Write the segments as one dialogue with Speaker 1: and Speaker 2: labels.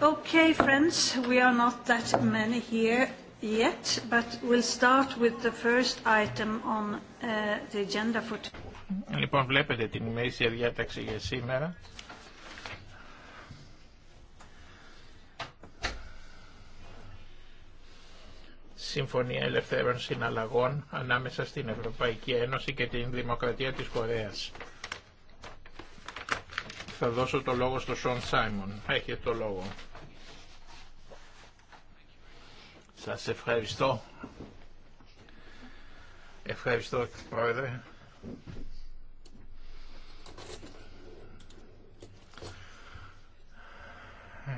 Speaker 1: Okay, friends, we are not that many here yet, but we'll start with the first item on uh, the agenda for
Speaker 2: Λοιπόν, βλέπετε την ημερήσια διάταξη για σήμερα. Συμφωνία Ελευθέρων Συναλλαγών ανάμεσα στην Ευρωπαϊκή Ένωση και την Δημοκρατία της Κορέας θα δώσω το λόγο στον Σον Σάιμον. Έχετε το λόγο. Σας ευχαριστώ. Ευχαριστώ, Πρόεδρε.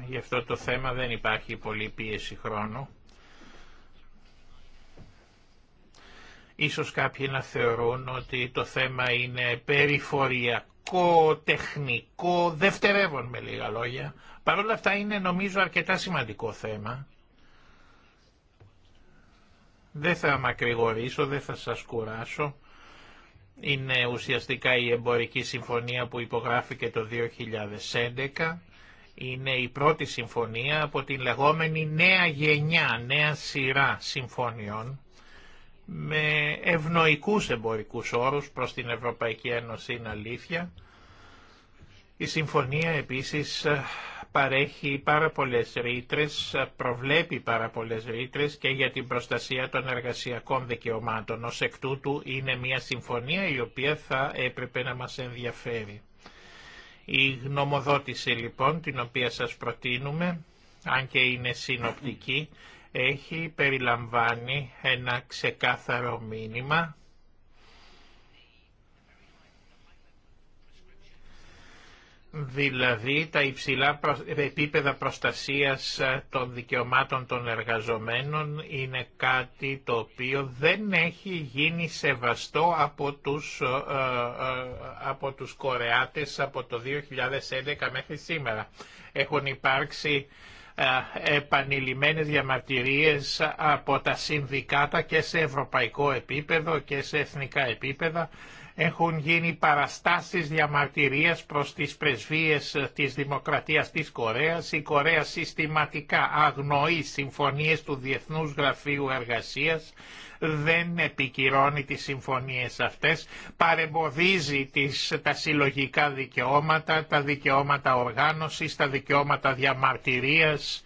Speaker 2: Γι' αυτό το θέμα δεν υπάρχει πολύ πίεση χρόνου. Ίσως κάποιοι να θεωρούν ότι το θέμα είναι περιφοριακό νομικό, τεχνικό, δευτερεύον με λίγα λόγια. Παρ' όλα αυτά είναι νομίζω αρκετά σημαντικό θέμα. Δεν θα μακρηγορήσω, δεν θα σας κουράσω. Είναι ουσιαστικά η εμπορική συμφωνία που υπογράφηκε το 2011. Είναι η πρώτη συμφωνία από την λεγόμενη νέα γενιά, νέα σειρά συμφωνιών με ευνοϊκούς εμπορικούς όρους προς την Ευρωπαϊκή Ένωση είναι αλήθεια η συμφωνία επίσης ε, παρέχει πάρα πολλές ρήτρες, ε, προβλέπει πάρα πολλές ρήτρες και για την προστασία των εργασιακών δικαιωμάτων. Ως εκ τούτου είναι μια συμφωνία η οποία θα έπρεπε να μας ενδιαφέρει. Η γνωμοδότηση λοιπόν την οποία σας προτείνουμε, αν και είναι συνοπτική, έχει περιλαμβάνει ένα ξεκάθαρο μήνυμα δηλαδή τα υψηλά επίπεδα προστασίας ε, των δικαιωμάτων των εργαζομένων είναι κάτι το οποίο δεν έχει γίνει σεβαστό από τους, ε, ε, από τους Κορεάτες από το 2011 μέχρι σήμερα. Έχουν υπάρξει επανειλημμένες διαμαρτυρίες από τα συνδικάτα και σε ευρωπαϊκό επίπεδο και σε εθνικά επίπεδα έχουν γίνει παραστάσεις διαμαρτυρίας προς τις πρεσβείες ε, της Δημοκρατίας της Κορέας. Η Κορέα συστηματικά αγνοεί συμφωνίες του Διεθνούς Γραφείου Εργασίας, δεν επικυρώνει τις συμφωνίες αυτές, παρεμποδίζει τις, τα συλλογικά δικαιώματα, τα δικαιώματα οργάνωσης, τα δικαιώματα διαμαρτυρίας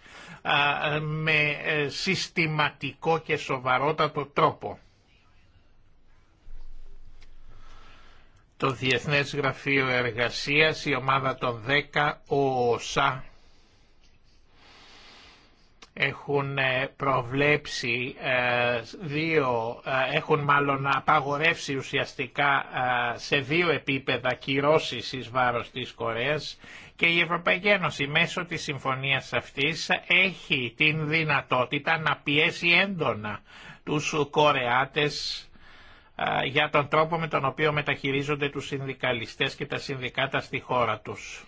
Speaker 2: με ε, συστηματικό και σοβαρότατο τρόπο. το Διεθνές Γραφείο Εργασίας, η ομάδα των 10, ο ΟΣΑ, έχουν ε, προβλέψει ε, δύο, ε, έχουν μάλλον απαγορεύσει ουσιαστικά σε δύο επίπεδα κυρώσεις εις βάρος της Κορέας και η Ευρωπαϊκή Ένωση μέσω της συμφωνίας αυτής έχει την δυνατότητα να πιέσει έντονα τους Κορεάτες για τον τρόπο με τον οποίο μεταχειρίζονται τους συνδικαλιστές και τα συνδικάτα στη χώρα τους.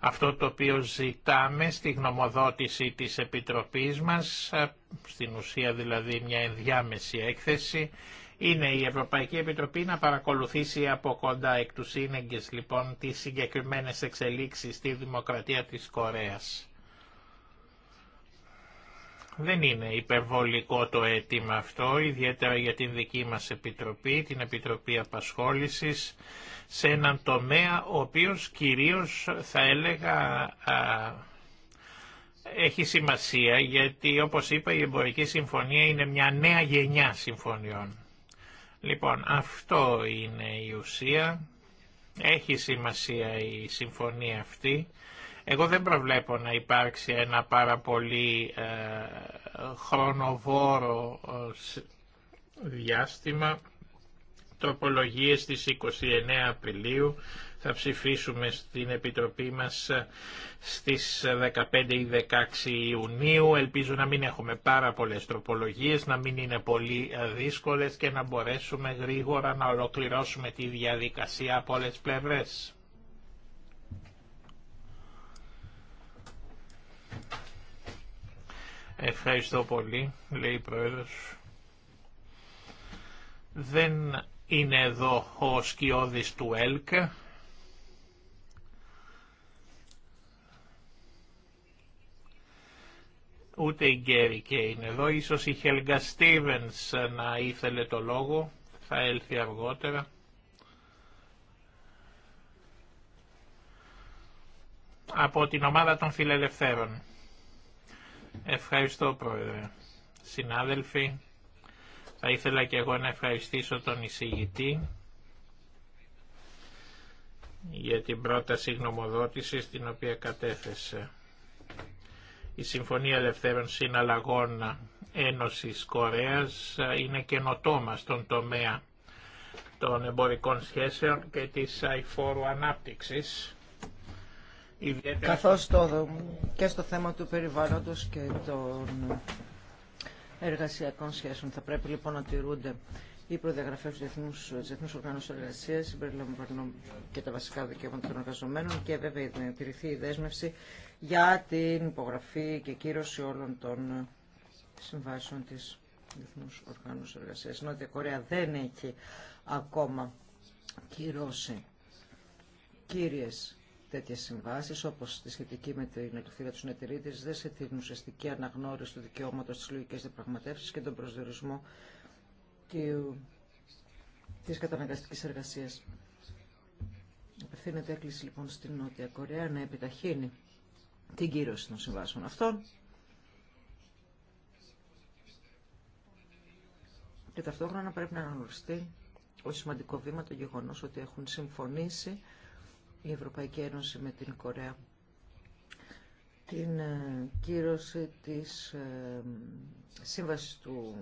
Speaker 2: Αυτό το οποίο ζητάμε στη γνωμοδότηση της Επιτροπής μας, στην ουσία δηλαδή μια ενδιάμεση έκθεση, είναι η Ευρωπαϊκή Επιτροπή να παρακολουθήσει από κοντά εκ του σύνεγγες λοιπόν τις συγκεκριμένες εξελίξεις στη δημοκρατία της Κορέας. Δεν είναι υπερβολικό το αίτημα αυτό, ιδιαίτερα για την δική μας Επιτροπή, την Επιτροπή Απασχόλησης, σε έναν τομέα ο οποίος κυρίως θα έλεγα έχει σημασία γιατί όπως είπα η εμπορική συμφωνία είναι μια νέα γενιά συμφωνιών. Λοιπόν αυτό είναι η ουσία, έχει σημασία η συμφωνία αυτή εγώ δεν προβλέπω να υπάρξει ένα πάρα πολύ ε, χρονοβόρο ε, διάστημα. Τροπολογίες στις 29 Απριλίου θα ψηφίσουμε στην Επιτροπή μας ε, στις 15 ή 16 Ιουνίου. Ελπίζω να μην έχουμε πάρα πολλές τροπολογίες, να μην είναι πολύ δύσκολες και να μπορέσουμε γρήγορα να ολοκληρώσουμε τη διαδικασία από όλες πλευρές. Ευχαριστώ πολύ, λέει η Πρόεδρος. Δεν είναι εδώ ο σκιώδης του Ελκ. Ούτε η Γκέρι και είναι εδώ. Ίσως η Χέλγκα Στίβενς να ήθελε το λόγο. Θα έλθει αργότερα. Από την ομάδα των φιλελευθέρων. Ευχαριστώ Πρόεδρε. Συνάδελφοι, θα ήθελα και εγώ να ευχαριστήσω τον εισηγητή για την πρόταση γνωμοδότηση την οποία κατέθεσε. Η Συμφωνία Ελευθέρων Συναλλαγών Ένωσης Κορέας είναι καινοτόμα στον τομέα των εμπορικών σχέσεων και της αηφόρου ανάπτυξης καθώς
Speaker 3: το, και στο θέμα του περιβάλλοντος και των εργασιακών σχέσεων. Θα πρέπει λοιπόν να τηρούνται οι προδιαγραφέ του Διεθνού Οργάνωση Εργασία, συμπεριλαμβανομένων και τα βασικά δικαιώματα των εργαζομένων και βέβαια να τηρηθεί η δέσμευση για την υπογραφή και κύρωση όλων των συμβάσεων τη Διεθνού Οργάνωση Εργασία. Νότια Κορέα δεν έχει ακόμα κυρώσει κύριες Τέτοιε συμβάσει όπω τη σχετική με την ελευθερία του τη, δεν σε την ουσιαστική αναγνώριση του δικαιώματο τη λογική διαπραγματεύση και τον προσδιορισμό τη καταναγκαστική εργασία. Απευθύνεται έκκληση λοιπόν στην Νότια Κορέα να επιταχύνει την κύρωση των συμβάσεων αυτών και ταυτόχρονα πρέπει να αναγνωριστεί ως σημαντικό βήμα το γεγονός ότι έχουν συμφωνήσει η Ευρωπαϊκή Ένωση με την Κορέα την ε, κύρωση της ε, σύμβασης του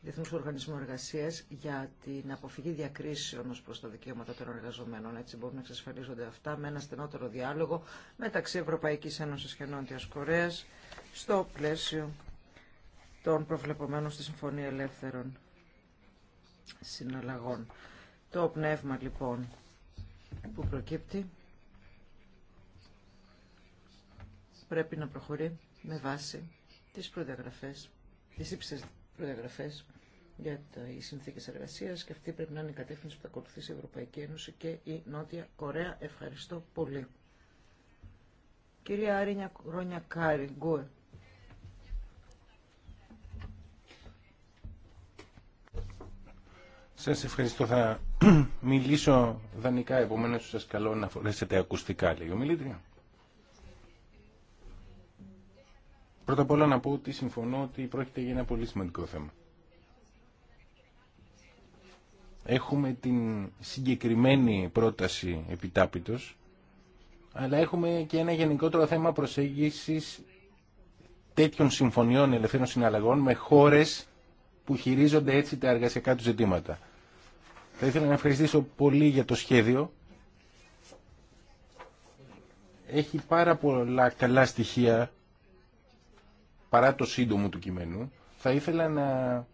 Speaker 3: Διεθνούς Οργανισμού Εργασίας για την αποφυγή διακρίσεων ως προς τα δικαιώματα των εργαζομένων. Έτσι μπορούν να εξασφαλίζονται αυτά με ένα στενότερο διάλογο μεταξύ Ευρωπαϊκής Ένωσης και Νότιας Κορέας στο πλαίσιο των προβλεπωμένων στη Συμφωνία Ελεύθερων Συναλλαγών. Το πνεύμα λοιπόν που προκύπτει πρέπει να προχωρεί με βάση τις προδιαγραφές, τις ύψες προδιαγραφές για τις συνθήκες εργασίας και αυτή πρέπει να είναι η κατεύθυνση που θα ακολουθήσει η Ευρωπαϊκή Ένωση και η Νότια Κορέα. Ευχαριστώ πολύ. Κυρία Άρη Ρόνια Κάρη,
Speaker 4: Σας ευχαριστώ. Θα μιλήσω δανεικά, επομένως σας καλώ να φορέσετε ακουστικά, λέει ο Μιλήτρια. Πρώτα απ' όλα να πω ότι συμφωνώ ότι πρόκειται για ένα πολύ σημαντικό θέμα. Έχουμε την συγκεκριμένη πρόταση επιτάπητος, αλλά έχουμε και ένα γενικότερο θέμα προσέγγισης τέτοιων συμφωνιών ελευθέρων συναλλαγών με χώρες που χειρίζονται έτσι τα εργασιακά του ζητήματα. Θα ήθελα να ευχαριστήσω πολύ για το σχέδιο. Έχει πάρα πολλά καλά στοιχεία παρά το σύντομο του κειμένου. Θα ήθελα να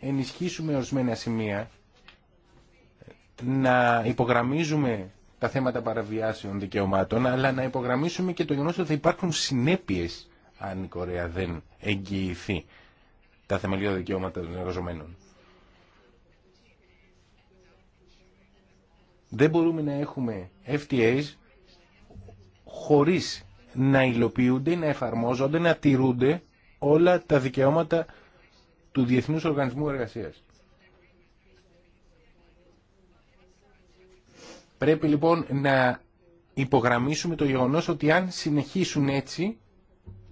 Speaker 4: ενισχύσουμε ορισμένα σημεία, να υπογραμμίζουμε τα θέματα παραβιάσεων δικαιωμάτων, αλλά να υπογραμμίσουμε και το γεγονό ότι θα υπάρχουν συνέπειε αν η Κορέα δεν εγγυηθεί τα θεμελιώδη δικαιώματα των εργαζομένων. Δεν μπορούμε να έχουμε FTAs χωρίς να υλοποιούνται, να εφαρμόζονται, να τηρούνται όλα τα δικαιώματα του Διεθνούς Οργανισμού Εργασίας. Πρέπει λοιπόν να υπογραμμίσουμε το γεγονός ότι αν συνεχίσουν έτσι,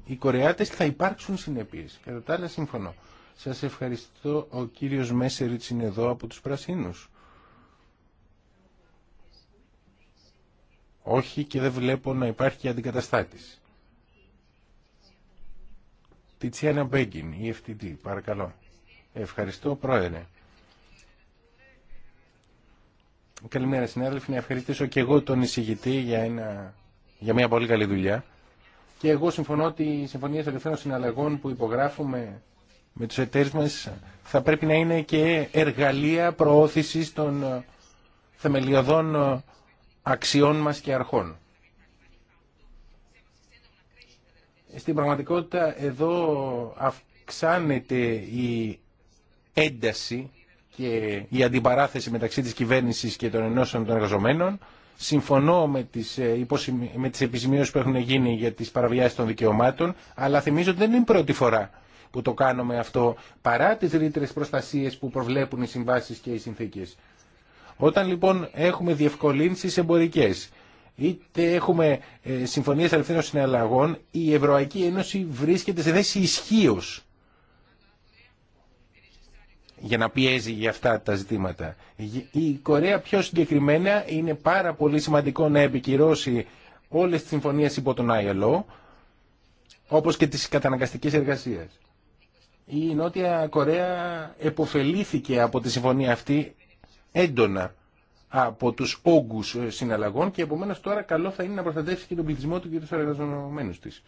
Speaker 4: οι Κορεάτες θα υπάρξουν συνεπείς. Κατά τα άλλα σύμφωνο. Σας ευχαριστώ. Ο κύριος Μέσεριτς είναι εδώ από τους Πρασίνους. Όχι και δεν βλέπω να υπάρχει και αντικαταστάτης. Τιτσιάνα Μπέγκιν, η παρακαλώ. Ευχαριστώ, Πρόεδρε. Καλημέρα, συνάδελφοι. Να ευχαριστήσω και εγώ τον εισηγητή για, ένα, για μια πολύ καλή δουλειά. Και εγώ συμφωνώ ότι οι συμφωνίε ελευθέρων συναλλαγών που υπογράφουμε με τους εταίρους μας θα πρέπει να είναι και εργαλεία προώθησης των θεμελιωδών αξιών μας και αρχών. Στην πραγματικότητα εδώ αυξάνεται η ένταση και η αντιπαράθεση μεταξύ της κυβέρνησης και των ενώσεων των εργαζομένων. Συμφωνώ με τις, ε, με τις επισημείωσεις που έχουν γίνει για τις παραβιάσεις των δικαιωμάτων, αλλά θυμίζω ότι δεν είναι η πρώτη φορά που το κάνουμε αυτό, παρά τις ρήτρες προστασίες που προβλέπουν οι συμβάσεις και οι συνθήκες. Όταν λοιπόν έχουμε διευκολύνσεις εμπορικές, είτε έχουμε ε, συμφωνίες ελευθέρων συναλλαγών, η Ευρωπαϊκή Ένωση βρίσκεται σε θέση ισχύω για να πιέζει για αυτά τα ζητήματα. Η Κορέα πιο συγκεκριμένα είναι πάρα πολύ σημαντικό να επικυρώσει όλες τις συμφωνίες υπό τον ILO, όπως και τις καταναγκαστικές εργασίες. Η Νότια Κορέα εποφελήθηκε από τη συμφωνία αυτή έντονα από τους όγκους ε, συναλλαγών και επομένως τώρα καλό θα είναι να προστατεύσει και τον πληθυσμό του και τους εργαζομένους της.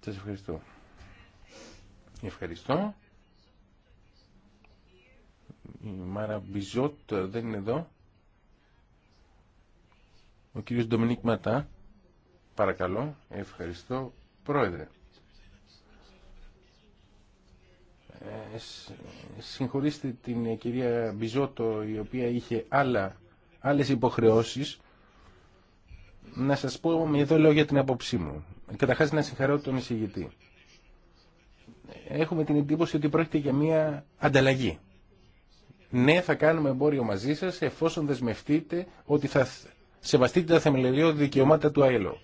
Speaker 4: Σας ευχαριστώ. Ευχαριστώ. Η Μάρα Μπιζότ ε, δεν είναι εδώ. Ο κύριος Ντομινίκ Ματά. Παρακαλώ. Ευχαριστώ. Πρόεδρε. Ε, συγχωρήστε την ε, κυρία Μπιζότο η οποία είχε άλλα, άλλες υποχρεώσεις να σας πω με εδώ λέω για την απόψή μου καταρχάς να συγχαρώ τον εισηγητή έχουμε την εντύπωση ότι πρόκειται για μια ανταλλαγή ναι θα κάνουμε εμπόριο μαζί σας εφόσον δεσμευτείτε ότι θα σεβαστείτε τα θεμελιώδη δικαιώματα του ΑΕΛΟ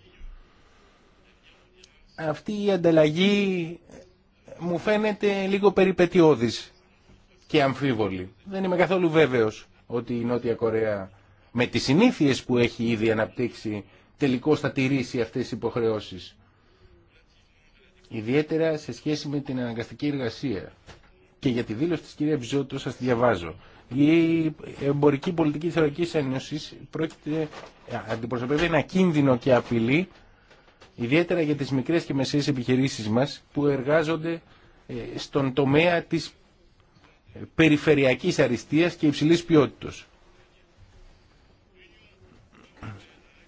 Speaker 4: αυτή η ανταλλαγή μου φαίνεται λίγο περιπετειώδης και αμφίβολη. Δεν είμαι καθόλου βέβαιος ότι η Νότια Κορέα με τις συνήθειες που έχει ήδη αναπτύξει τελικό θα τηρήσει αυτές τις υποχρεώσεις. Ιδιαίτερα σε σχέση με την αναγκαστική εργασία. Και για τη δήλωση της κυρία Βυζότου σας διαβάζω. Η εμπορική πολιτική της Ευρωπαϊκής Ένωσης πρόκειται, αντιπροσωπεύει ένα κίνδυνο και απειλή ιδιαίτερα για τις μικρές και μεσαίες επιχειρήσεις μας που εργάζονται ε, στον τομέα της ε, περιφερειακής αριστείας και υψηλής ποιότητας.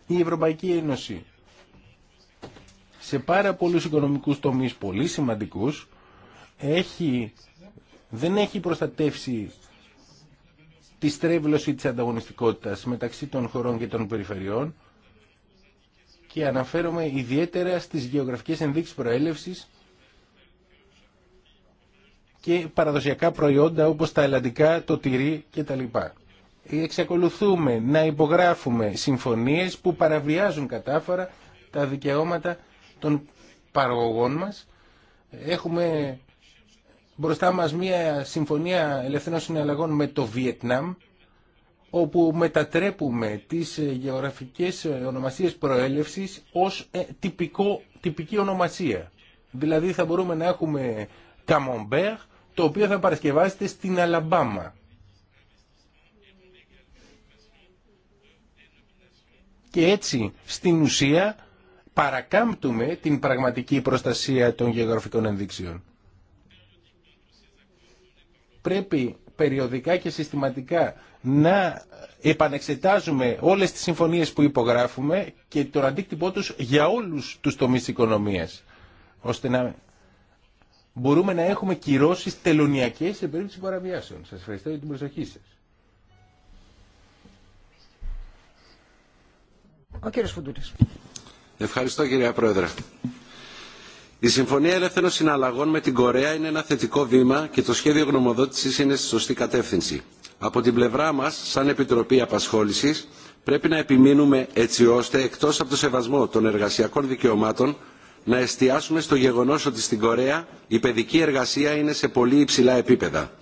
Speaker 4: Η Ευρωπαϊκή Ένωση σε πάρα πολλούς οικονομικούς τομείς πολύ σημαντικούς έχει, δεν έχει προστατεύσει τη στρέβλωση της ανταγωνιστικότητας μεταξύ των χωρών και των περιφερειών και αναφέρομαι ιδιαίτερα στις γεωγραφικές ενδείξεις προέλευσης και παραδοσιακά προϊόντα όπως τα ελλαντικά, το τυρί κτλ. Εξακολουθούμε να υπογράφουμε συμφωνίες που παραβιάζουν κατάφορα τα δικαιώματα των παραγωγών μας. Έχουμε μπροστά μας μια συμφωνία ελευθερών συναλλαγών με το Βιετνάμ όπου μετατρέπουμε τις ε, γεωγραφικές ε, ονομασίες προέλευσης ως ε, τυπικό, τυπική ονομασία. Δηλαδή θα μπορούμε να έχουμε καμομπέρ, το οποίο θα παρασκευάζεται στην Αλαμπάμα. Και έτσι, στην ουσία, παρακάμπτουμε την πραγματική προστασία των γεωγραφικών ενδείξεων. Πρέπει περιοδικά και συστηματικά να επανεξετάζουμε όλες τις συμφωνίες που υπογράφουμε και τον αντίκτυπό τους για όλους τους τομείς της οικονομίας, ώστε να μπορούμε να έχουμε κυρώσεις τελωνιακές σε περίπτωση παραβιάσεων. Σας ευχαριστώ για την προσοχή σας.
Speaker 5: Ευχαριστώ κυρία Πρόεδρε. Η Συμφωνία Ελεύθερων Συναλλαγών με την Κορέα είναι ένα θετικό βήμα και το σχέδιο γνωμοδότησης είναι στη σωστή κατεύθυνση. Από την πλευρά μας, σαν Επιτροπή Απασχόλησης, πρέπει να επιμείνουμε έτσι ώστε, εκτός από το σεβασμό των εργασιακών δικαιωμάτων, να εστιάσουμε στο γεγονός ότι στην Κορέα η παιδική εργασία είναι σε πολύ υψηλά επίπεδα.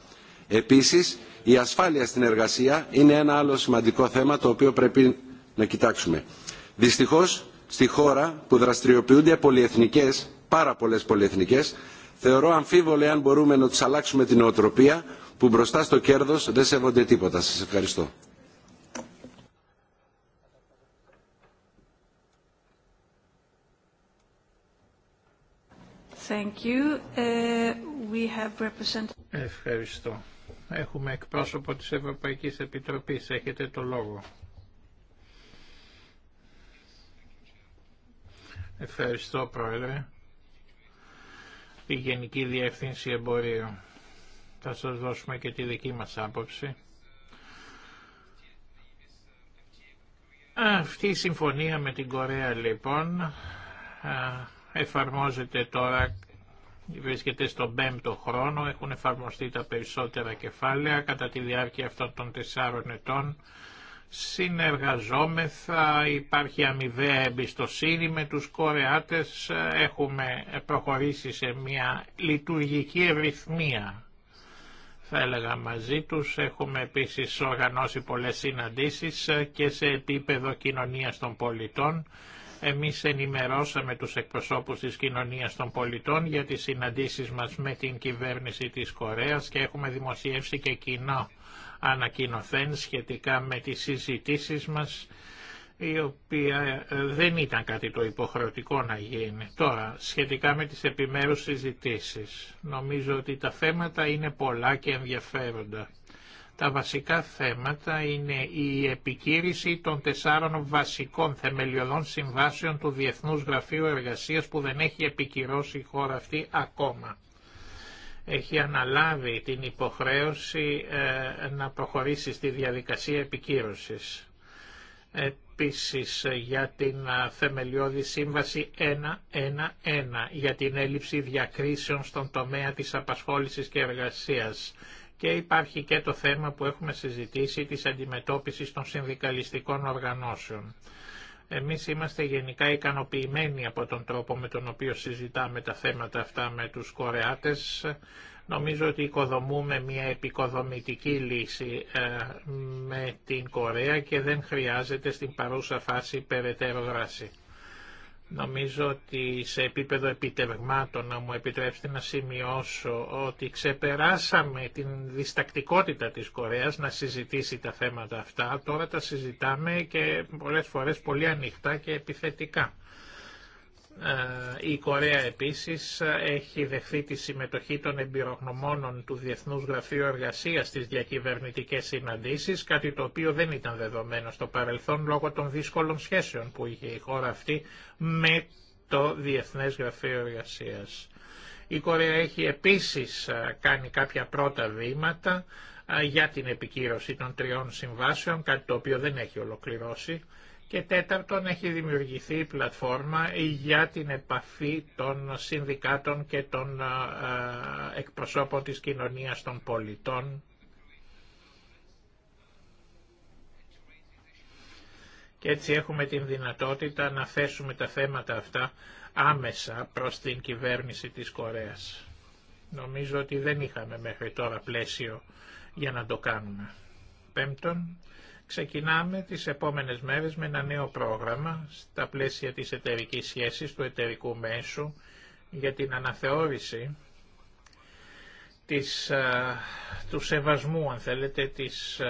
Speaker 5: Επίσης, η ασφάλεια στην εργασία είναι ένα άλλο σημαντικό θέμα το οποίο πρέπει να κοιτάξουμε. Δυστυχώ, στη χώρα που δραστηριοποιούνται πολυεθνικές πάρα πολλές πολυεθνικές, θεωρώ αμφίβολη αν μπορούμε να τους αλλάξουμε την νοοτροπία που μπροστά στο κέρδος δεν σέβονται τίποτα. Σας ευχαριστώ.
Speaker 1: Thank you. Uh, we have
Speaker 2: Ευχαριστώ. Έχουμε εκπρόσωπο της Ευρωπαϊκής Επιτροπής. Έχετε το λόγο. Ευχαριστώ, Πρόεδρε τη Γενική Διεύθυνση Εμπορίου. Θα σας δώσουμε και τη δική μας άποψη. Αυτή η συμφωνία με την Κορέα λοιπόν εφαρμόζεται τώρα, βρίσκεται στον πέμπτο χρόνο, έχουν εφαρμοστεί τα περισσότερα κεφάλαια κατά τη διάρκεια αυτών των τεσσάρων ετών συνεργαζόμεθα, υπάρχει αμοιβαία εμπιστοσύνη με τους Κορεάτες, έχουμε προχωρήσει σε μια λειτουργική ευρυθμία θα έλεγα μαζί τους. Έχουμε επίσης οργανώσει πολλές συναντήσεις και σε επίπεδο κοινωνίας των πολιτών. Εμείς ενημερώσαμε τους εκπροσώπους της κοινωνίας των πολιτών για τις συναντήσεις μας με την κυβέρνηση της Κορέας και έχουμε δημοσιεύσει και κοινά ανακοινωθέν σχετικά με τις συζητήσεις μας η οποία ε, δεν ήταν κάτι το υποχρεωτικό να γίνει. Τώρα, σχετικά με τις επιμέρους συζητήσεις, νομίζω ότι τα θέματα είναι πολλά και ενδιαφέροντα. Τα βασικά θέματα είναι η επικύρηση των τεσσάρων βασικών θεμελιωδών συμβάσεων του Διεθνούς Γραφείου Εργασίας που δεν έχει επικυρώσει η χώρα αυτή ακόμα έχει αναλάβει την υποχρέωση ε, να προχωρήσει στη διαδικασία επικύρωσης. Επίσης για την ε, θεμελιώδη σύμβαση 1.1.1 για την έλλειψη διακρίσεων στον τομέα της απασχόλησης και εργασίας. Και υπάρχει και το θέμα που έχουμε συζητήσει της αντιμετώπισης των συνδικαλιστικών οργανώσεων. Εμείς είμαστε γενικά ικανοποιημένοι από τον τρόπο με τον οποίο συζητάμε τα θέματα αυτά με τους Κορεάτες. Νομίζω ότι οικοδομούμε μια επικοδομητική λύση ε, με την Κορέα και δεν χρειάζεται στην παρούσα φάση περαιτέρω δράση. Νομίζω ότι σε επίπεδο επιτευγμάτων να μου επιτρέψετε να σημειώσω ότι ξεπεράσαμε την διστακτικότητα της Κορέας να συζητήσει τα θέματα αυτά. Τώρα τα συζητάμε και πολλές φορές πολύ ανοιχτά και επιθετικά. Ε, η Κορέα επίσης ε, έχει δεχθεί τη συμμετοχή των εμπειρογνωμόνων του Διεθνούς Γραφείου Εργασίας στις διακυβερνητικές συναντήσεις, κάτι το οποίο δεν ήταν δεδομένο στο παρελθόν λόγω των δύσκολων σχέσεων που είχε η χώρα αυτή με το Διεθνές Γραφείο Εργασίας. Η Κορέα έχει επίσης ε, κάνει κάποια πρώτα βήματα για την επικύρωση των τριών συμβάσεων, κάτι το οποίο δεν έχει ολοκληρώσει και τέταρτον έχει δημιουργηθεί η πλατφόρμα για την επαφή των συνδικάτων και των ε, ε, εκπροσώπων της κοινωνίας των πολιτών και έτσι έχουμε την δυνατότητα να θέσουμε τα θέματα αυτά άμεσα προς την κυβέρνηση της Κορέας. Νομίζω ότι δεν είχαμε μέχρι τώρα πλαίσιο για να το κάνουμε. Πέμπτον, Ξεκινάμε τις επόμενες μέρες με ένα νέο πρόγραμμα στα πλαίσια της εταιρικής σχέσης, του εταιρικού μέσου, για την αναθεώρηση της, του σεβασμού, αν θέλετε, της,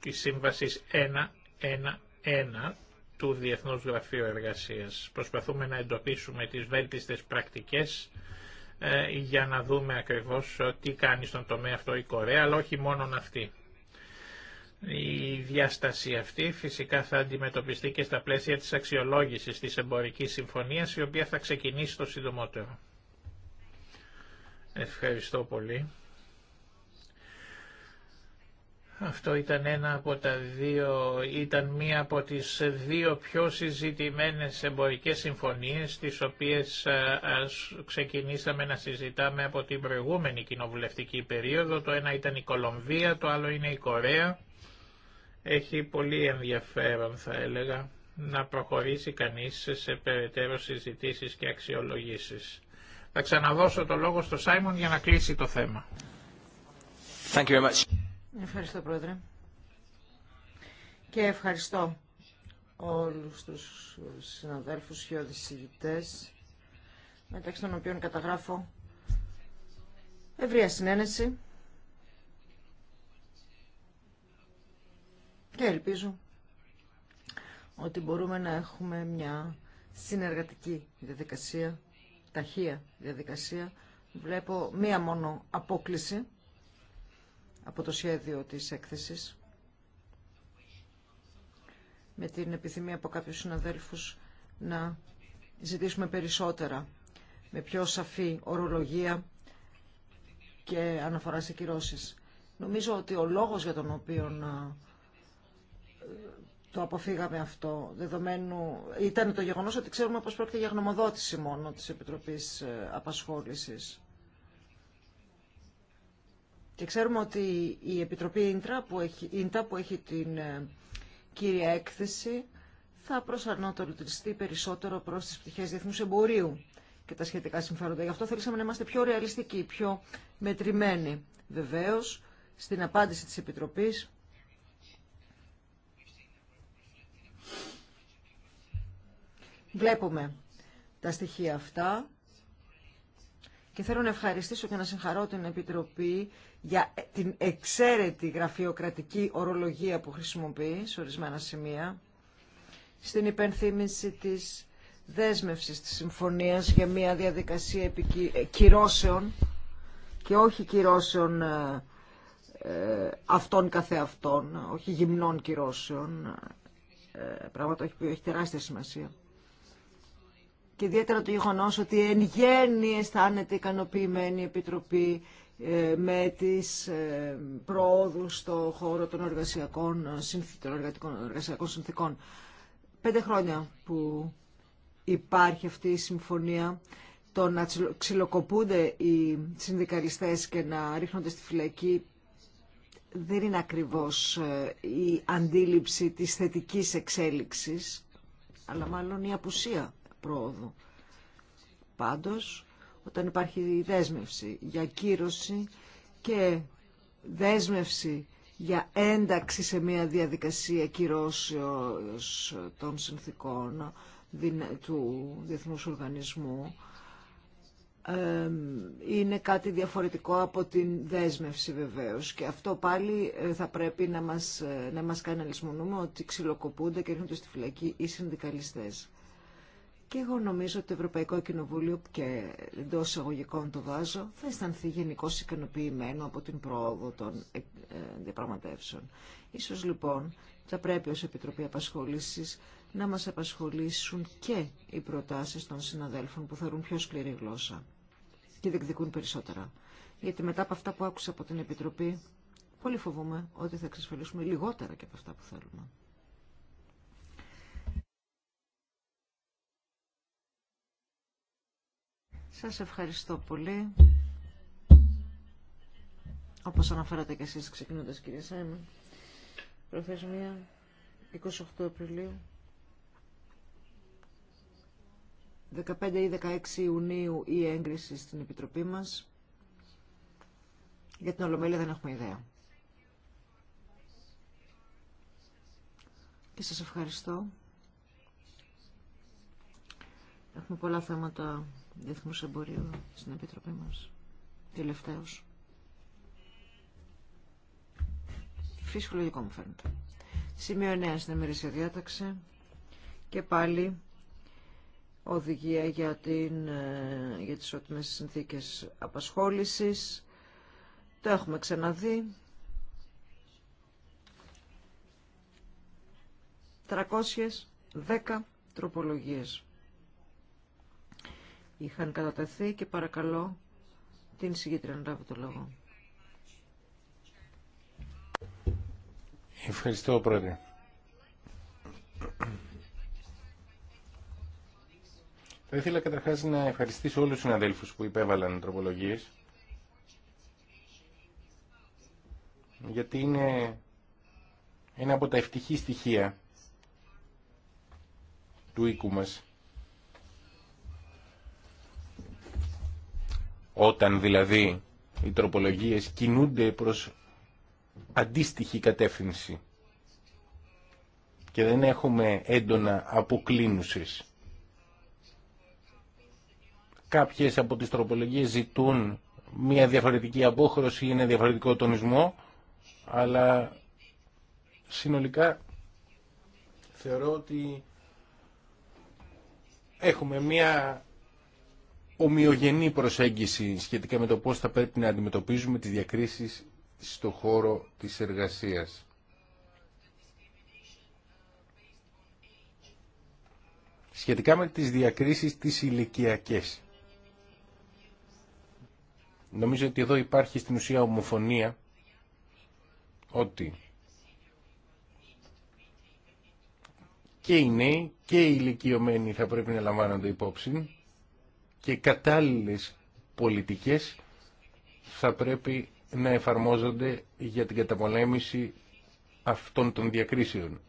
Speaker 2: της Σύμβασης 1-1-1 του Διεθνούς Γραφείου Εργασίας. Προσπαθούμε να εντοπίσουμε τις βέλτιστες πρακτικές ε, για να δούμε ακριβώς ε, τι κάνει στον τομέα αυτό η Κορέα, αλλά όχι μόνον αυτή. Η διάσταση αυτή φυσικά θα αντιμετωπιστεί και στα πλαίσια της αξιολόγησης της εμπορικής συμφωνίας, η οποία θα ξεκινήσει το συντομότερο. Ευχαριστώ πολύ. Αυτό ήταν ένα από τα δύο, ήταν μία από τις δύο πιο συζητημένες εμπορικές συμφωνίες, τις οποίες ξεκινήσαμε να συζητάμε από την προηγούμενη κοινοβουλευτική περίοδο. Το ένα ήταν η Κολομβία, το άλλο είναι η Κορέα. Έχει πολύ ενδιαφέρον θα έλεγα να προχωρήσει κανείς σε περαιτέρω συζητήσει και αξιολογήσεις. Θα ξαναδώσω το λόγο στο Σάιμον για να κλείσει το θέμα.
Speaker 1: Thank you very much.
Speaker 3: Ευχαριστώ Πρόεδρε. Και ευχαριστώ όλους τους συναδέλφους και οδησυγητές, μεταξύ των οποίων καταγράφω ευρεία συνένεση. και ελπίζω ότι μπορούμε να έχουμε μια συνεργατική διαδικασία, ταχεία διαδικασία. Βλέπω μία μόνο απόκληση από το σχέδιο της έκθεσης με την επιθυμία από κάποιους συναδέλφους να ζητήσουμε περισσότερα με πιο σαφή ορολογία και αναφορά σε κυρώσεις. Νομίζω ότι ο λόγος για τον οποίο το αποφύγαμε αυτό, δεδομένου ήταν το γεγονός ότι ξέρουμε πως πρόκειται για γνωμοδότηση μόνο της Επιτροπής ε, Απασχόλησης. Και ξέρουμε ότι η Επιτροπή Ίντρα που έχει, Ίντα που έχει την ε, κύρια έκθεση θα προσανατολιστεί περισσότερο προς τις πτυχές διεθνούς εμπορίου και τα σχετικά συμφέροντα. Γι' αυτό θέλησαμε να είμαστε πιο ρεαλιστικοί, πιο μετρημένοι. Βεβαίως, στην απάντηση της Επιτροπής Βλέπουμε τα στοιχεία αυτά και θέλω να ευχαριστήσω και να συγχαρώ την Επιτροπή για την εξαίρετη γραφειοκρατική ορολογία που χρησιμοποιεί σε ορισμένα σημεία στην υπενθύμηση της δέσμευσης της συμφωνίας για μια διαδικασία ε, κυρώσεων και όχι κυρώσεων ε, ε, αυτών καθεαυτών, όχι γυμνών κυρώσεων, πράγμα το έχει τεράστια σημασία και ιδιαίτερα το γεγονό ότι εν γέννη αισθάνεται ικανοποιημένη η Επιτροπή ε, με τις ε, προόδους στο χώρο των, εργασιακών, ε, των εργασιακών συνθήκων. Πέντε χρόνια που υπάρχει αυτή η συμφωνία το να ξυλοκοπούνται οι συνδικαλιστές και να ρίχνονται στη φυλακή δεν είναι ακριβώς η αντίληψη της θετικής εξέλιξης, αλλά μάλλον η απουσία πρόοδου. Πάντως, όταν υπάρχει δέσμευση για κύρωση και δέσμευση για ένταξη σε μια διαδικασία κυρώσεως των συνθήκων του Διεθνούς Οργανισμού, είναι κάτι διαφορετικό από την δέσμευση βεβαίως και αυτό πάλι ε, θα πρέπει να μας, ε, να μας κάνει ότι ξυλοκοπούνται και έρχονται στη φυλακή οι συνδικαλιστές. Και εγώ νομίζω ότι το Ευρωπαϊκό Κοινοβούλιο, και εντό εισαγωγικών το βάζω, θα αισθανθεί γενικώ ικανοποιημένο από την πρόοδο των ε, ε, διαπραγματεύσεων. Ίσως λοιπόν θα πρέπει ως Επιτροπή Απασχόληση να μας απασχολήσουν και οι προτάσεις των συναδέλφων που θερούν πιο σκληρή γλώσσα και διεκδικούν περισσότερα. Γιατί μετά από αυτά που άκουσα από την Επιτροπή, πολύ φοβούμαι ότι θα εξασφαλίσουμε λιγότερα και από αυτά που θέλουμε. Σας ευχαριστώ πολύ. Όπως αναφέρατε και εσείς ξεκινώντας κύριε Σάιμον. Προθεσμία 28 Απριλίου. 15 ή 16 Ιουνίου η έγκριση στην Επιτροπή μας. Για την Ολομέλεια δεν έχουμε ιδέα. Και σας ευχαριστώ. Έχουμε πολλά θέματα Διεθνούς Εμπορίου στην Επιτροπή μας. Τελευταίος. φυσικολογικό μου φαίνεται. Σημείο 9 στην Εμερήσια διάταξη. Και πάλι οδηγία για, την, ε, για τις ότιμες συνθήκες απασχόλησης. Το έχουμε ξαναδεί. 310 τροπολογίες είχαν κατατεθεί και παρακαλώ την συγκεκριμένη να λάβει το λόγο.
Speaker 4: Ευχαριστώ πρόεδρε. Θα ήθελα καταρχάς να ευχαριστήσω όλους τους συναδέλφους που υπέβαλαν τροπολογίες γιατί είναι ένα από τα ευτυχή στοιχεία του οίκου μας Όταν δηλαδή οι τροπολογίες κινούνται προς αντίστοιχη κατεύθυνση και δεν έχουμε έντονα αποκλίνουσες. Κάποιες από τις τροπολογίες ζητούν μια διαφορετική απόχρωση ή ένα διαφορετικό τονισμό, αλλά συνολικά θεωρώ ότι έχουμε μια ομοιογενή προσέγγιση σχετικά με το πώς θα πρέπει να αντιμετωπίζουμε τις διακρίσεις στο χώρο της εργασίας. Σχετικά με τις διακρίσεις τις ηλικιακέ. Νομίζω ότι εδώ υπάρχει στην ουσία ομοφωνία ότι και οι νέοι και οι ηλικιωμένοι θα πρέπει να λαμβάνονται υπόψη και κατάλληλες πολιτικές θα πρέπει να εφαρμόζονται για την καταπολέμηση αυτών των διακρίσεων.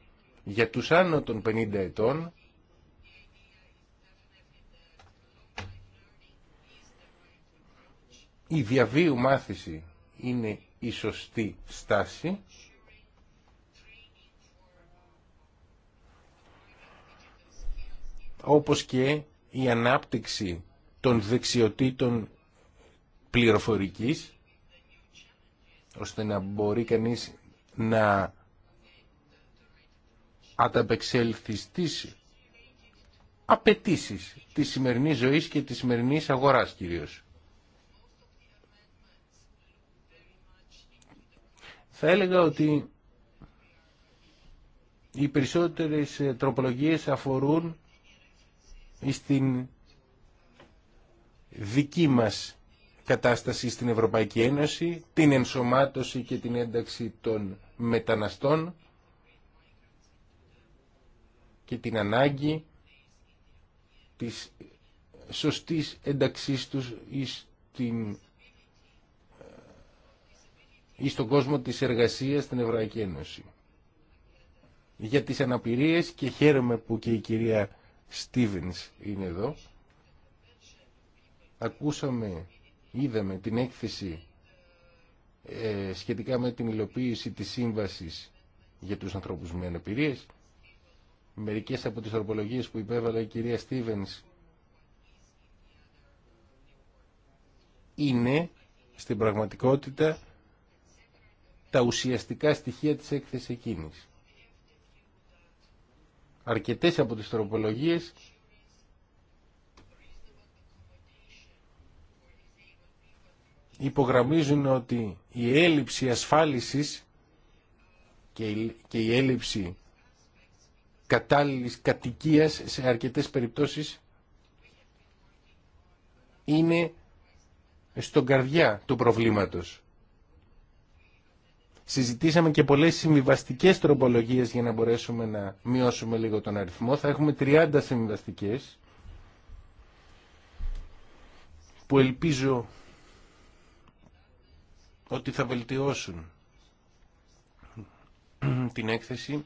Speaker 4: Για τους άνω των 50 ετών η διαβίου μάθηση είναι η σωστή στάση όπως και η ανάπτυξη των δεξιοτήτων πληροφορικής, ώστε να μπορεί κανείς να ανταπεξέλθει στις απαιτήσει της σημερινής ζωής και της σημερινής αγοράς κυρίως. Θα έλεγα ότι οι περισσότερες τροπολογίες αφορούν στην δική μας κατάσταση στην Ευρωπαϊκή Ένωση, την ενσωμάτωση και την ένταξη των μεταναστών και την ανάγκη της σωστής ένταξής τους εις, την, τον κόσμο της εργασίας στην Ευρωπαϊκή Ένωση. Για τις αναπηρίες και χαίρομαι που και η κυρία Στίβενς είναι εδώ ακούσαμε, είδαμε την έκθεση ε, σχετικά με την υλοποίηση της σύμβασης για τους ανθρώπους με ανεπηρίες. Μερικές από τις ορπολογίες που υπέβαλε η κυρία Στίβενς είναι στην πραγματικότητα τα ουσιαστικά στοιχεία της έκθεσης εκείνης. Αρκετές από τις τροπολογίες υπογραμμίζουν ότι η έλλειψη ασφάλισης και η έλλειψη κατάλληλης κατοικίας σε αρκετές περιπτώσεις είναι στον καρδιά του προβλήματος. Συζητήσαμε και πολλές συμβιβαστικέ τροπολογίες για να μπορέσουμε να μειώσουμε λίγο τον αριθμό. Θα έχουμε 30 συμβιβαστικέ που ελπίζω ότι θα βελτιώσουν την έκθεση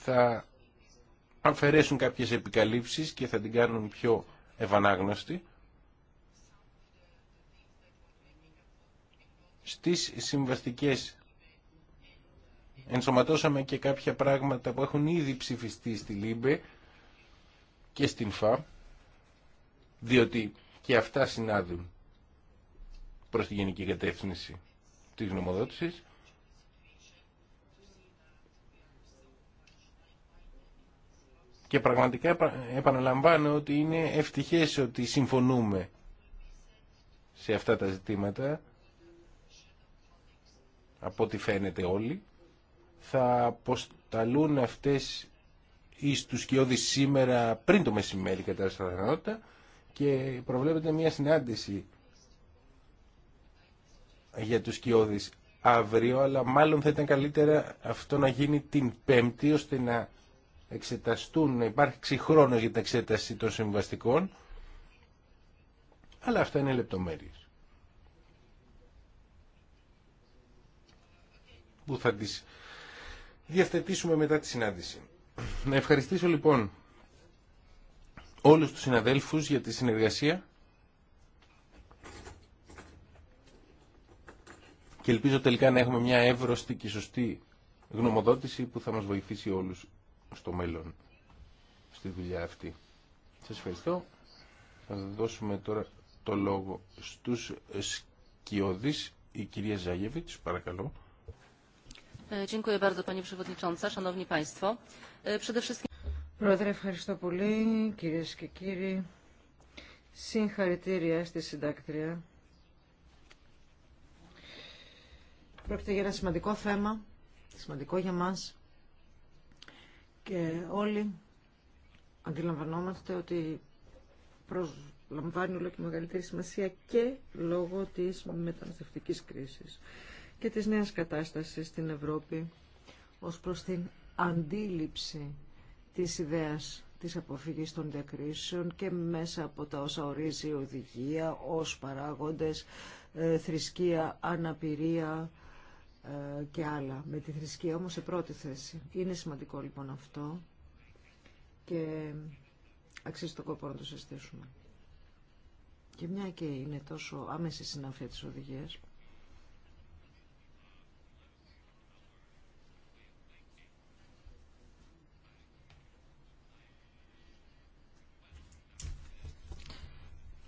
Speaker 4: θα αφαιρέσουν κάποιες επικαλύψεις και θα την κάνουν πιο ευανάγνωστη στις συμβαστικές ενσωματώσαμε και κάποια πράγματα που έχουν ήδη ψηφιστεί στη ΛΥΜΠΕ και στην Φά διότι και αυτά συνάδουν προς τη γενική κατεύθυνση της γνωμοδότησης. Και πραγματικά επαναλαμβάνω ότι είναι ευτυχές ότι συμφωνούμε σε αυτά τα ζητήματα, από ό,τι φαίνεται όλοι, θα αποσταλούν αυτές εις τους σκιώδεις σήμερα πριν το μεσημέρι κατά τη και προβλέπεται μια συνάντηση για τους κοιόδης αύριο, αλλά μάλλον θα ήταν καλύτερα αυτό να γίνει την Πέμπτη, ώστε να εξεταστούν, να υπάρξει χρόνος για την εξέταση των συμβαστικών, αλλά αυτά είναι λεπτομέρειες. Που θα τις διαθετήσουμε μετά τη συνάντηση. Να ευχαριστήσω λοιπόν όλους τους συναδέλφους για τη συνεργασία και ελπίζω τελικά να έχουμε μια εύρωστη και σωστή γνωμοδότηση που θα μας βοηθήσει όλους στο μέλλον στη δουλειά αυτή. Σας ευχαριστώ. Θα δώσουμε τώρα το λόγο στους σκιώδεις. Η κυρία Ζάγεβιτς, παρακαλώ.
Speaker 3: Ε, dziękuję bardzo Pani Przewodnicząca, Szanowni Państwo. Ε, przede wszystkim Πρόεδρε, ευχαριστώ πολύ. Κυρίες και κύριοι, συγχαρητήρια στη συντάκτρια. Πρόκειται για ένα σημαντικό θέμα, σημαντικό για μας και όλοι αντιλαμβανόμαστε ότι προσλαμβάνει όλο και μεγαλύτερη σημασία και λόγω της μεταναστευτικής κρίσης και της νέας κατάστασης στην Ευρώπη ως προς την αντίληψη της ιδέας της αποφυγής των διακρίσεων και μέσα από τα όσα ορίζει η οδηγία ως παράγοντες ε, θρησκεία, αναπηρία ε, και άλλα. Με τη θρησκεία όμως σε πρώτη θέση. Είναι σημαντικό λοιπόν αυτό και αξίζει τον κόπο να το συστήσουμε. Και μια και είναι τόσο άμεση συνάφεια της οδηγίας,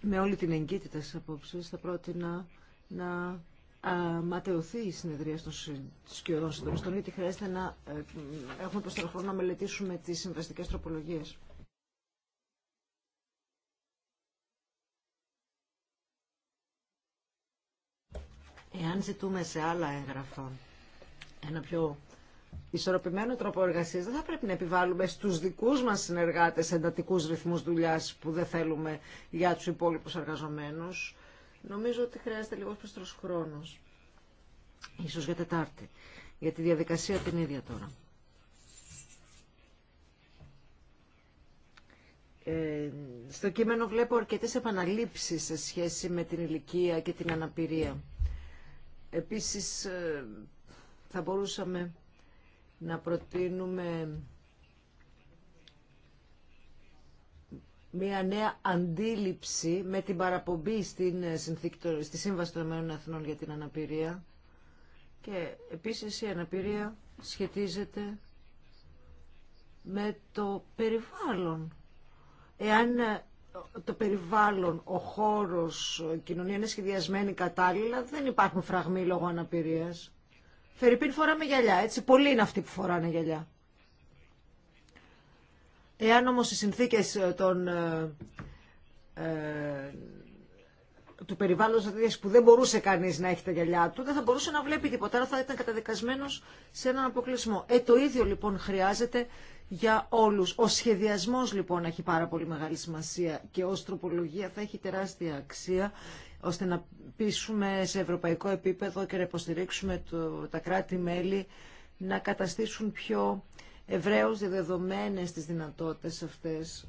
Speaker 3: με όλη την εγκύτητα στις απόψεις θα πρότεινα να ματαιωθεί η συνεδρία των σκιωδών συντονιστών, γιατί χρειάζεται να ε, έχουμε προς να μελετήσουμε τις συμβαστικές τροπολογίες. Εάν ζητούμε σε άλλα έγγραφα ένα πιο ισορροπημένο τρόπο εργασία, δεν θα πρέπει να επιβάλλουμε στου δικού μα συνεργάτε εντατικού ρυθμού δουλειά που δεν θέλουμε για του υπόλοιπου εργαζομένου. Νομίζω ότι χρειάζεται λίγο πιστρο χρόνο. Ίσως για Τετάρτη. Για τη διαδικασία την ίδια τώρα. Ε, στο κείμενο βλέπω αρκετές επαναλήψεις σε σχέση με την ηλικία και την αναπηρία. Επίσης, ε, θα μπορούσαμε να προτείνουμε μια νέα αντίληψη με την παραπομπή στην ε, συνθήκη, στη Σύμβαση των Ηνωμένων για την Αναπηρία και επίσης η αναπηρία σχετίζεται με το περιβάλλον. Εάν ε, το περιβάλλον, ο χώρος, η κοινωνία είναι σχεδιασμένη κατάλληλα, δεν υπάρχουν φραγμοί λόγω αναπηρίας. Φερρυπίν φοράμε γυαλιά, έτσι. Πολλοί είναι αυτοί που φοράνε γυαλιά. Εάν όμως οι συνθήκες ε, των, ε, ε, του περιβάλλοντος που δεν μπορούσε κανείς να έχει τα γυαλιά του, δεν θα μπορούσε να βλέπει τίποτα, άρα θα ήταν καταδικασμένος σε έναν αποκλεισμό. Ε, το ίδιο λοιπόν χρειάζεται για όλους. Ο σχεδιασμός λοιπόν έχει πάρα πολύ μεγάλη σημασία και ως τροπολογία θα έχει τεράστια αξία ώστε να πείσουμε σε ευρωπαϊκό επίπεδο και να υποστηρίξουμε το, τα κράτη-μέλη να καταστήσουν πιο ευρέως δεδομένες τις δυνατότητες αυτές.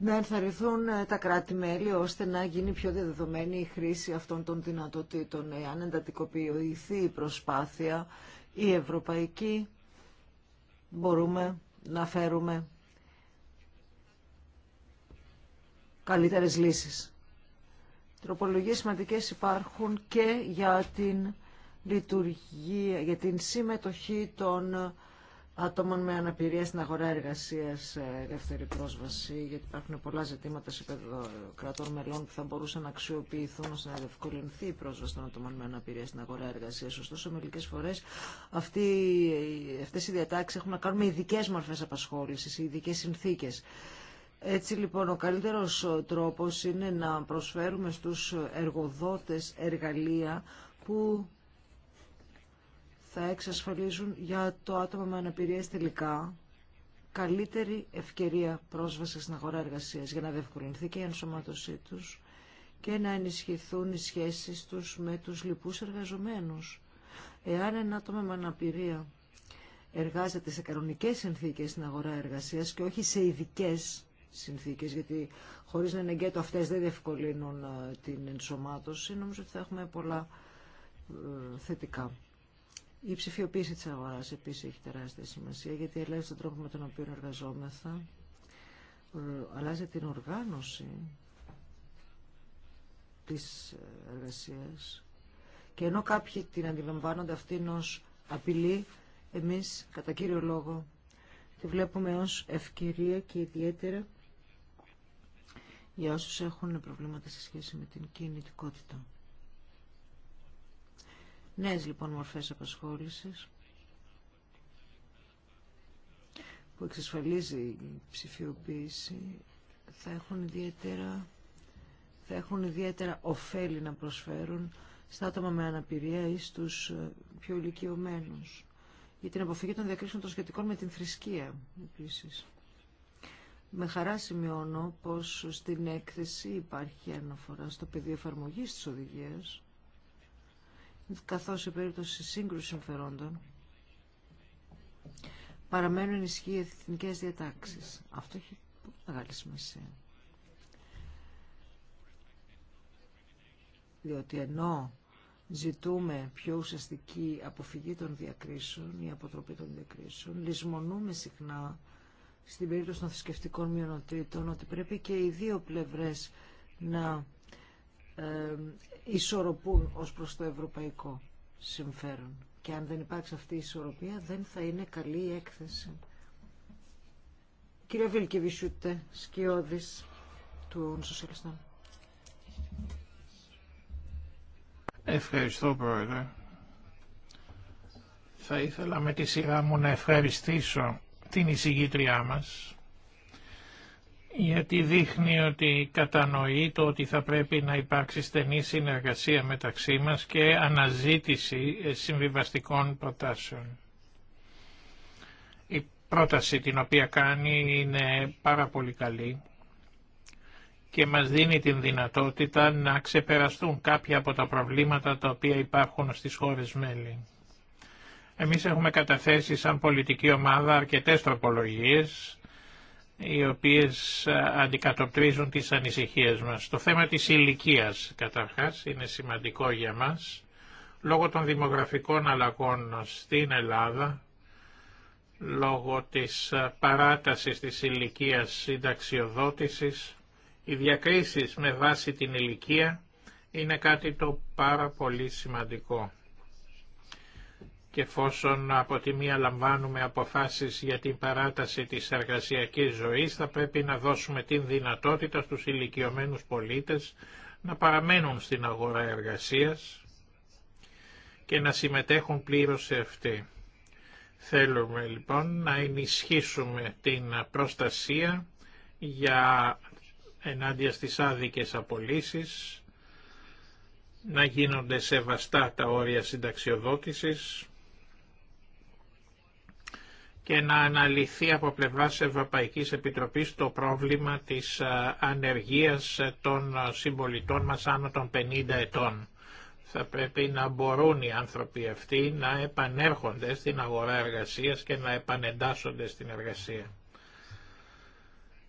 Speaker 3: να ενθαρρυνθούν ε, τα κράτη-μέλη ώστε να γίνει πιο δεδομένη η χρήση αυτών των δυνατοτήτων. Ε, αν εντατικοποιηθεί η προσπάθεια, η ευρωπαϊκή μπορούμε να φέρουμε καλύτερες λύσεις. Τροπολογίες σημαντικές υπάρχουν και για την, λειτουργία, για την συμμετοχή των ατόμων με αναπηρία στην αγορά εργασία ε, δεύτερη πρόσβαση, γιατί υπάρχουν πολλά ζητήματα σε επίπεδο κρατών μελών που θα μπορούσαν να αξιοποιηθούν ώστε να διευκολυνθεί η πρόσβαση των ατόμων με αναπηρία στην αγορά εργασία. Ωστόσο, μερικέ φορέ αυτέ οι διατάξει έχουν να κάνουν με ειδικέ μορφέ απασχόληση, ειδικέ συνθήκε. Έτσι λοιπόν ο καλύτερος τρόπος είναι να προσφέρουμε στους εργοδότες εργαλεία που θα εξασφαλίζουν για το άτομο με αναπηρία τελικά καλύτερη ευκαιρία πρόσβασης στην αγορά εργασίας για να διευκολυνθεί και η ενσωμάτωσή τους και να ενισχυθούν οι σχέσεις τους με τους λοιπούς εργαζομένους. Εάν ένα άτομο με αναπηρία εργάζεται σε κανονικές συνθήκες στην αγορά εργασίας και όχι σε ειδικέ συνθήκες, γιατί χωρίς να είναι γκέτο αυτές δεν διευκολύνουν ε, την ενσωμάτωση, νομίζω ότι θα έχουμε πολλά ε, θετικά. Η ψηφιοποίηση της αγοράς επίσης έχει τεράστια σημασία γιατί αλλάζει τον τρόπο με τον οποίο εργαζόμεθα, αλλάζει την οργάνωση της εργασίας και ενώ κάποιοι την αντιλαμβάνονται αυτήν ως απειλή, εμείς κατά κύριο λόγο τη βλέπουμε ως ευκαιρία και ιδιαίτερα για όσους έχουν προβλήματα σε σχέση με την κινητικότητα. Νέες λοιπόν μορφές απασχόλησης που εξασφαλίζει η ψηφιοποίηση θα έχουν ιδιαίτερα, θα έχουν ιδιαίτερα ωφέλη να προσφέρουν στα άτομα με αναπηρία ή στους ε, πιο ηλικιωμένου. Για την αποφυγή των διακρίσεων των σχετικών με την θρησκεία επίσης. Με χαρά σημειώνω πως στην έκθεση υπάρχει αναφορά στο πεδίο εφαρμογή της οδηγίας καθώς η περίπτωση σύγκρουση συμφερόντων παραμένουν ενισχύει οι εθνικές διατάξεις. Αυτό έχει πολύ μεγάλη σημασία. Διότι ενώ ζητούμε πιο ουσιαστική αποφυγή των διακρίσεων ή αποτροπή των διακρίσεων, λησμονούμε συχνά στην περίπτωση των θρησκευτικών μειονοτήτων ότι πρέπει και οι δύο πλευρές να ισορροπούν ως προς το ευρωπαϊκό συμφέρον. Και αν δεν υπάρξει αυτή η ισορροπία δεν θα είναι καλή η έκθεση. Κύριε Βίλκεβισούτε, σκιώδης του Σοσιαλιστών.
Speaker 2: Ευχαριστώ Πρόεδρε. Θα ήθελα με τη σειρά μου να ευχαριστήσω την εισηγήτριά μας γιατί δείχνει ότι κατανοεί το ότι θα πρέπει να υπάρξει στενή συνεργασία μεταξύ μας και αναζήτηση συμβιβαστικών προτάσεων. Η πρόταση την οποία κάνει είναι πάρα πολύ καλή και μας δίνει την δυνατότητα να ξεπεραστούν κάποια από τα προβλήματα τα οποία υπάρχουν στις χώρες μέλη. Εμείς έχουμε καταθέσει σαν πολιτική ομάδα αρκετές τροπολογίες οι οποίες αντικατοπτρίζουν τις ανησυχίες μας. Το θέμα της ηλικίας καταρχάς είναι σημαντικό για μας. Λόγω των δημογραφικών αλλαγών στην Ελλάδα, λόγω της παράτασης της ηλικίας συνταξιοδότησης, οι διακρίσεις με βάση την ηλικία είναι κάτι το πάρα πολύ σημαντικό και εφόσον από τη μία λαμβάνουμε αποφάσεις για την παράταση της εργασιακής ζωής, θα πρέπει να δώσουμε την δυνατότητα στους ηλικιωμένους πολίτες να παραμένουν στην αγορά εργασίας και να συμμετέχουν πλήρως σε αυτή. Θέλουμε λοιπόν να ενισχύσουμε την προστασία για ενάντια στις άδικες απολύσεις, να γίνονται σεβαστά τα όρια συνταξιοδότησης, και να αναλυθεί από πλευράς Ευρωπαϊκής Επιτροπής το πρόβλημα της ε, ανεργίας των ε, συμπολιτών μας άνω των 50 ετών. Θα πρέπει να μπορούν οι άνθρωποι αυτοί να επανέρχονται στην αγορά εργασίας και να επανεντάσσονται στην εργασία.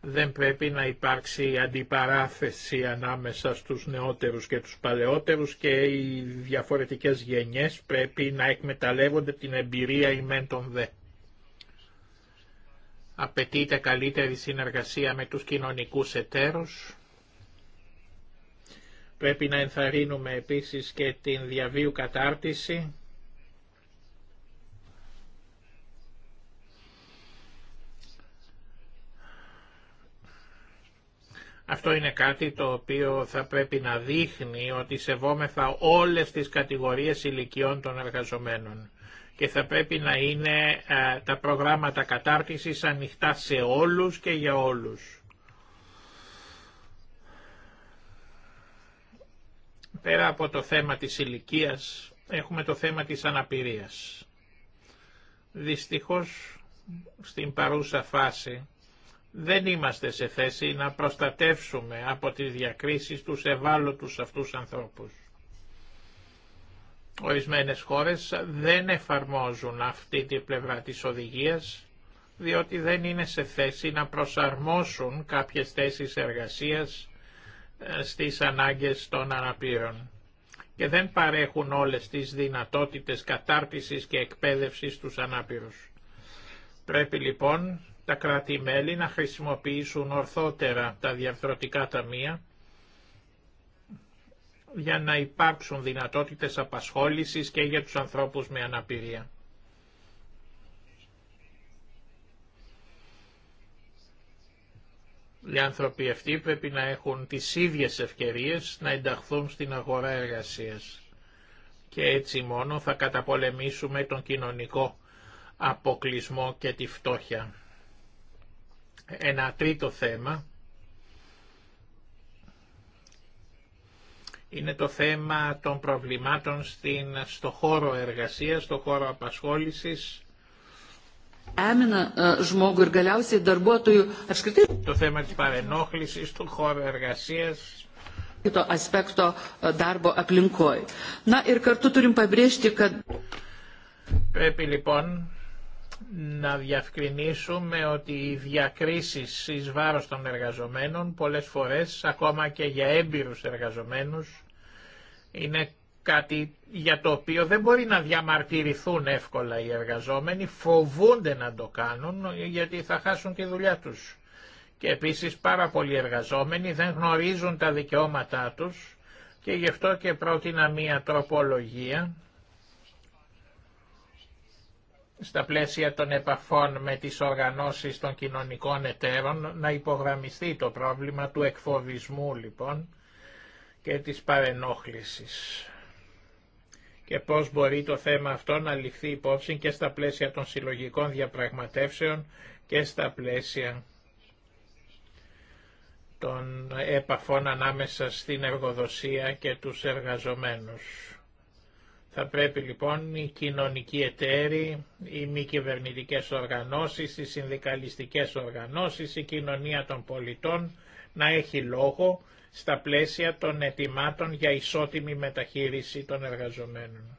Speaker 2: Δεν πρέπει να υπάρξει αντιπαράθεση ανάμεσα στους νεότερους και τους παλαιότερους και οι διαφορετικές γενιές πρέπει να εκμεταλλεύονται την εμπειρία ημέν των δε. Απαιτείται καλύτερη συνεργασία με τους κοινωνικούς εταίρους. Πρέπει να ενθαρρύνουμε επίσης και την διαβίου κατάρτιση. Αυτό είναι κάτι το οποίο θα πρέπει να δείχνει ότι σεβόμεθα όλες τις κατηγορίες ηλικιών των εργαζομένων και θα πρέπει να είναι ε, τα προγράμματα κατάρτισης ανοιχτά σε όλους και για όλους. Πέρα από το θέμα της ηλικία έχουμε το θέμα της αναπηρίας. Δυστυχώς στην παρούσα φάση δεν είμαστε σε θέση να προστατεύσουμε από τις διακρίσεις τους ευάλωτους αυτούς ανθρώπους. Ορισμένες χώρες δεν εφαρμόζουν αυτή την πλευρά της οδηγίας, διότι δεν είναι σε θέση να προσαρμόσουν κάποιες θέσεις εργασίας ε, στις ανάγκες των αναπήρων και δεν παρέχουν όλες τις δυνατότητες κατάρτισης και εκπαίδευσης τους ανάπηρους. Πρέπει λοιπόν τα κράτη-μέλη να χρησιμοποιήσουν ορθότερα τα διαρθρωτικά ταμεία για να υπάρξουν δυνατότητες απασχόλησης και για τους ανθρώπους με αναπηρία. Οι άνθρωποι αυτοί πρέπει να έχουν τις ίδιες ευκαιρίες να ενταχθούν στην αγορά εργασίας. Και έτσι μόνο θα καταπολεμήσουμε τον κοινωνικό αποκλεισμό και τη φτώχεια. Ένα τρίτο θέμα είναι το θέμα των προβλημάτων στην, στο χώρο εργασίας, στο χώρο απασχόλησης. Ε, το θέμα της παρενόχλησης του χώρο εργασίας.
Speaker 3: Το ασπέκτο ε, darbo aplinkoj. Να, ir kartu turim pabrėžti, kad...
Speaker 2: Πρέπει λοιπόν να διαυκρινίσουμε ότι οι διακρίσεις εις βάρος των εργαζομένων πολλές φορές, ακόμα και για έμπειρους εργαζομένους, είναι κάτι για το οποίο δεν μπορεί να διαμαρτυρηθούν εύκολα οι εργαζόμενοι, φοβούνται να το κάνουν γιατί θα χάσουν τη δουλειά τους. Και επίσης πάρα πολλοί εργαζόμενοι δεν γνωρίζουν τα δικαιώματά τους και γι' αυτό και πρότεινα μία τροπολογία στα πλαίσια των επαφών με τις οργανώσεις των κοινωνικών εταίρων να υπογραμμιστεί το πρόβλημα του εκφοβισμού λοιπόν και της παρενόχλησης και πώς μπορεί το θέμα αυτό να ληφθεί υπόψη και στα πλαίσια των συλλογικών διαπραγματεύσεων και στα πλαίσια των επαφών ανάμεσα στην εργοδοσία και τους εργαζομένους. Θα πρέπει λοιπόν οι κοινωνικοί εταίροι, οι μη κυβερνητικέ οργανώσεις, οι συνδικαλιστικές οργανώσεις, η κοινωνία των πολιτών να έχει λόγο στα πλαίσια των ετοιμάτων για ισότιμη μεταχείριση των εργαζομένων.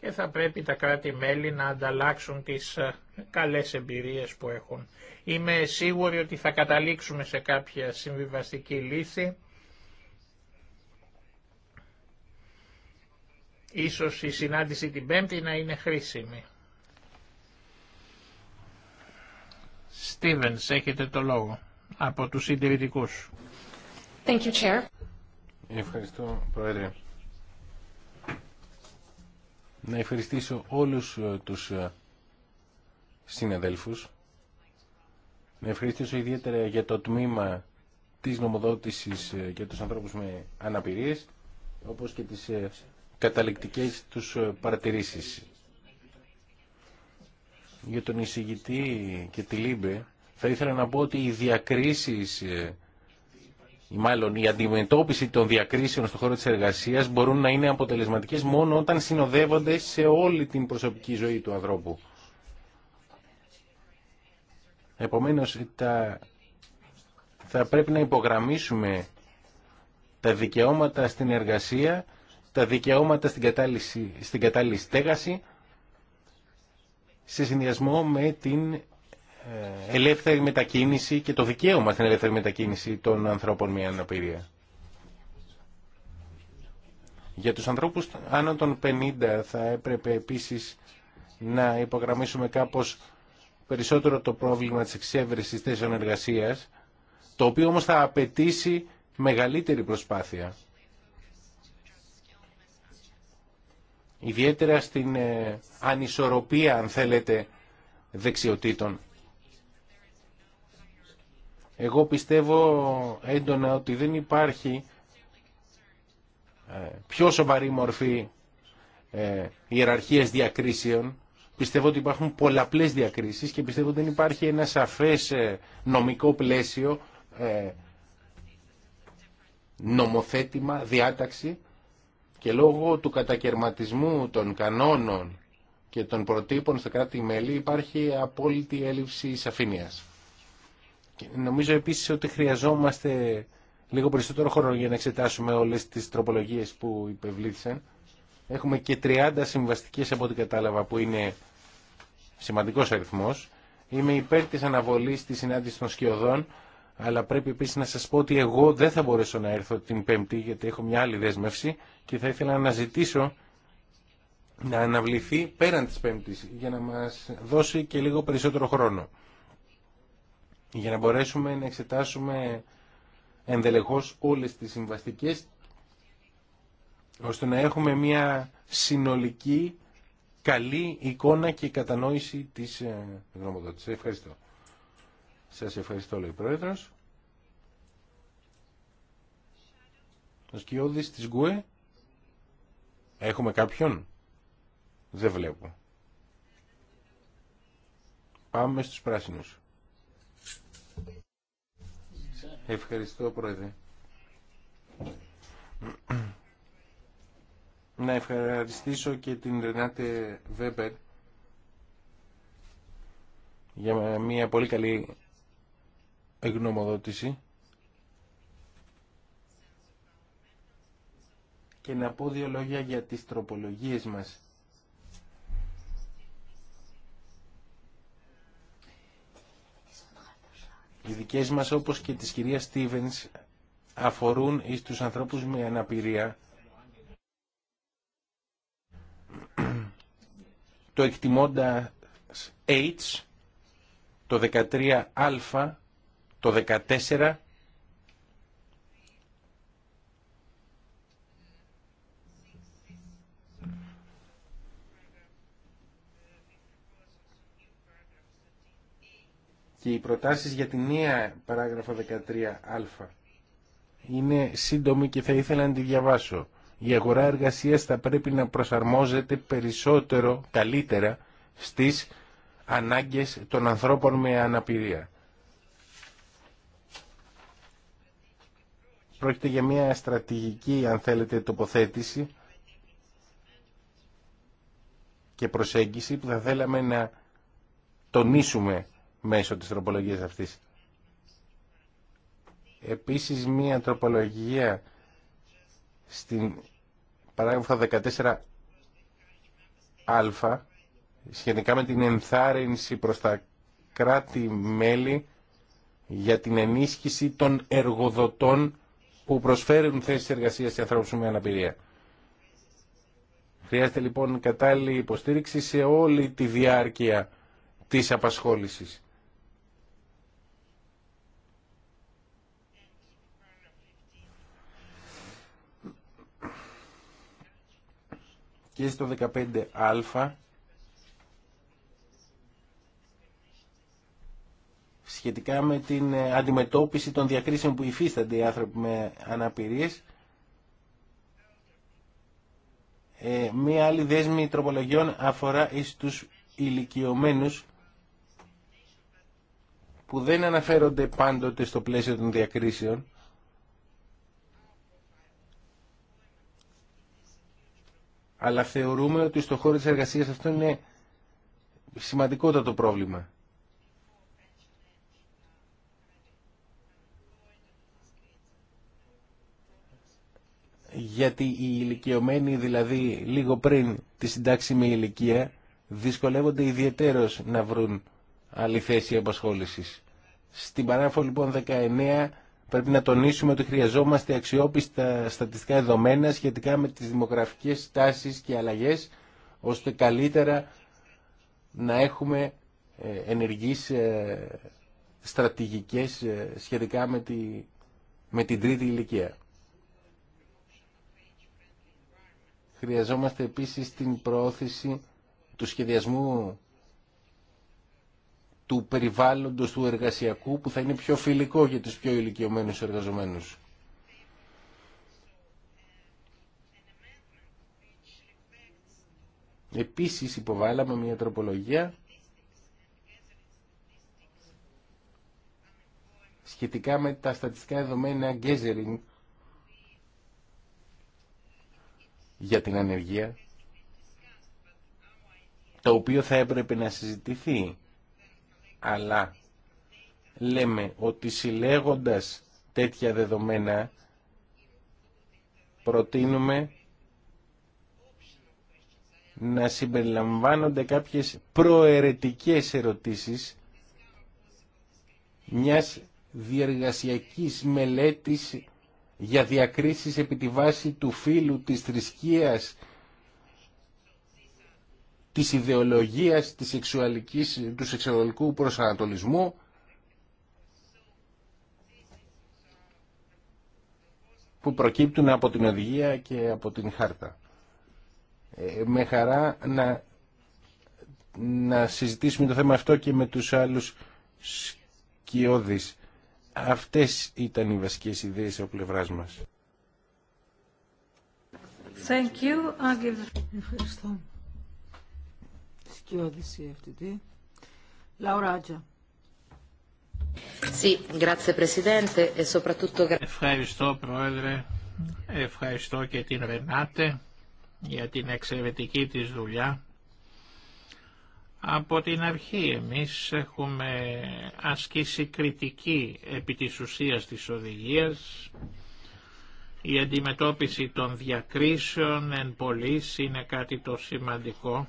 Speaker 2: Και θα πρέπει τα κράτη-μέλη να ανταλλάξουν τις ε, καλές εμπειρίες που έχουν. Είμαι σίγουρη ότι θα καταλήξουμε σε κάποια συμβιβαστική λύση Ίσως η συνάντηση την Πέμπτη να είναι χρήσιμη. Στίβενς, έχετε το λόγο από τους συντηρητικούς.
Speaker 4: Ευχαριστώ, Πρόεδρε. Να ευχαριστήσω όλους ε, τους ε, συναδέλφους. Να ευχαριστήσω ιδιαίτερα για το τμήμα της νομοδότησης ε, για τους ανθρώπους με αναπηρίες, όπως και τις καταληκτικές τους ε, παρατηρήσεις. Για τον εισηγητή και τη Λίμπε θα ήθελα να πω ότι οι διακρίσεις ε, ή μάλλον η αντιμετώπιση των διακρίσεων στον χώρο της εργασίας μπορούν να είναι αποτελεσματικές μόνο όταν συνοδεύονται σε όλη την προσωπική ζωή του ανθρώπου. Επομένως, τα... θα πρέπει να υπογραμμίσουμε τα δικαιώματα στην εργασία τα δικαιώματα στην κατάλληλη, στην κατάλληλη στέγαση σε συνδυασμό με την ε, ελεύθερη μετακίνηση και το δικαίωμα στην ελεύθερη μετακίνηση των ανθρώπων με αναπηρία. Για τους ανθρώπους άνω των 50 θα έπρεπε επίσης να υπογραμμίσουμε κάπως περισσότερο το πρόβλημα της εξέβρεσης θέσεων εργασίας, το οποίο όμως θα απαιτήσει μεγαλύτερη προσπάθεια ιδιαίτερα στην ε, ανισορροπία, αν θέλετε, δεξιοτήτων. Εγώ πιστεύω έντονα ότι δεν υπάρχει ε, πιο σοβαρή μορφή ε, ιεραρχίας διακρίσεων. Πιστεύω ότι υπάρχουν πολλαπλές διακρίσεις και πιστεύω ότι δεν υπάρχει ένα σαφές νομικό πλαίσιο, νομοθέτημα, διάταξη και λόγω του κατακαιρματισμού των κανόνων και των προτύπων στα κράτη-μέλη υπάρχει απόλυτη έλλειψη σαφήνειας. νομίζω επίσης ότι χρειαζόμαστε λίγο περισσότερο χρόνο για να εξετάσουμε όλες τις τροπολογίες που υπευλήθησαν. Έχουμε και 30 συμβαστικές από ό,τι κατάλαβα που είναι σημαντικός αριθμός. Είμαι υπέρ της αναβολής της συνάντησης των σκιωδών αλλά πρέπει επίσης να σας πω ότι εγώ δεν θα μπορέσω να έρθω την Πέμπτη γιατί έχω μια άλλη δέσμευση και θα ήθελα να ζητήσω να αναβληθεί πέραν της Πέμπτης για να μας δώσει και λίγο περισσότερο χρόνο για να μπορέσουμε να εξετάσουμε ενδελεχώς όλες τις συμβαστικέ, ώστε να έχουμε μια συνολική καλή εικόνα και κατανόηση της ε, γνωμοδότησης. Ευχαριστώ. Σας ευχαριστώ, λέει Πρόεδρος. Ο σκιώδης της Γκουέ. Έχουμε κάποιον. Δεν βλέπω. Πάμε στους πράσινους. Ευχαριστώ, Πρόεδρε. Να ευχαριστήσω και την Ρενάτε Βέμπερ για μια πολύ καλή εγγνωμοδότηση και να πω δύο λόγια για τις τροπολογίες μας. Οι δικές μας όπως και της κυρία Στίβενς αφορούν εις τους ανθρώπους με αναπηρία το εκτιμώντα H, το 13α το 14 και οι προτάσεις για την νέα παράγραφο 13α είναι σύντομη και θα ήθελα να τη διαβάσω. Η αγορά εργασίας θα πρέπει να προσαρμόζεται περισσότερο, καλύτερα, στις ανάγκες των ανθρώπων με αναπηρία. Πρόκειται για μια στρατηγική, αν θέλετε, τοποθέτηση και προσέγγιση που θα θέλαμε να τονίσουμε μέσω της τροπολογίας αυτής. Επίσης, μια τροπολογία στην παράγραφο 14α σχετικά με την ενθάρρυνση προς τα κράτη-μέλη για την ενίσχυση των εργοδοτών που προσφέρουν θέσεις εργασίας σε ανθρώπου με αναπηρία. Χρειάζεται λοιπόν κατάλληλη υποστήριξη σε όλη τη διάρκεια της απασχόλησης. Και στο 15α σχετικά με την ε, αντιμετώπιση των διακρίσεων που υφίστανται οι άνθρωποι με αναπηρίες. Ε, μία άλλη δέσμη τροπολογιών αφορά εις τους ηλικιωμένους που δεν αναφέρονται πάντοτε στο πλαίσιο των διακρίσεων. Αλλά θεωρούμε ότι στο χώρο της εργασίας αυτό είναι σημαντικότατο πρόβλημα. γιατί οι ηλικιωμένοι δηλαδή λίγο πριν τη συντάξιμη ηλικία δυσκολεύονται ιδιαιτέρως να βρουν άλλη θέση απασχόλησης. Στην παράγραφο λοιπόν 19 πρέπει να τονίσουμε ότι χρειαζόμαστε αξιόπιστα στατιστικά δεδομένα σχετικά με τις δημογραφικές τάσεις και αλλαγές ώστε καλύτερα να έχουμε ε, ενεργείς ε, στρατηγικές ε, σχετικά τη, με την τρίτη ηλικία. Χρειαζόμαστε επίσης την πρόθεση του σχεδιασμού του περιβάλλοντος του εργασιακού που θα είναι πιο φιλικό για τους πιο ηλικιωμένους εργαζομένους. Επίσης υποβάλαμε μια τροπολογία σχετικά με τα στατιστικά δεδομένα gathering για την ανεργία, το οποίο θα έπρεπε να συζητηθεί. Αλλά λέμε ότι συλλέγοντας τέτοια δεδομένα προτείνουμε να συμπεριλαμβάνονται κάποιες προαιρετικές ερωτήσεις μιας διεργασιακής μελέτης για διακρίσεις επί τη βάση του φίλου της θρησκείας, της ιδεολογίας, της σεξουαλικής, του σεξουαλικού προσανατολισμού. που προκύπτουν από την οδηγία και από την χάρτα. Ε, με χαρά να, να συζητήσουμε το θέμα αυτό και με τους άλλους σκιώδεις Αυτές ήταν οι βασικές ιδέες από πλευράς μας.
Speaker 1: Thank you. I'll give... Ευχαριστώ.
Speaker 3: Σκιώδηση αυτή τη. Λαουράτζα. E
Speaker 2: ευχαριστώ Πρόεδρε, ευχαριστώ και την Ρενάτε για την εξαιρετική της δουλειά από την αρχή εμείς έχουμε ασκήσει κριτική επί της ουσίας της οδηγίας. Η αντιμετώπιση των διακρίσεων εν πωλής είναι κάτι το σημαντικό,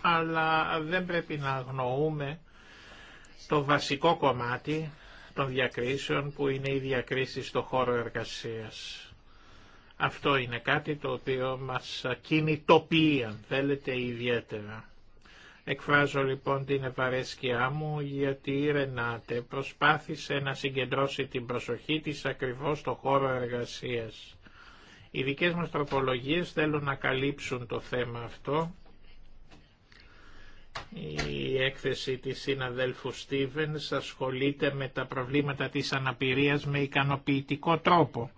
Speaker 2: αλλά δεν πρέπει να αγνοούμε το βασικό κομμάτι των διακρίσεων που είναι οι διακρίσεις στο χώρο εργασίας. Αυτό είναι κάτι το οποίο μας κινητοποιεί, αν θέλετε, ιδιαίτερα. Εκφράζω λοιπόν την ευαρέσκειά μου γιατί η Ρενάτε προσπάθησε να συγκεντρώσει την προσοχή της ακριβώς στο χώρο εργασίας. Οι δικές μας τροπολογίες θέλουν να καλύψουν το θέμα αυτό. Η έκθεση της συναδέλφου Στίβενς ασχολείται με τα προβλήματα της αναπηρίας με ικανοποιητικό τρόπο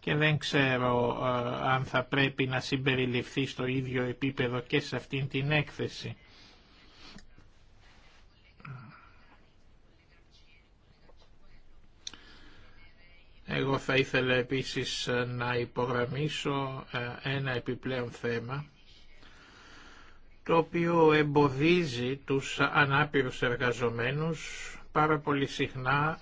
Speaker 2: και δεν ξέρω ε, αν θα πρέπει να συμπεριληφθεί στο ίδιο επίπεδο και σε αυτήν την έκθεση. Εγώ θα ήθελα επίσης ε, να υπογραμμίσω ε, ένα επιπλέον θέμα το οποίο εμποδίζει τους ανάπηρους εργαζομένους πάρα πολύ συχνά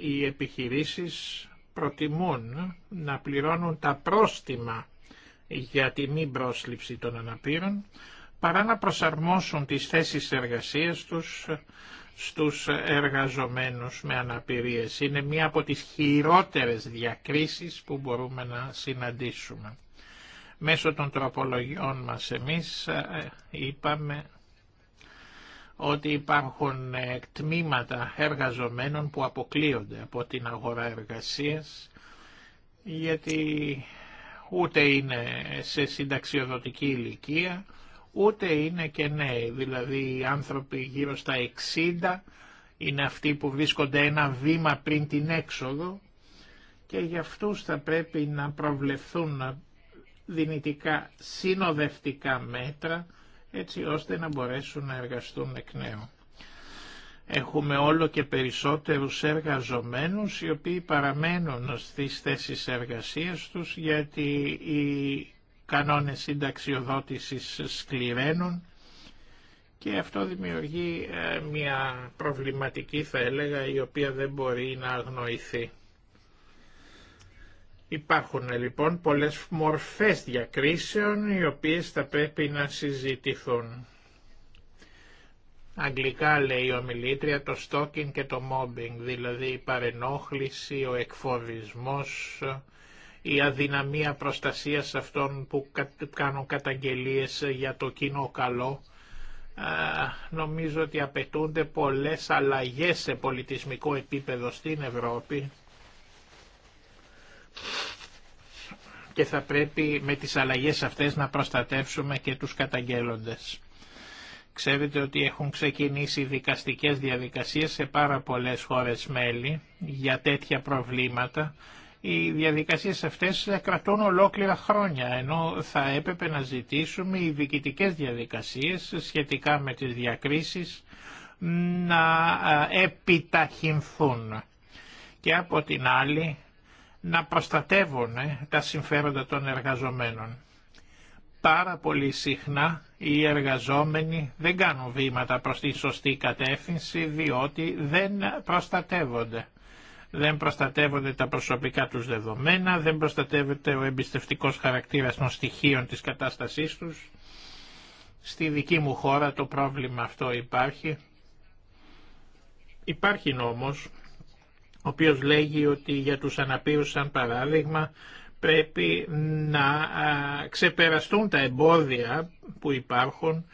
Speaker 2: ε, οι επιχειρήσεις προτιμούν να πληρώνουν τα πρόστιμα για τη μη πρόσληψη των αναπήρων παρά να προσαρμόσουν τις θέσεις εργασίας τους στους εργαζομένους με αναπηρίες. Είναι μία από τις χειρότερες διακρίσεις που μπορούμε να συναντήσουμε. Μέσω των τροπολογιών μας εμείς ε, είπαμε ότι υπάρχουν ε, τμήματα εργαζομένων που αποκλείονται από την αγορά εργασίας γιατί ούτε είναι σε συνταξιοδοτική ηλικία, ούτε είναι και νέοι, δηλαδή οι άνθρωποι γύρω στα 60 είναι αυτοί που βρίσκονται ένα βήμα πριν την έξοδο και για αυτούς θα πρέπει να προβλεφθούν δυνητικά συνοδευτικά μέτρα έτσι ώστε να μπορέσουν να εργαστούν εκ νέου. Έχουμε όλο και περισσότερους εργαζομένους οι οποίοι παραμένουν στις θέσεις εργασίας τους γιατί η κανόνες συνταξιοδότησης σκληραίνουν και αυτό δημιουργεί ε, μια προβληματική θα έλεγα η οποία δεν μπορεί να αγνοηθεί. Υπάρχουν ε, λοιπόν πολλές μορφές διακρίσεων οι οποίες θα πρέπει να συζητηθούν. Αγγλικά λέει η ομιλήτρια το stalking και το mobbing, δηλαδή η παρενόχληση, ο εκφοβισμός, η αδυναμία προστασίας αυτών που κάνουν καταγγελίες για το κοινό καλό. Νομίζω ότι απαιτούνται πολλές αλλαγές σε πολιτισμικό επίπεδο στην Ευρώπη και θα πρέπει με τις αλλαγές αυτές να προστατεύσουμε και τους καταγγέλλοντες. Ξέρετε ότι έχουν ξεκινήσει δικαστικές διαδικασίες σε πάρα πολλές χώρες μέλη για τέτοια προβλήματα οι διαδικασίες αυτές κρατούν ολόκληρα χρόνια, ενώ θα έπρεπε να ζητήσουμε οι διοικητικές διαδικασίες σχετικά με τις διακρίσεις να επιταχυνθούν και από την άλλη να προστατεύουν ε, τα συμφέροντα των εργαζομένων. Πάρα πολύ συχνά οι εργαζόμενοι δεν κάνουν βήματα προς τη σωστή κατεύθυνση διότι δεν προστατεύονται δεν προστατεύονται τα προσωπικά τους δεδομένα, δεν προστατεύεται ο εμπιστευτικός χαρακτήρας των στοιχείων της κατάστασής τους. Στη δική μου χώρα το πρόβλημα αυτό υπάρχει. Υπάρχει νόμος, ο οποίος λέγει ότι για τους αναπήρους σαν παράδειγμα πρέπει να ξεπεραστούν τα εμπόδια που υπάρχουν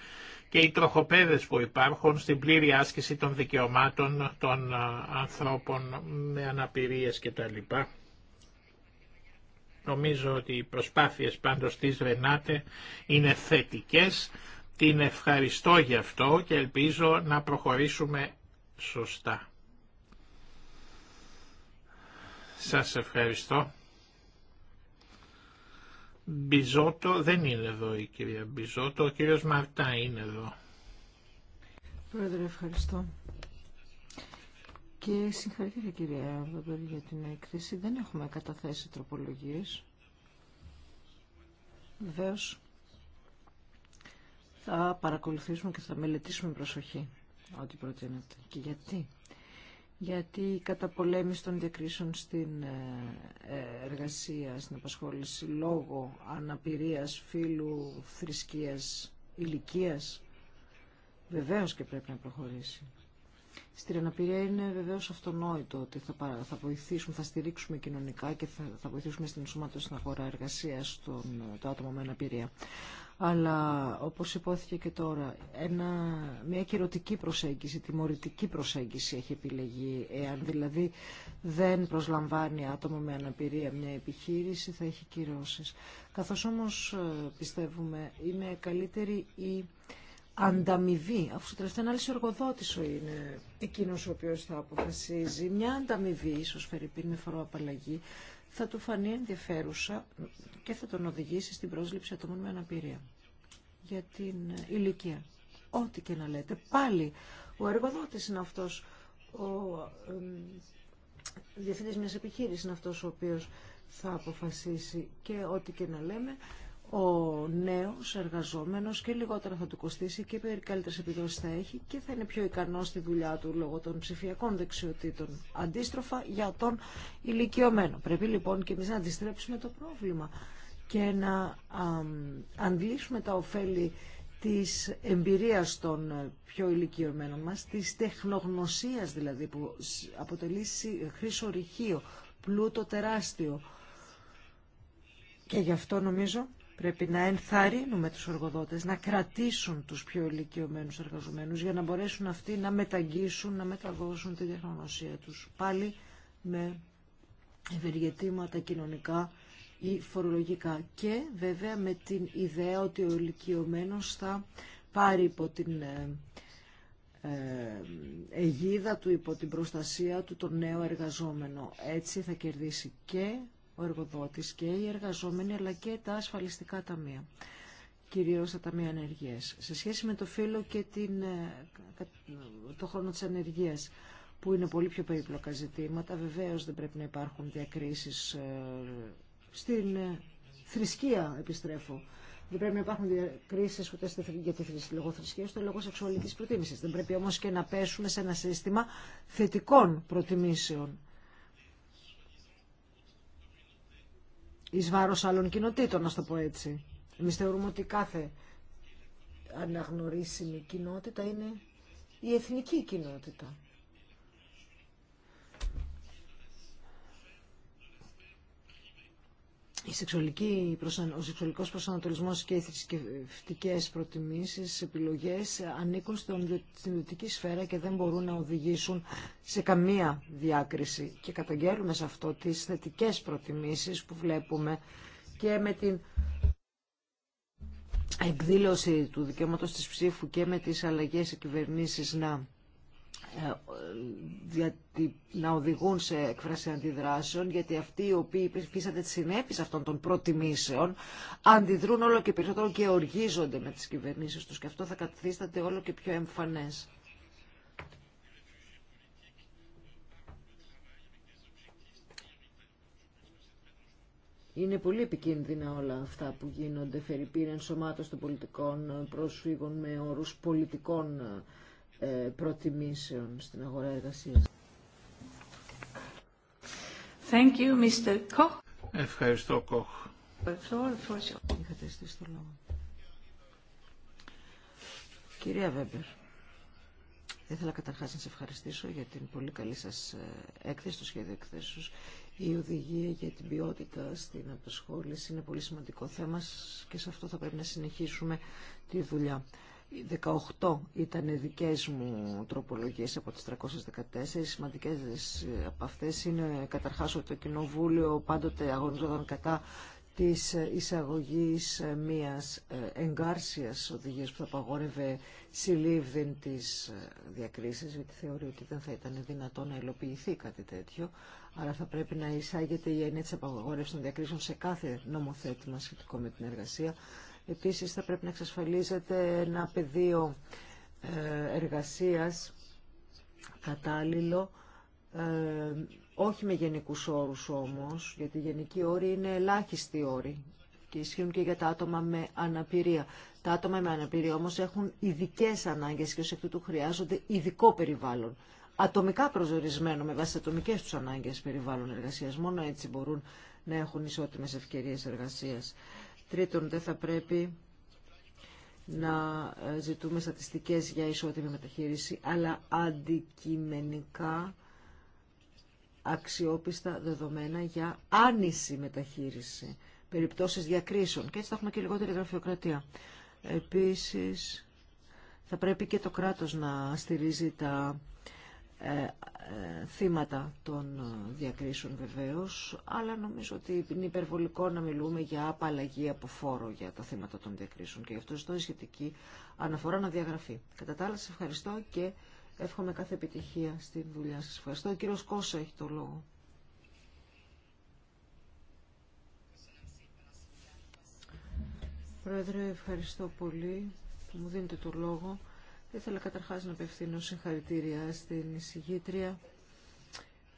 Speaker 2: και οι τροχοπέδες που υπάρχουν στην πλήρη άσκηση των δικαιωμάτων των ανθρώπων με αναπηρίες κτλ. Νομίζω ότι οι προσπάθειες πάντως της Ρενάτε είναι θετικές. Την ευχαριστώ γι' αυτό και ελπίζω να προχωρήσουμε σωστά. Σας ευχαριστώ. Μπιζότο δεν είναι εδώ η κυρία Μπιζότο, ο κύριος Μαρτά είναι εδώ.
Speaker 3: Πρόεδρε, ευχαριστώ. Και συγχαρητήρια κυρία Βαμπέρη για την έκθεση. Δεν έχουμε καταθέσει τροπολογίες. Βεβαίω θα παρακολουθήσουμε και θα μελετήσουμε προσοχή ό,τι προτείνεται. Και γιατί γιατί η καταπολέμηση των διακρίσεων στην ε, εργασία, στην απασχόληση λόγω αναπηρίας, φίλου, θρησκείας, ηλικίας, βεβαίως και πρέπει να προχωρήσει. Στην αναπηρία είναι βεβαίως αυτονόητο ότι θα, θα βοηθήσουμε, θα στηρίξουμε κοινωνικά και θα, θα βοηθήσουμε στην ενσωμάτωση στην αγορά εργασίας των, ε, το άτομο με αναπηρία αλλά όπως υπόθηκε και τώρα, ένα, μια κυρωτική προσέγγιση, τιμωρητική προσέγγιση έχει επιλεγεί. Εάν δηλαδή δεν προσλαμβάνει άτομο με αναπηρία μια επιχείρηση, θα έχει κυρώσεις. Καθώς όμως ε, πιστεύουμε είναι καλύτερη η ανταμοιβή, αφού τελευταία ανάλυση ο είναι εκείνος ο οποίος θα αποφασίζει, μια ανταμοιβή, ίσως φερειπίν με φοροαπαλλαγή, θα του φανεί ενδιαφέρουσα και θα τον οδηγήσει στην πρόσληψη ατόμων με αναπηρία για την ηλικία. Ό,τι και να λέτε. Πάλι ο εργοδότης είναι αυτός, ο διευθυντής μιας επιχείρησης είναι αυτός ο οποίος θα αποφασίσει και ό,τι και να λέμε ο νέος εργαζόμενος και λιγότερα θα του κοστίσει και καλύτερε επιδόσεις θα έχει και θα είναι πιο ικανός στη δουλειά του λόγω των ψηφιακών δεξιοτήτων. Αντίστροφα για τον ηλικιωμένο. Πρέπει λοιπόν και εμείς να αντιστρέψουμε το πρόβλημα και να αντλήσουμε τα ωφέλη της εμπειρίας των ε, πιο ηλικιωμένων μας, της τεχνογνωσίας δηλαδή που αποτελεί χρήσο ρηχείο, πλούτο τεράστιο. Και γι' αυτό νομίζω Πρέπει να ενθαρρύνουμε τους εργοδότες να κρατήσουν τους πιο ηλικιωμένους εργαζομένους για να μπορέσουν αυτοί να μεταγγίσουν, να μεταδώσουν τη τεχνογνωσία τους. Πάλι με ευεργετήματα κοινωνικά ή φορολογικά. Και βέβαια με την ιδέα ότι ο ηλικιωμένος θα πάρει υπό την ε, ε, αιγίδα του, υπό την προστασία του τον νέο εργαζόμενο. Έτσι θα κερδίσει και ο εργοδότης και οι εργαζόμενοι αλλά και τα ασφαλιστικά ταμεία, κυρίως τα ταμεία ανεργίας Σε σχέση με το φύλλο και την, ε, το χρόνο της ανεργίας, που είναι πολύ πιο περίπλοκα ζητήματα, βεβαίως δεν πρέπει να υπάρχουν διακρίσεις ε, στην ε, θρησκεία, επιστρέφω. Δεν πρέπει να υπάρχουν διακρίσει ούτε για τη λόγω θρησκεία ούτε λόγω σεξουαλική προτίμηση. Δεν πρέπει όμω και να πέσουμε σε ένα σύστημα θετικών προτιμήσεων. ει βάρο άλλων κοινοτήτων, να το πω έτσι. Εμεί θεωρούμε ότι κάθε αναγνωρίσιμη κοινότητα είναι η εθνική κοινότητα. η σεξουαλική, ο σεξουαλικός προσανατολισμό και οι θρησκευτικέ προτιμήσεις, επιλογές ανήκουν στην ιδιωτική σφαίρα και δεν μπορούν να οδηγήσουν σε καμία διάκριση. Και καταγγέλουμε σε αυτό τις θετικέ προτιμήσει που βλέπουμε και με την εκδήλωση του δικαιώματο τη ψήφου και με τις αλλαγέ σε να ε, να οδηγούν σε έκφραση αντιδράσεων, γιατί αυτοί οι οποίοι υπήρχαν τι συνέπειε αυτών των προτιμήσεων αντιδρούν όλο και περισσότερο και οργίζονται με τις κυβερνήσεις του και αυτό θα καθίσταται όλο και πιο εμφανέ. Είναι πολύ επικίνδυνα όλα αυτά που γίνονται, φερειπήρια ενσωμάτωση των πολιτικών προσφύγων με όρους πολιτικών ε, ε, προτιμήσεων στην αγορά εργασίας.
Speaker 1: Thank you, Mr. Koch.
Speaker 2: Ευχαριστώ, Κοχ.
Speaker 3: Είχατε το λόγο. Κυρία Βέμπερ, ήθελα καταρχάς να σε ευχαριστήσω για την πολύ καλή σας ε, έκθεση, το σχέδιο εκθέσεως. Η οδηγία για την ποιότητα στην απασχόληση είναι πολύ σημαντικό θέμα και σε αυτό θα πρέπει να συνεχίσουμε τη δουλειά. 18 ήταν δικές μου τροπολογίες από τις 314. Σημαντικές από αυτές είναι καταρχάς ότι το Κοινοβούλιο πάντοτε αγωνιζόταν κατά της εισαγωγής μιας ε, εγκάρσιας οδηγίας που θα απαγόρευε συλλήβδην της ε, διακρίσης γιατί θεωρεί ότι δεν θα ήταν δυνατό να υλοποιηθεί κάτι τέτοιο. Άρα θα πρέπει να εισάγεται η έννοια τη απαγόρευσης των διακρίσεων σε κάθε νομοθέτημα σχετικό με την εργασία. Επίσης θα πρέπει να εξασφαλίζεται ένα πεδίο ε, εργασίας κατάλληλο, ε, όχι με γενικούς όρους όμως, γιατί οι γενικοί όροι είναι ελάχιστοι όροι και ισχύουν και για τα άτομα με αναπηρία. Τα άτομα με αναπηρία όμως έχουν ειδικέ ανάγκες και ως εκ τούτου χρειάζονται ειδικό περιβάλλον. Ατομικά προσδορισμένο με βάση ατομικές τους ανάγκες περιβάλλον εργασίας. Μόνο έτσι μπορούν να έχουν ισότιμες ευκαιρίες εργασίας. Τρίτον, δεν θα πρέπει να ε, ζητούμε στατιστικές για ισότιμη μεταχείριση, αλλά αντικειμενικά αξιόπιστα δεδομένα για άνηση μεταχείριση, περιπτώσεις διακρίσεων και έτσι θα έχουμε και λιγότερη γραφειοκρατία. Επίσης, θα πρέπει και το κράτος να στηρίζει τα ε, ε, θύματα των ε, διακρίσεων βεβαίως, αλλά νομίζω ότι είναι υπερβολικό να μιλούμε για απαλλαγή από φόρο για τα θύματα των διακρίσεων και γι' αυτό ζητώ σχετική αναφορά να διαγραφεί. Κατά τα άλλα, ευχαριστώ και εύχομαι κάθε επιτυχία στη δουλειά σας. Ευχαριστώ. Ο κύριος Κώσα έχει το λόγο. Πρόεδρε, ευχαριστώ πολύ που μου δίνετε το λόγο ήθελα καταρχάς να απευθύνω συγχαρητήρια στην εισηγήτρια.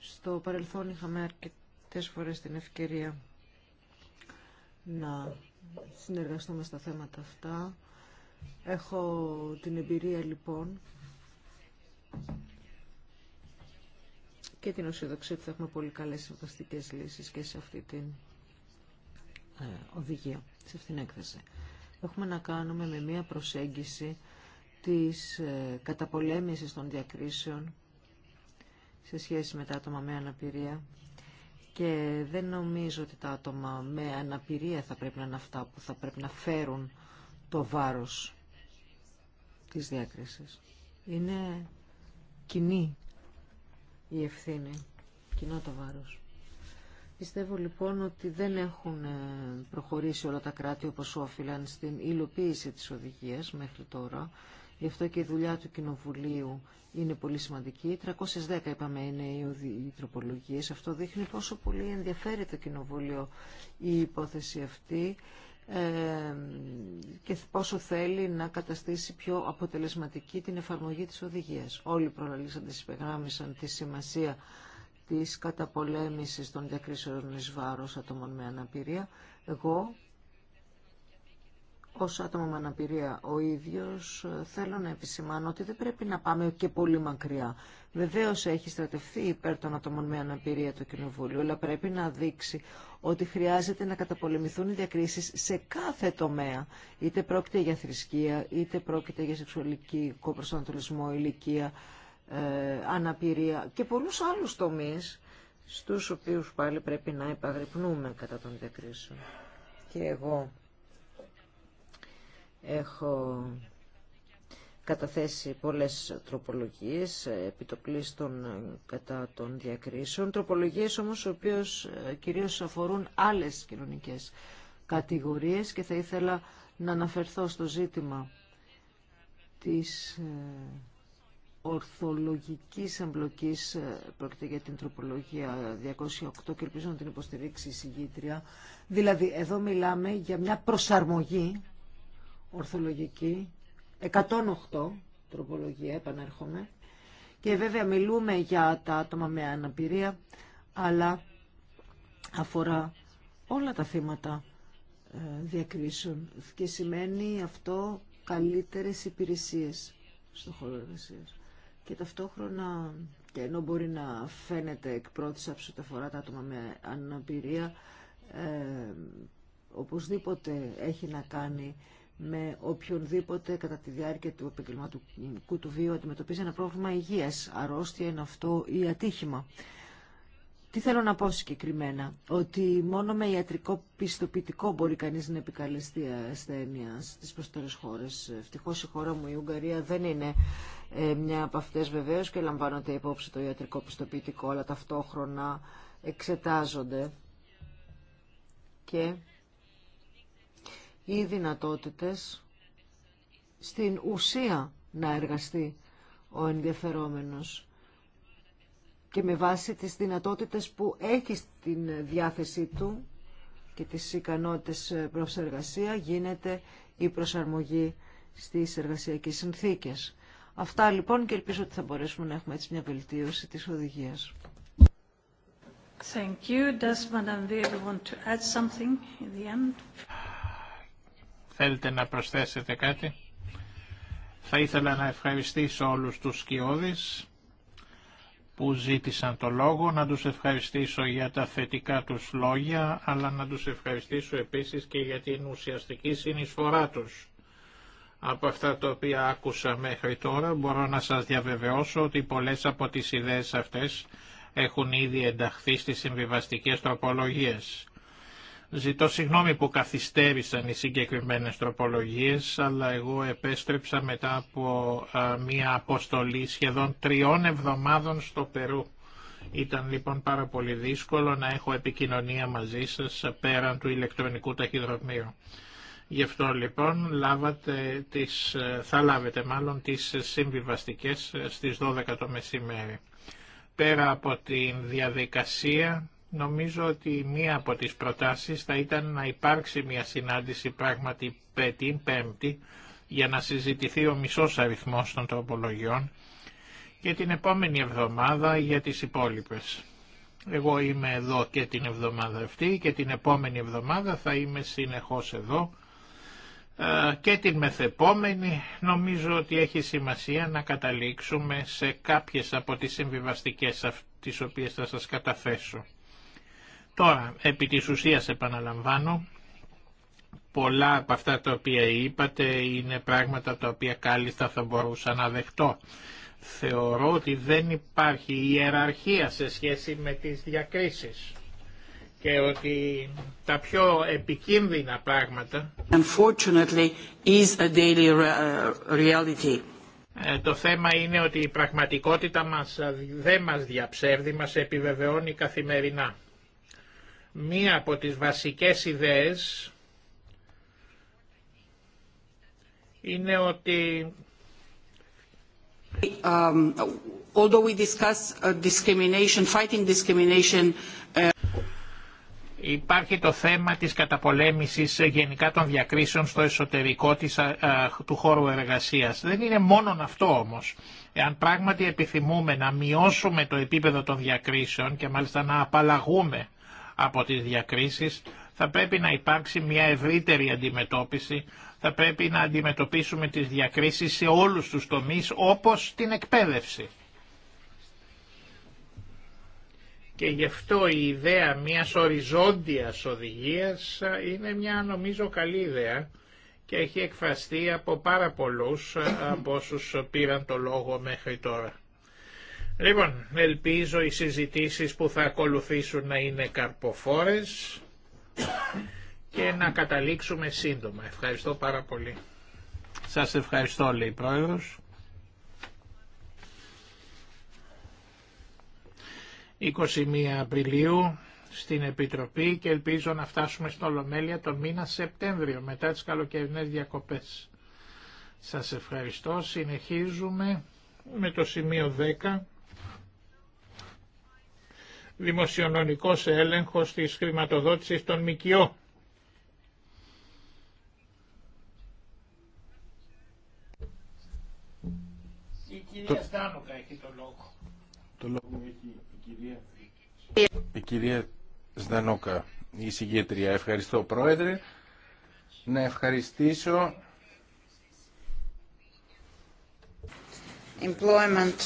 Speaker 3: Στο παρελθόν είχαμε αρκετές φορές την ευκαιρία να συνεργαστούμε στα θέματα αυτά. Έχω την εμπειρία λοιπόν και την οσιοδοξία ότι θα έχουμε πολύ καλές συμβαστικές λύσεις και σε αυτή την ε, οδηγία, σε αυτήν την έκθεση. Έχουμε να κάνουμε με μία προσέγγιση της ε, καταπολέμησης των διακρίσεων σε σχέση με τα άτομα με αναπηρία και δεν νομίζω ότι τα άτομα με αναπηρία θα πρέπει να είναι αυτά που θα πρέπει να φέρουν το βάρος της διάκρισης. Είναι κοινή η ευθύνη, κοινό το βάρος. Πιστεύω λοιπόν ότι δεν έχουν ε, προχωρήσει όλα τα κράτη όπως όφυλαν στην υλοποίηση της οδηγίας μέχρι τώρα Γι' αυτό και η δουλειά του Κοινοβουλίου είναι πολύ σημαντική. 310 είπαμε είναι οι τροπολογίες. Αυτό δείχνει πόσο πολύ ενδιαφέρει το Κοινοβούλιο η υπόθεση αυτή και πόσο θέλει να καταστήσει πιο αποτελεσματική την εφαρμογή της οδηγίας. Όλοι οι προλαλήσαντες υπεγράμμισαν τη σημασία της καταπολέμησης των διακρίσεων εις βάρος ατόμων με αναπηρία. Εγώ ως άτομο με αναπηρία ο ίδιος θέλω να επισημάνω ότι δεν πρέπει να πάμε και πολύ μακριά. Βεβαίω έχει στρατευτεί υπέρ των ατομών με αναπηρία το Κοινοβούλιο, αλλά πρέπει να δείξει ότι χρειάζεται να καταπολεμηθούν οι διακρίσεις σε κάθε τομέα, είτε πρόκειται για θρησκεία, είτε πρόκειται για σεξουαλική προσανατολισμό, ηλικία, ε, αναπηρία και πολλούς άλλους τομείς στους οποίους πάλι πρέπει να επαγρυπνούμε κατά των διακρίσεων. Και εγώ Έχω καταθέσει πολλές τροπολογίες επιτοπλίστων κατά των διακρίσεων. Τροπολογίες όμως οι οποίες ε, κυρίως αφορούν άλλες κοινωνικές κατηγορίες και θα ήθελα να αναφερθώ στο ζήτημα της ε, ορθολογικής εμπλοκής ε, πρόκειται για την τροπολογία 208 και ελπίζω να την υποστηρίξει η συγγήτρια. Δηλαδή εδώ μιλάμε για μια προσαρμογή ορθολογική, 108 τροπολογία, επανέρχομαι. Και βέβαια μιλούμε για τα άτομα με αναπηρία, αλλά αφορά όλα τα θύματα ε, διακρίσεων και σημαίνει αυτό καλύτερες υπηρεσίες στο χώρο εργασία. Και ταυτόχρονα, και ενώ μπορεί να φαίνεται εκ πρώτης αφορά τα άτομα με αναπηρία, ε, οπωσδήποτε έχει να κάνει με οποιονδήποτε κατά τη διάρκεια του επαγγελματικού του βίου αντιμετωπίζει ένα πρόβλημα υγείας, αρρώστια, είναι αυτό ή ατύχημα. Τι θέλω να πω συγκεκριμένα, ότι μόνο με ιατρικό πιστοποιητικό μπορεί κανείς να επικαλεστεί ασθένεια στις προσθέρες χώρες. Ευτυχώς η χώρα μου η Ουγγαρία δεν είναι ε, μια από αυτές βεβαίως και λαμβάνονται υπόψη το ιατρικό πιστοποιητικό, αλλά ταυτόχρονα εξετάζονται και ή δυνατότητες στην ουσία να εργαστεί ο ενδιαφερόμενος και με βάση τις δυνατότητες που έχει στην διάθεσή του και τις ικανότητες προς εργασία γίνεται η προσαρμογή στις εργασιακές συνθήκες. Αυτά λοιπόν και ελπίζω ότι θα μπορέσουμε να έχουμε έτσι μια βελτίωση της οδηγίας. Thank to
Speaker 2: Θέλετε να προσθέσετε κάτι. Θα ήθελα να ευχαριστήσω όλους τους σκιώδεις που ζήτησαν το λόγο, να τους ευχαριστήσω για τα θετικά τους λόγια, αλλά να τους ευχαριστήσω επίσης και για την ουσιαστική συνεισφορά τους. Από αυτά τα οποία άκουσα μέχρι τώρα μπορώ να σας διαβεβαιώσω ότι πολλές από τις ιδέες αυτές έχουν ήδη ενταχθεί στις συμβιβαστικές τροπολογίες. Ζητώ συγγνώμη που καθυστέρησαν οι συγκεκριμένες τροπολογίες, αλλά εγώ επέστρεψα μετά από μια αποστολή σχεδόν τριών εβδομάδων στο Περού. Ήταν λοιπόν πάρα πολύ δύσκολο να έχω επικοινωνία μαζί σας πέραν του ηλεκτρονικού ταχυδρομείου. Γι' αυτό λοιπόν λάβατε τις, θα λάβετε μάλλον τις συμβιβαστικές στις 12 το μεσημέρι. Πέρα από την διαδικασία Νομίζω ότι μία από τις προτάσεις θα ήταν να υπάρξει μια συνάντηση πράγματι την Πέμπτη για να συζητηθεί ο μισός αριθμός των τροπολογιών και την επόμενη εβδομάδα για τις υπόλοιπες. Εγώ είμαι εδώ και την εβδομάδα αυτή και την επόμενη εβδομάδα θα είμαι συνεχώς εδώ ε, και την μεθεπόμενη νομίζω ότι έχει σημασία να καταλήξουμε σε κάποιες από τις συμβιβαστικές τις οποίες θα σας καταθέσω. Τώρα, επί της ουσίας επαναλαμβάνω, πολλά από αυτά τα οποία είπατε είναι πράγματα τα οποία κάλλιστα θα μπορούσα να δεχτώ. Θεωρώ ότι δεν υπάρχει ιεραρχία σε σχέση με τις διακρίσεις και ότι τα πιο επικίνδυνα πράγματα
Speaker 1: Unfortunately, is a daily reality.
Speaker 2: Ε, το θέμα είναι ότι η πραγματικότητα μας ε, δεν μας διαψεύδει, μας επιβεβαιώνει καθημερινά. Μία από τις βασικές ιδέες είναι ότι
Speaker 3: um, uh, uh,
Speaker 2: Υπάρχει το θέμα της καταπολέμησης ε, γενικά των διακρίσεων στο εσωτερικό της, του χώρου εργασίας. Δεν είναι μόνο αυτό όμως. Εάν πράγματι επιθυμούμε να μειώσουμε το επίπεδο των διακρίσεων και μάλιστα να απαλλαγούμε από τις διακρίσεις, θα πρέπει να υπάρξει μια ευρύτερη αντιμετώπιση, θα πρέπει να αντιμετωπίσουμε τις διακρίσεις σε όλους τους τομείς, όπως την εκπαίδευση. Και γι' αυτό η ιδέα μιας οριζόντιας οδηγίας είναι μια νομίζω καλή ιδέα και έχει εκφραστεί από πάρα πολλούς ε, από όσους πήραν το λόγο μέχρι τώρα. Λοιπόν, ελπίζω οι συζητήσεις που θα ακολουθήσουν να είναι καρποφόρες και να καταλήξουμε σύντομα. Ευχαριστώ πάρα πολύ. Σας ευχαριστώ, λέει η Πρόεδρος. 21 Απριλίου στην Επιτροπή και ελπίζω να φτάσουμε στο Ολομέλεια τον μήνα Σεπτέμβριο μετά τις καλοκαιρινές διακοπές. Σας ευχαριστώ. Συνεχίζουμε με το σημείο 10 δημοσιονομικός έλεγχος της χρηματοδότησης των ΜΚΟ.
Speaker 4: Η κυρία το... έχει το λόγο. Το λόγο έχει η κυρία... Η κυρία Σδανόκα, η συγγετρία. Ευχαριστώ πρόεδρε. Να ευχαριστήσω...
Speaker 3: Employment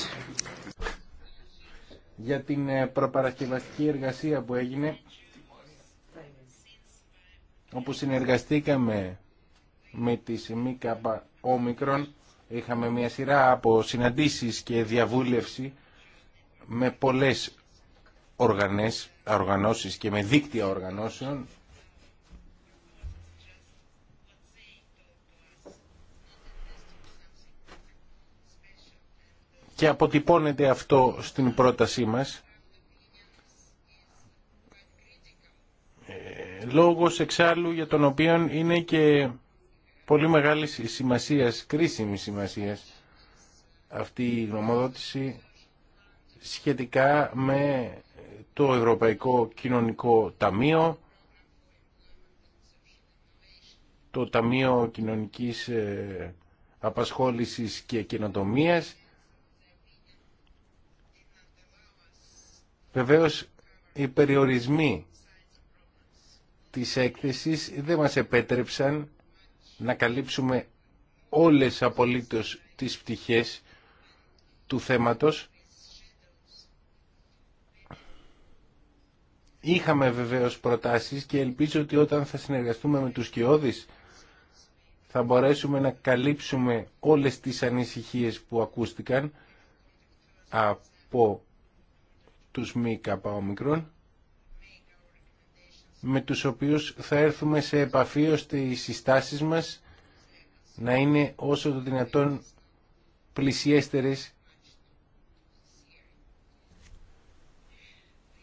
Speaker 4: για την ε, προπαρασκευαστική εργασία που έγινε όπου συνεργαστήκαμε με τη ΣΜΚΑ Όμικρον είχαμε μια σειρά από συναντήσεις και διαβούλευση με πολλές οργανές, οργανώσεις και με δίκτυα οργανώσεων και αποτυπώνεται αυτό στην πρότασή μας. Ε, λόγος εξάλλου για τον οποίο είναι και πολύ μεγάλη σημασίας, κρίσιμη σημασίας αυτή η γνωμοδότηση σχετικά με το Ευρωπαϊκό Κοινωνικό Ταμείο, το Ταμείο Κοινωνικής ε, Απασχόλησης και Καινοτομίας Βεβαίως οι περιορισμοί της έκθεσης δεν μας επέτρεψαν να καλύψουμε όλες απολύτως τις πτυχές του θέματος. Είχαμε βεβαίως προτάσεις και ελπίζω ότι όταν θα συνεργαστούμε με τους Κιώδης θα μπορέσουμε να καλύψουμε όλες τις ανησυχίες που ακούστηκαν από τους μη ΚΟ, με τους οποίους θα έρθουμε σε επαφή ώστε οι συστάσεις μας να είναι όσο το δυνατόν πλησιέστερες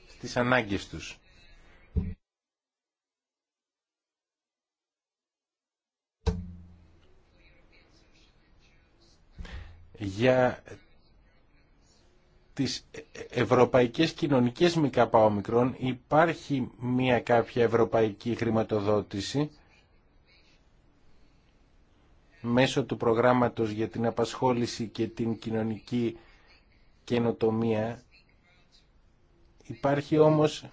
Speaker 4: στις ανάγκες τους. Για τις ευρωπαϊκές κοινωνικές ΜΚΟ υπάρχει μια κάποια ευρωπαϊκή χρηματοδότηση μέσω του προγράμματος για την απασχόληση και την κοινωνική καινοτομία υπάρχει όμως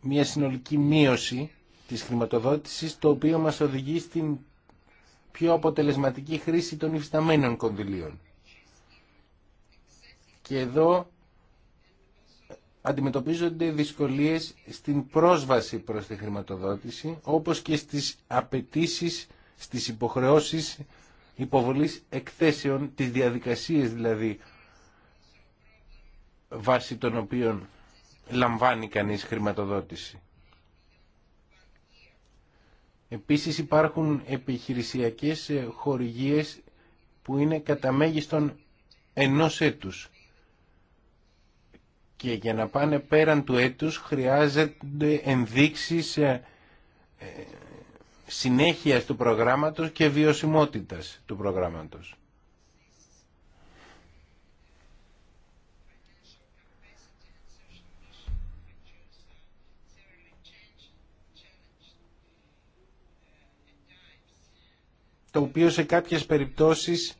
Speaker 4: μια συνολική μείωση της χρηματοδότησης το οποίο μας οδηγεί στην πιο αποτελεσματική χρήση των υφισταμένων κονδυλίων. Και εδώ αντιμετωπίζονται δυσκολίες στην πρόσβαση προς τη χρηματοδότηση, όπως και στις απαιτήσεις, στις υποχρεώσεις υποβολής εκθέσεων, τις διαδικασίες δηλαδή βάσει των οποίων λαμβάνει κανείς χρηματοδότηση. Επίσης υπάρχουν επιχειρησιακές χορηγίες που είναι κατά μέγιστον ενός έτους και για να πάνε πέραν του έτους χρειάζεται ενδείξεις ε, ε, συνέχειας του προγράμματος και βιωσιμότητας του προγράμματος. το οποίο σε κάποιες περιπτώσεις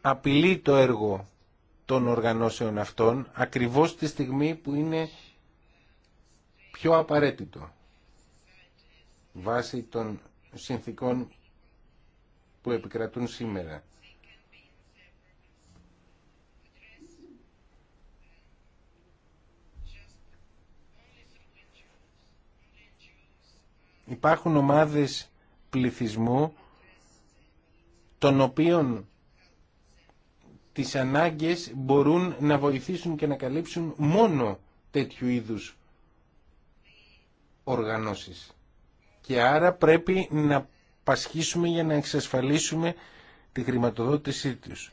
Speaker 4: απειλεί το έργο των οργανώσεων αυτών ακριβώς τη στιγμή που είναι πιο απαραίτητο βάσει των συνθήκων που επικρατούν σήμερα. Υπάρχουν ομάδες πληθυσμού των οποίων τις ανάγκες μπορούν να βοηθήσουν και να καλύψουν μόνο τέτοιου είδους οργανώσεις. Και άρα πρέπει να πασχίσουμε για να εξασφαλίσουμε τη χρηματοδότησή τους.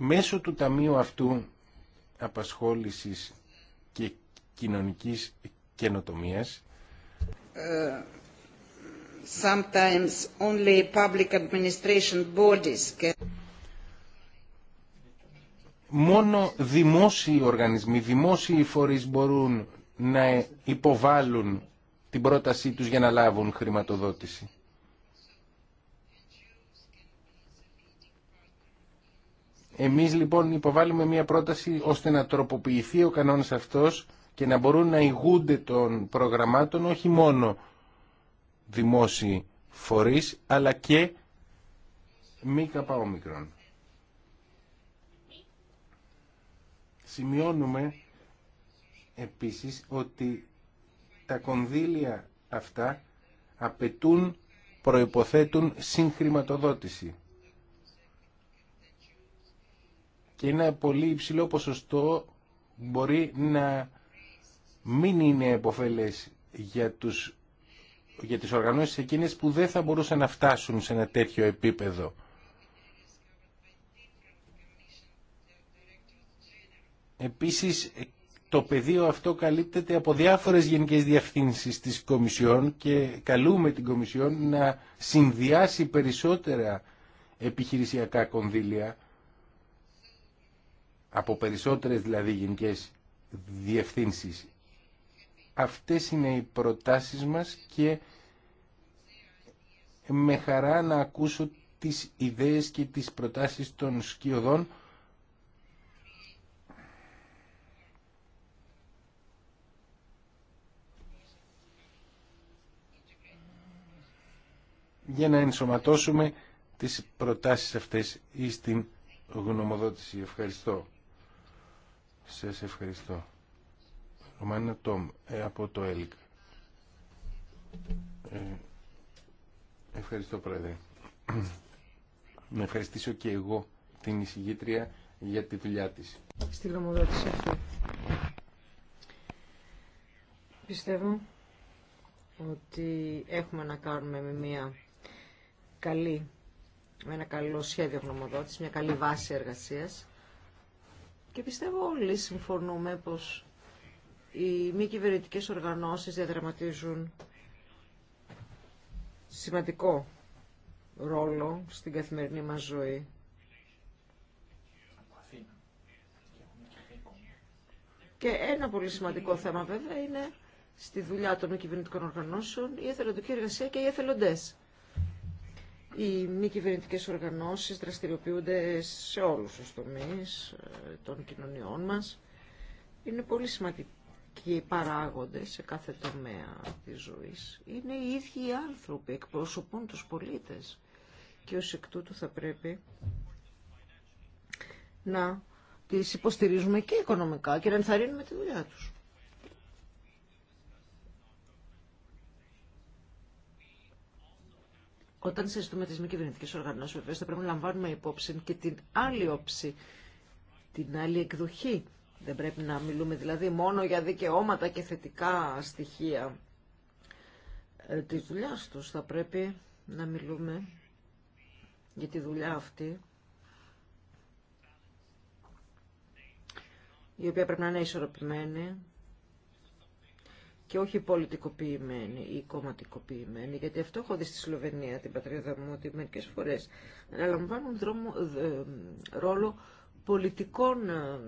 Speaker 4: Μέσω του Ταμείου αυτού απασχόλησης κοινωνικής καινοτομίας. Ε, Μόνο δημόσιοι οργανισμοί, δημόσιοι φορείς μπορούν να υποβάλουν την πρότασή τους για να λάβουν χρηματοδότηση. Εμείς λοιπόν υποβάλλουμε μια πρόταση ώστε να τροποποιηθεί ο κανόνας αυτός και να μπορούν να ηγούνται των προγραμμάτων όχι μόνο δημόσιοι φορείς αλλά και μη καπαόμικρον. Σημειώνουμε επίσης ότι τα κονδύλια αυτά απαιτούν, προϋποθέτουν συγχρηματοδότηση. Και ένα πολύ υψηλό ποσοστό μπορεί να μην είναι εποφέλες για, τους, για τις οργανώσεις εκείνες που δεν θα μπορούσαν να φτάσουν σε ένα τέτοιο επίπεδο. Επίσης, το πεδίο αυτό καλύπτεται από διάφορες γενικές διευθύνσεις της Κομισιόν και καλούμε την Κομισιόν να συνδυάσει περισσότερα επιχειρησιακά κονδύλια από περισσότερες δηλαδή γενικές διευθύνσεις Αυτές είναι οι προτάσεις μας και με χαρά να ακούσω τις ιδέες και τις προτάσεις των σκιωδών για να ενσωματώσουμε τις προτάσεις αυτές ή στην γνωμοδότηση. Ευχαριστώ. Σας ευχαριστώ. Ρωμανία Τόμ ε, από το ΕΛΚ. Ε, ευχαριστώ Πρόεδρε. Να ευχαριστήσω και εγώ την εισηγήτρια για τη δουλειά της.
Speaker 3: Στην γνωμοδότηση αυτή. Πιστεύω ότι έχουμε να κάνουμε με μια καλή, με ένα καλό σχέδιο γνωμοδότηση, μια καλή βάση εργασίας και πιστεύω όλοι συμφωνούμε πως οι μη κυβερνητικέ οργανώσεις διαδραματίζουν σημαντικό ρόλο στην καθημερινή μας ζωή. Και ένα πολύ σημαντικό θέμα βέβαια είναι στη δουλειά των μη κυβερνητικών οργανώσεων η εθελοντική εργασία και οι εθελοντές. Οι μη κυβερνητικέ οργανώσεις δραστηριοποιούνται σε όλους τους τομείς ε, των κοινωνιών μας. Είναι πολύ σημαντικό οι παράγοντες σε κάθε τομέα της ζωής είναι οι ίδιοι οι άνθρωποι, εκπροσωπούν τους πολίτες και ως εκ τούτου θα πρέπει να τις υποστηρίζουμε και οικονομικά και να ενθαρρύνουμε τη δουλειά τους. Όταν συζητούμε τις μη κυβερνητικέ οργανώσεις, βεβαίως θα πρέπει να λαμβάνουμε υπόψη και την άλλη όψη, την άλλη εκδοχή δεν πρέπει να μιλούμε δηλαδή μόνο για δικαιώματα και θετικά στοιχεία ε, της δουλειά τους. Θα πρέπει να μιλούμε για τη δουλειά αυτή, η οποία πρέπει να είναι ισορροπημένη και όχι πολιτικοποιημένη ή κομματικοποιημένη, γιατί αυτό έχω δει στη Σλοβενία, την πατρίδα μου, ότι μερικές φορές αναλαμβάνουν δρόμο, ε, ρόλο πολιτικών ε,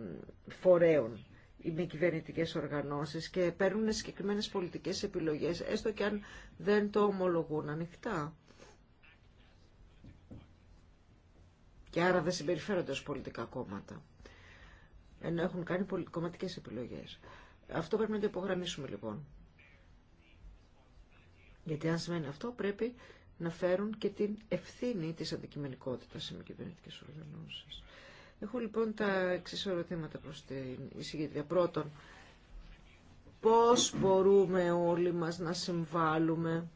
Speaker 3: φορέων με κυβερνητικέ οργανώσεις και παίρνουν συγκεκριμένες πολιτικές επιλογές, έστω και αν δεν το ομολογούν ανοιχτά. Και άρα δεν συμπεριφέρονται ως πολιτικά κόμματα, ενώ έχουν κάνει κομματικές επιλογές. Αυτό πρέπει να το υπογραμμίσουμε λοιπόν. Γιατί αν σημαίνει αυτό πρέπει να φέρουν και την ευθύνη της αντικειμενικότητας σε μη κυβερνητικές οργανώσεις. Έχω λοιπόν τα εξή ερωτήματα προς την εισηγήτρια. Πρώτον, πώς μπορούμε όλοι μας να συμβάλλουμε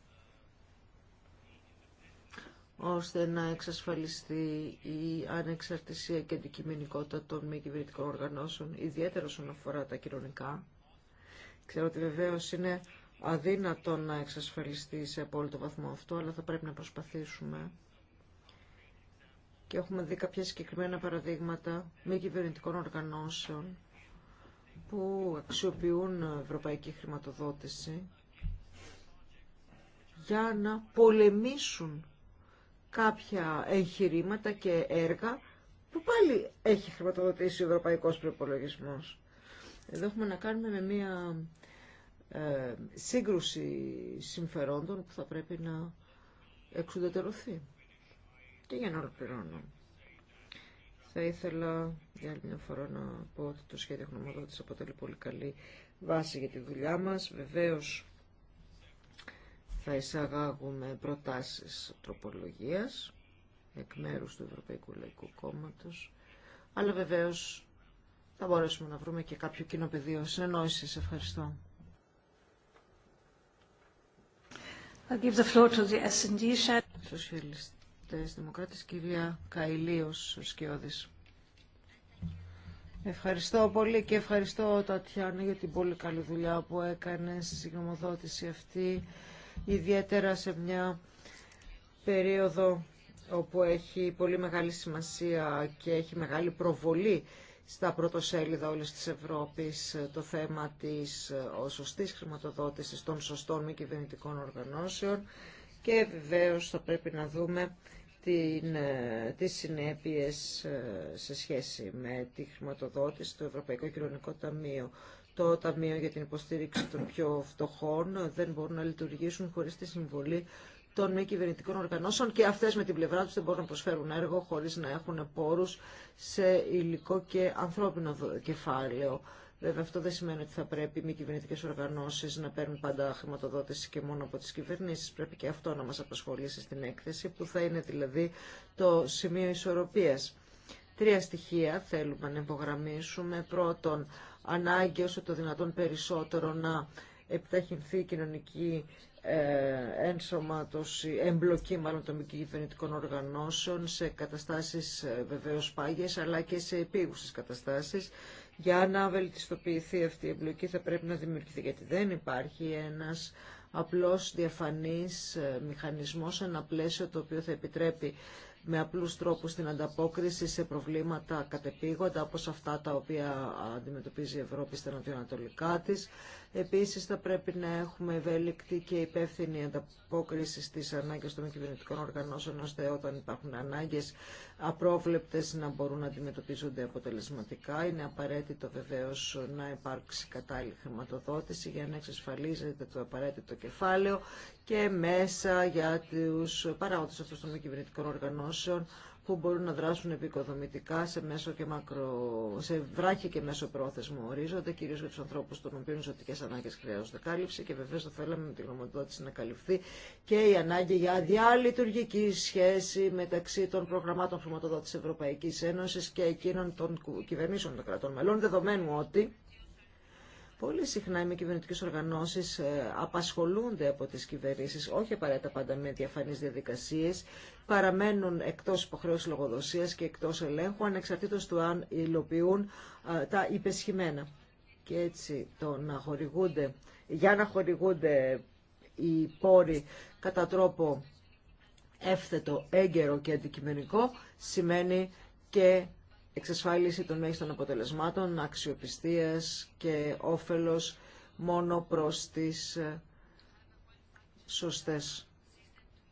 Speaker 3: ώστε να εξασφαλιστεί η ανεξαρτησία και αντικειμενικότητα των μη κυβερνητικών οργανώσεων, ιδιαίτερα όσον αφορά τα κοινωνικά. Ξέρω ότι βεβαίω είναι αδύνατο να εξασφαλιστεί σε απόλυτο βαθμό αυτό, αλλά θα πρέπει να προσπαθήσουμε και έχουμε δει κάποια συγκεκριμένα παραδείγματα μη κυβερνητικών οργανώσεων που αξιοποιούν ευρωπαϊκή χρηματοδότηση για να πολεμήσουν κάποια εγχειρήματα και έργα που πάλι έχει χρηματοδοτήσει ο ευρωπαϊκός προϋπολογισμός. Εδώ έχουμε να κάνουμε με μία ε, σύγκρουση συμφερόντων που θα πρέπει να εξουδετερωθεί. Και για να ολοκληρώνω. Θα ήθελα για άλλη μια φορά να πω ότι το σχέδιο γνωμοδότης αποτελεί πολύ καλή βάση για τη δουλειά μας. Βεβαίως θα εισαγάγουμε προτάσεις τροπολογίας εκ μέρου του Ευρωπαϊκού Λαϊκού Κόμματος, αλλά βεβαίως θα μπορέσουμε να βρούμε και κάποιο κοινό πεδίο συνεννόηση. Ευχαριστώ της Δημοκράτες, κυρία Καηλίος Σκιώδης. Ευχαριστώ πολύ και ευχαριστώ Τατιάννα για την πολύ καλή δουλειά που έκανε στη συγγνωμοδότηση αυτή, ιδιαίτερα σε μια περίοδο όπου έχει πολύ μεγάλη σημασία και έχει μεγάλη προβολή στα πρωτοσέλιδα όλες της Ευρώπης το θέμα της σωστής χρηματοδότησης των σωστών μη κυβερνητικών οργανώσεων και βεβαίως θα πρέπει να δούμε την, ε, τις συνέπειες ε, σε σχέση με τη χρηματοδότηση του Ευρωπαϊκού Κοινωνικού Ταμείου. Το Ταμείο για την υποστήριξη των πιο φτωχών δεν μπορούν να λειτουργήσουν χωρίς τη συμβολή των μη κυβερνητικών οργανώσεων και αυτές με την πλευρά τους δεν μπορούν να προσφέρουν έργο χωρίς να έχουν πόρους σε υλικό και ανθρώπινο κεφάλαιο. Βέβαια αυτό δεν σημαίνει ότι θα πρέπει οι μη κυβερνητικέ οργανώσει να παίρνουν πάντα χρηματοδότηση και μόνο από τι κυβερνήσει. Πρέπει και αυτό να μα απασχολήσει στην έκθεση, που θα είναι δηλαδή το σημείο ισορροπία. Τρία στοιχεία θέλουμε να υπογραμμίσουμε. Πρώτον, ανάγκη όσο το δυνατόν περισσότερο να επιταχυνθεί η κοινωνική ε, ενσωμάτωση, εμπλοκή μάλλον των μη κυβερνητικών οργανώσεων σε καταστάσεις ε, βεβαίως πάγιες αλλά και σε επίγουσες καταστάσεις για να βελτιστοποιηθεί αυτή η εμπλοκή θα πρέπει να δημιουργηθεί, γιατί δεν υπάρχει ένας απλός διαφανής ε, μηχανισμός, ένα πλαίσιο το οποίο θα επιτρέπει με απλούς τρόπους την ανταπόκριση σε προβλήματα κατεπήγοντα όπως αυτά τα οποία αντιμετωπίζει η Ευρώπη στα νοτιοανατολικά της, Επίσης θα πρέπει να έχουμε ευέλικτη και υπεύθυνη ανταπόκριση στις ανάγκες των κυβερνητικών οργανώσεων ώστε όταν υπάρχουν ανάγκες απρόβλεπτες να μπορούν να αντιμετωπίζονται αποτελεσματικά. Είναι απαραίτητο βεβαίως να υπάρξει κατάλληλη χρηματοδότηση για να εξασφαλίζεται το απαραίτητο κεφάλαιο και μέσα για τους παράγοντες αυτών των κυβερνητικών οργανώσεων που μπορούν να δράσουν επικοδομητικά σε, μέσο και μακρο, σε βράχη και μέσο πρόθεσμο ορίζοντα, κυρίω για του ανθρώπου των οποίων ζωτικέ ανάγκε χρειάζονται κάλυψη και βεβαίω θα θέλαμε με τη γνωμοδότηση να καλυφθεί και η ανάγκη για διαλειτουργική σχέση μεταξύ των προγραμμάτων χρηματοδότηση Ευρωπαϊκή Ένωση και εκείνων των κυβερνήσεων των κρατών μελών, δεδομένου ότι Πολύ συχνά οι μη κυβερνητικέ οργανώσει ε, απασχολούνται από τι κυβερνήσει, όχι απαραίτητα πάντα με διαφανεί διαδικασίε, παραμένουν εκτό υποχρέωση λογοδοσία και εκτό ελέγχου, ανεξαρτήτω του αν υλοποιούν ε, τα υπεσχημένα. Και έτσι το να χορηγούνται, για να χορηγούνται οι πόροι κατά τρόπο εύθετο, έγκαιρο και αντικειμενικό, σημαίνει και εξασφάλιση των μέγιστων αποτελεσμάτων, αξιοπιστίας και όφελος μόνο προς τις ε, σωστές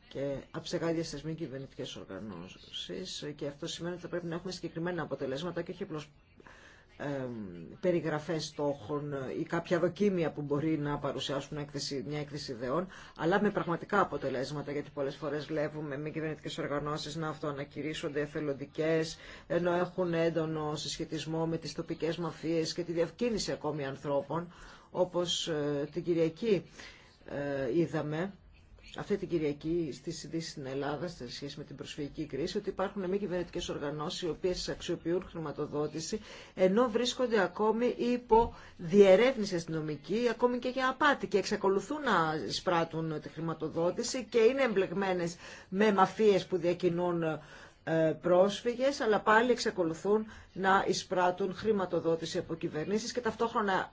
Speaker 3: και αψεγάδια στις μη οργανώσεις και αυτό σημαίνει ότι θα πρέπει να έχουμε συγκεκριμένα αποτελέσματα και όχι απλώς περιγραφές στόχων ή κάποια δοκίμια που μπορεί να παρουσιάσουν έκθεση, μια έκθεση ιδεών, αλλά με πραγματικά αποτελέσματα, γιατί πολλές φορές βλέπουμε μη κυβερνητικέ οργανώσεις να αυτοανακηρύσσονται εθελοντικές, ενώ έχουν έντονο συσχετισμό με τις τοπικές μαφίες και τη διευκίνηση ακόμη ανθρώπων, όπως ε, την Κυριακή ε, είδαμε αυτή την Κυριακή στις ειδήσει στην Ελλάδα σε σχέση με την προσφυγική κρίση ότι υπάρχουν μη κυβερνητικέ οργανώσεις οι οποίες αξιοποιούν χρηματοδότηση ενώ βρίσκονται ακόμη υπό διερεύνηση αστυνομική ακόμη και για απάτη και εξακολουθούν να σπράττουν τη χρηματοδότηση και είναι εμπλεγμένε με μαφίε που διακινούν ε, πρόσφυγες, αλλά πάλι εξακολουθούν να εισπράττουν χρηματοδότηση από κυβερνήσεις και ταυτόχρονα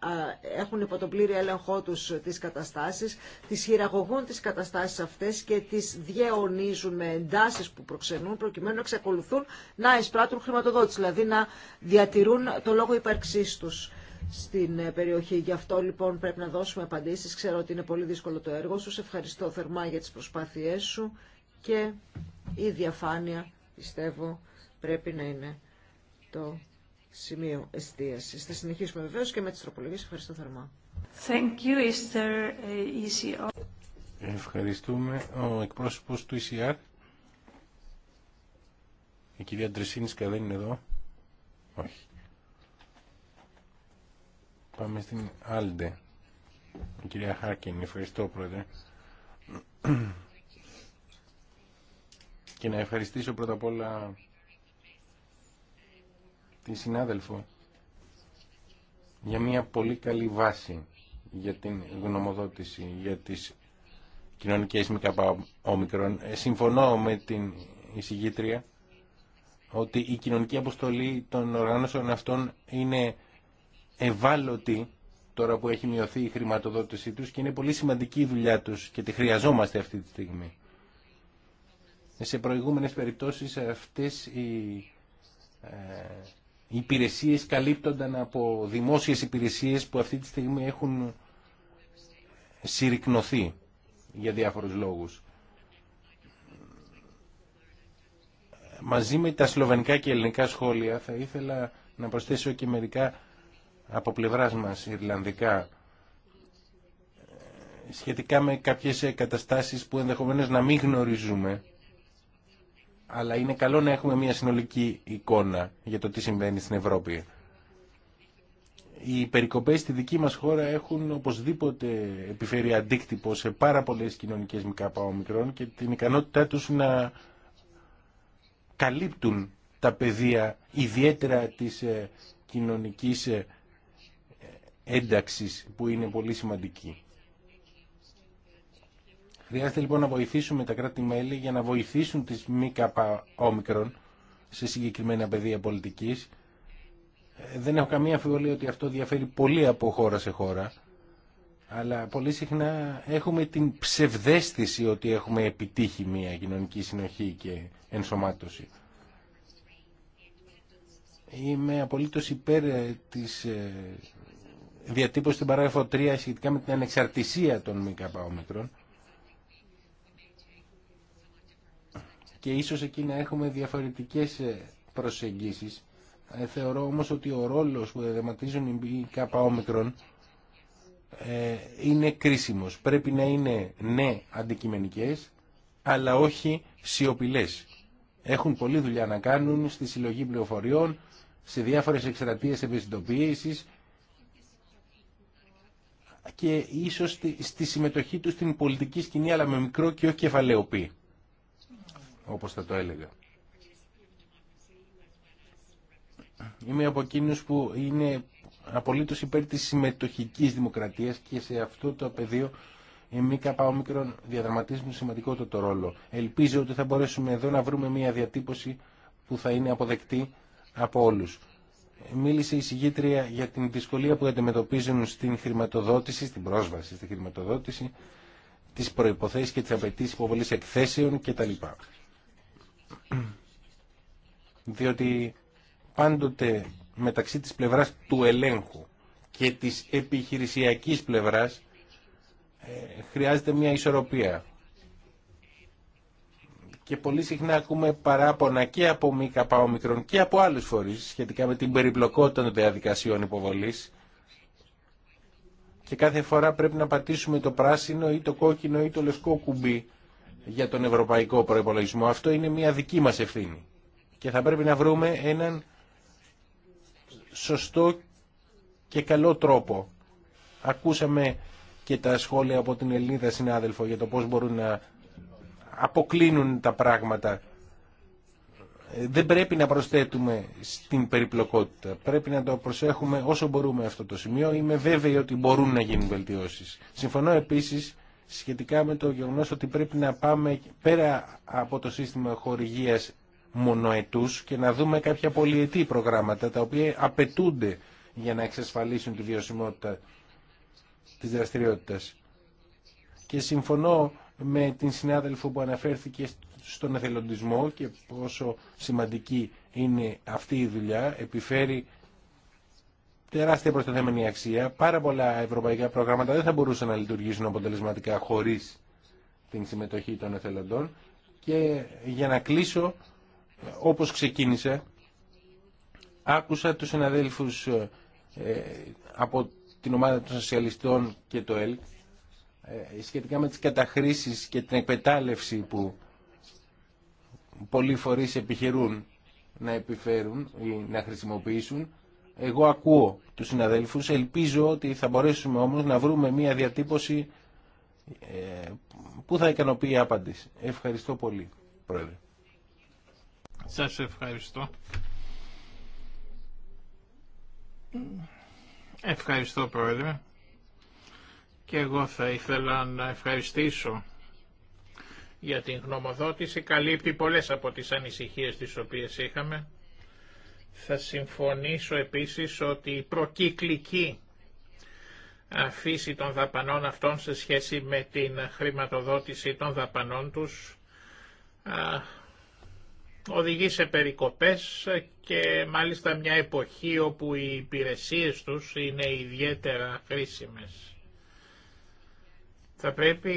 Speaker 3: ε, έχουν υπό τον πλήρη έλεγχό τους τις καταστάσεις, τις χειραγωγούν τις καταστάσεις αυτές και τις διαιωνίζουν με εντάσεις που προξενούν προκειμένου να εξακολουθούν να εισπράττουν χρηματοδότηση, δηλαδή να διατηρούν το λόγο ύπαρξής τους στην ε, περιοχή. Γι' αυτό λοιπόν πρέπει να δώσουμε απαντήσεις. Ξέρω ότι είναι πολύ δύσκολο το έργο σου. ευχαριστώ θερμά για τις προσπάθειές σου και η διαφάνεια πιστεύω πρέπει να είναι το σημείο εστιαση. Θα συνεχίσουμε βεβαίω και με τι τροπολογίε. Ευχαριστώ θερμά.
Speaker 1: Thank you. Mr. E
Speaker 4: Ευχαριστούμε. Ο εκπρόσωπος του ECR, η κυρία Ντρεσίνσκα δεν είναι εδώ. Όχι. Πάμε στην Άλντε. Η κυρία Χάρκιν, ευχαριστώ πρόεδρε και να ευχαριστήσω πρώτα απ' όλα τη συνάδελφο για μια πολύ καλή βάση για την γνωμοδότηση για τις κοινωνικές ομικρον ε, Συμφωνώ με την εισηγήτρια ότι η κοινωνική αποστολή των οργανώσεων αυτών είναι ευάλωτη τώρα που έχει μειωθεί η χρηματοδότησή τους και είναι πολύ σημαντική η δουλειά τους και τη χρειαζόμαστε αυτή τη στιγμή. Σε προηγούμενες περιπτώσεις αυτές ε, οι υπηρεσίες καλύπτονταν από δημόσιες υπηρεσίες που αυτή τη στιγμή έχουν συρρυκνωθεί για διάφορους λόγους. Μαζί με τα σλοβενικά και ελληνικά σχόλια θα ήθελα να προσθέσω και μερικά από πλευράς μας Ιρλανδικά ε, σχετικά με κάποιες καταστάσεις που ενδεχομένως να μην γνωρίζουμε αλλά είναι καλό να έχουμε μια συνολική εικόνα για το τι συμβαίνει στην Ευρώπη. Οι περικοπές στη δική μας χώρα έχουν οπωσδήποτε επιφέρει αντίκτυπο σε πάρα πολλές κοινωνικές μικρών και την ικανότητά τους να καλύπτουν τα πεδία ιδιαίτερα της ε, κοινωνικής ε, ένταξης που είναι πολύ σημαντική. Χρειάζεται λοιπόν να βοηθήσουμε τα κράτη-μέλη για να βοηθήσουν τις καπα-όμικρον σε συγκεκριμένα πεδία πολιτικής. Ε, δεν έχω καμία αφιβολία ότι αυτό διαφέρει πολύ από χώρα σε χώρα, αλλά πολύ συχνά έχουμε την ψευδέστηση ότι έχουμε επιτύχει μια κοινωνική συνοχή και ενσωμάτωση. Είμαι απολύτως υπέρ ε, της ε, διατύπωσης στην παράγραφο 3 σχετικά με την ανεξαρτησία των ΜΚΟ και ίσως εκεί να έχουμε διαφορετικές ε, προσεγγίσεις. Ε, θεωρώ όμως ότι ο ρόλος που δεδοματίζουν οι ε, είναι κρίσιμος. Πρέπει να είναι ναι αντικειμενικές, αλλά όχι σιωπηλέ. Έχουν πολλή δουλειά να κάνουν στη συλλογή πληροφοριών, σε διάφορες εξτρατείες ευαισθητοποίησης και ίσως στη συμμετοχή τους στην πολιτική σκηνή, αλλά με μικρό και όχι κεφαλαίο όπως θα το έλεγα. Είμαι από εκείνους που είναι απολύτως υπέρ της συμμετοχικής δημοκρατίας και σε αυτό το πεδίο η καπαόμικρον διαδραματίζουν σημαντικότατο ρόλο. Ελπίζω ότι θα μπορέσουμε εδώ να βρούμε μια διατύπωση που θα είναι αποδεκτή από όλους. Μίλησε η συγγήτρια για την δυσκολία που αντιμετωπίζουν στην χρηματοδότηση, στην πρόσβαση στη χρηματοδότηση, τις προϋποθέσεις και τις απαιτήσεις υποβολής εκθέσεων κτλ διότι πάντοτε μεταξύ της πλευράς του ελέγχου και της επιχειρησιακής πλευράς ε, χρειάζεται μια ισορροπία. Και πολύ συχνά ακούμε παράπονα και από μη καπαόμικρον και από άλλους φορείς σχετικά με την περιπλοκότητα των διαδικασιών υποβολής και κάθε φορά πρέπει να πατήσουμε το πράσινο ή το κόκκινο ή το λευκό κουμπί για τον ευρωπαϊκό προϋπολογισμό. Αυτό είναι μια δική μας ευθύνη. Και θα πρέπει να βρούμε έναν σωστό και καλό τρόπο. Ακούσαμε και τα σχόλια από την Ελληνίδα συνάδελφο για το πώς μπορούν να αποκλίνουν τα πράγματα. Δεν πρέπει να προσθέτουμε στην περιπλοκότητα. Πρέπει να το προσέχουμε όσο μπορούμε αυτό το σημείο. Είμαι βέβαιη ότι μπορούν να γίνουν βελτιώσεις. Συμφωνώ επίσης σχετικά με το γεγονός ότι πρέπει να πάμε πέρα από το σύστημα χορηγίας μονοετούς και να δούμε κάποια πολυετή προγράμματα τα οποία απαιτούνται για να εξασφαλίσουν τη βιωσιμότητα της δραστηριότητας. Και συμφωνώ με την συνάδελφο που αναφέρθηκε στον εθελοντισμό και πόσο σημαντική είναι αυτή η δουλειά. Επιφέρει τεράστια προσταθέμενη αξία. Πάρα πολλά ευρωπαϊκά προγράμματα δεν θα μπορούσαν να λειτουργήσουν αποτελεσματικά χωρίς την συμμετοχή των εθελοντών. Και για να κλείσω, όπως ξεκίνησα, άκουσα τους συναδέλφους ε, από την ομάδα των σοσιαλιστών και το ΕΛΚ ε, σχετικά με τις καταχρήσεις και την εκπετάλευση που πολλοί φορείς επιχειρούν να επιφέρουν ή να χρησιμοποιήσουν εγώ ακούω τους συναδέλφους, ελπίζω ότι θα μπορέσουμε όμως να βρούμε μια διατύπωση ε, που θα ικανοποιεί άπαντης. Ευχαριστώ πολύ, Πρόεδρε.
Speaker 2: Σας ευχαριστώ. Ευχαριστώ, Πρόεδρε. Και εγώ θα ήθελα να ευχαριστήσω για την γνωμοδότηση. Καλύπτει πολλές από τις ανησυχίες τις οποίες είχαμε. Θα συμφωνήσω επίσης ότι η προκυκλική φύση των δαπανών αυτών σε σχέση με την χρηματοδότηση των δαπανών τους οδηγεί σε περικοπές και μάλιστα μια εποχή όπου οι υπηρεσίες τους είναι ιδιαίτερα χρήσιμες. Θα πρέπει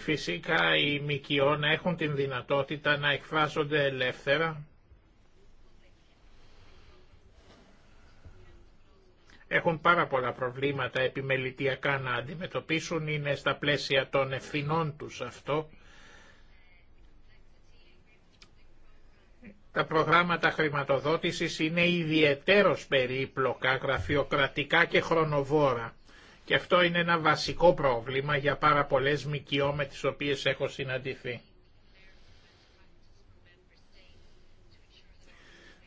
Speaker 2: φυσικά οι ΜΚΟ να έχουν την δυνατότητα να εκφράζονται ελεύθερα έχουν πάρα πολλά προβλήματα επιμελητιακά να αντιμετωπίσουν, είναι στα πλαίσια των ευθυνών τους αυτό. Τα προγράμματα χρηματοδότησης είναι ιδιαιτέρως περίπλοκα, γραφειοκρατικά και χρονοβόρα. Και αυτό είναι ένα βασικό πρόβλημα για πάρα πολλές ΜΚΟ με τις οποίες έχω συναντηθεί.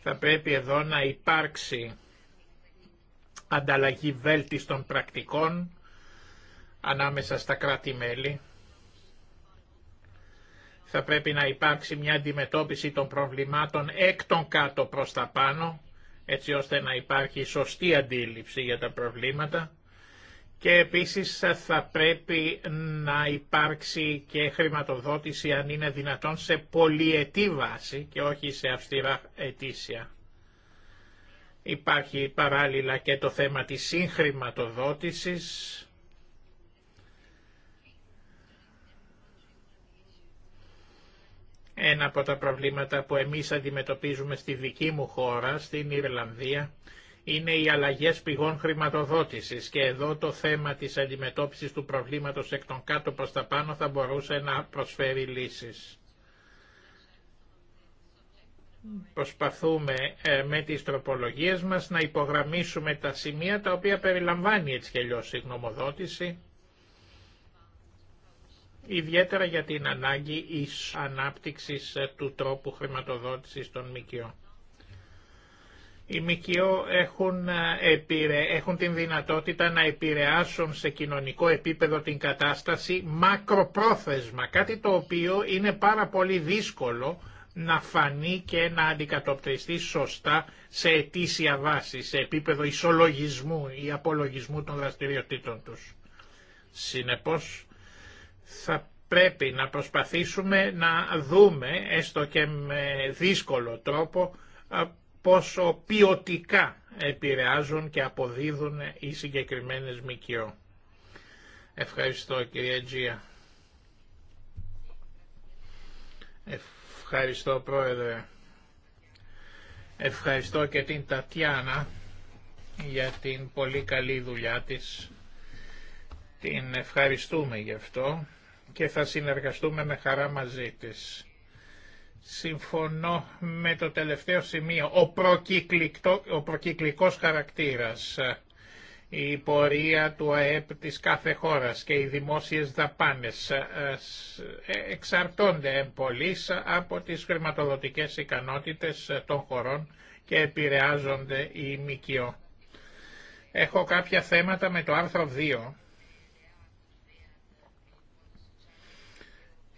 Speaker 2: Θα πρέπει εδώ να υπάρξει ανταλλαγή βέλτιστων πρακτικών ανάμεσα στα κράτη-μέλη. Θα πρέπει να υπάρξει μια αντιμετώπιση των προβλημάτων εκ των κάτω προς τα πάνω, έτσι ώστε να υπάρχει σωστή αντίληψη για τα προβλήματα και επίσης θα πρέπει να υπάρξει και χρηματοδότηση αν είναι δυνατόν σε πολυετή βάση και όχι σε αυστηρά ετήσια. Υπάρχει παράλληλα και το θέμα της συγχρηματοδότησης. Ένα από τα προβλήματα που εμείς αντιμετωπίζουμε στη δική μου χώρα, στην Ιρλανδία, είναι οι αλλαγές πηγών χρηματοδότησης και εδώ το θέμα της αντιμετώπισης του προβλήματος εκ των κάτω προς τα πάνω θα μπορούσε να προσφέρει λύσεις. Προσπαθούμε ε, με τις τροπολογίες μας να υπογραμμίσουμε τα σημεία τα οποία περιλαμβάνει έτσι και αλλιώς η γνωμοδότηση, ιδιαίτερα για την ανάγκη της ανάπτυξης ε, του τρόπου χρηματοδότησης των ΜΚΟ. Οι ΜΚΟ έχουν, ε, έχουν την δυνατότητα να επηρεάσουν σε κοινωνικό επίπεδο την κατάσταση μακροπρόθεσμα, κάτι το οποίο είναι πάρα πολύ δύσκολο να φανεί και να αντικατοπτριστεί σωστά σε αιτήσια βάση, σε επίπεδο ισολογισμού ή απολογισμού των δραστηριοτήτων τους. Συνεπώς θα πρέπει να προσπαθήσουμε να δούμε, έστω και με δύσκολο τρόπο, πόσο ποιοτικά επηρεάζουν και αποδίδουν οι συγκεκριμένες ΜΚΟ. Ευχαριστώ κυρία Τζία. Ευχαριστώ Πρόεδρε. Ευχαριστώ και την Τατιάνα για την πολύ καλή δουλειά της. Την ευχαριστούμε γι' αυτό και θα συνεργαστούμε με χαρά μαζί της. Συμφωνώ με το τελευταίο σημείο, ο, προκυκλικός χαρακτήρας η πορεία του ΑΕΠ της κάθε χώρας και οι δημόσιες δαπάνες ε, ε, εξαρτώνται πολύ από τις χρηματοδοτικές ικανότητες ε, των χωρών και επηρεάζονται οι ΜΚΟ. Έχω κάποια θέματα με το άρθρο 2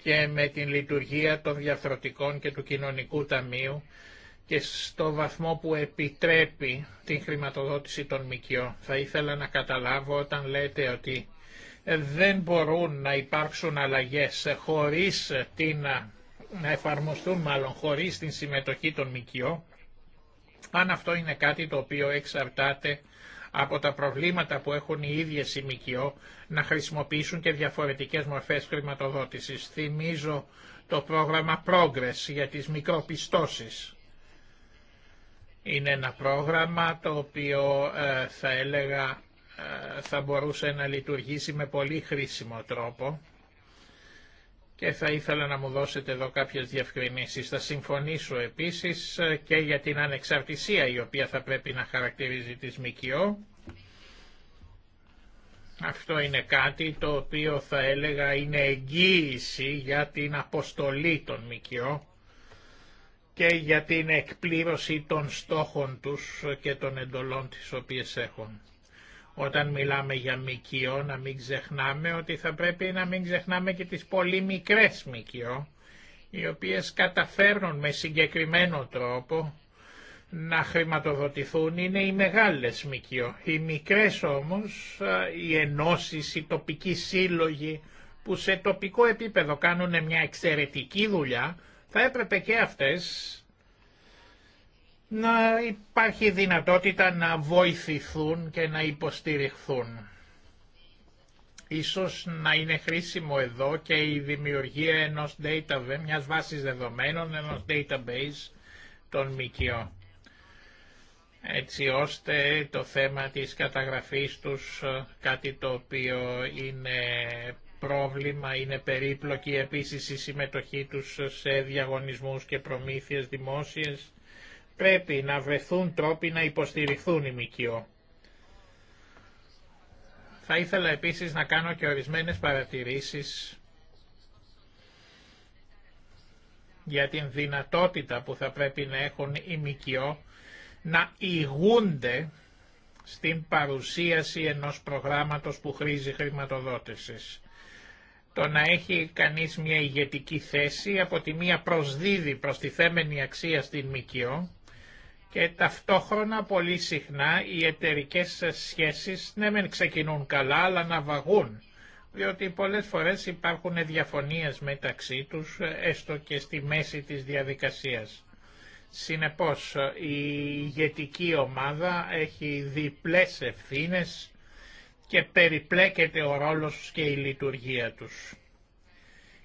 Speaker 2: και με την λειτουργία των διαφροτικών και του κοινωνικού ταμείου και στο βαθμό που επιτρέπει την χρηματοδότηση των ΜΚΙΟ. Θα ήθελα να καταλάβω όταν λέτε ότι δεν μπορούν να υπάρξουν αλλαγές χωρίς την, να εφαρμοστούν μάλλον χωρίς την συμμετοχή των ΜΚΙΟ, αν αυτό είναι κάτι το οποίο εξαρτάται από τα προβλήματα που έχουν οι ίδιες οι ΜΚΙΟ να χρησιμοποιήσουν και διαφορετικές μορφές χρηματοδότησης. Θυμίζω το πρόγραμμα Progress για τις μικροπιστώσεις είναι ένα πρόγραμμα το οποίο ε, θα έλεγα ε, θα μπορούσε να λειτουργήσει με πολύ χρήσιμο τρόπο και θα ήθελα να μου δώσετε εδώ κάποιες διευκρινήσεις. Θα συμφωνήσω επίσης ε, και για την ανεξαρτησία η οποία θα πρέπει να χαρακτηρίζει τις ΜΚΟ. Αυτό είναι κάτι το οποίο θα έλεγα είναι εγγύηση για την αποστολή των ΜΚΟ και για την εκπλήρωση των στόχων τους και των εντολών τις οποίες έχουν. Όταν μιλάμε για μικιό να μην ξεχνάμε ότι θα πρέπει να μην ξεχνάμε και τις πολύ μικρές μικιό οι οποίες καταφέρνουν με συγκεκριμένο τρόπο να χρηματοδοτηθούν είναι οι μεγάλες μικιό. Οι μικρές όμως, οι ενώσεις, οι τοπικοί σύλλογοι που σε τοπικό επίπεδο κάνουν μια εξαιρετική δουλειά θα έπρεπε και αυτές να υπάρχει δυνατότητα να βοηθηθούν και να υποστηριχθούν. Ίσως να είναι χρήσιμο εδώ και η δημιουργία ενός database, μιας βάσης δεδομένων, ενός database των ΜΚΟ έτσι ώστε το θέμα της καταγραφής τους, ε, κάτι το οποίο είναι πρόβλημα, είναι περίπλοκη επίσης η συμμετοχή τους σε διαγωνισμούς και προμήθειες δημόσιες. Πρέπει να βρεθούν τρόποι να υποστηριχθούν οι ΜΚΟ. Θα ήθελα επίσης να κάνω και ορισμένες παρατηρήσεις για την δυνατότητα που θα πρέπει να έχουν οι ΜΚΟ να ηγούνται στην παρουσίαση ενός προγράμματος που χρήζει χρηματοδότησης. Το να έχει κανείς μια ηγετική θέση από τη μία προσδίδει προς τη θέμενη αξία στην ΜΚΙΟ και ταυτόχρονα πολύ συχνά οι εταιρικέ σχέσεις ναι μεν ξεκινούν καλά αλλά να βαγούν διότι πολλές φορές υπάρχουν διαφωνίες μεταξύ τους έστω και στη μέση της διαδικασίας. Συνεπώς η ηγετική ομάδα έχει διπλές ευθύνες και περιπλέκεται ο ρόλος και η λειτουργία τους.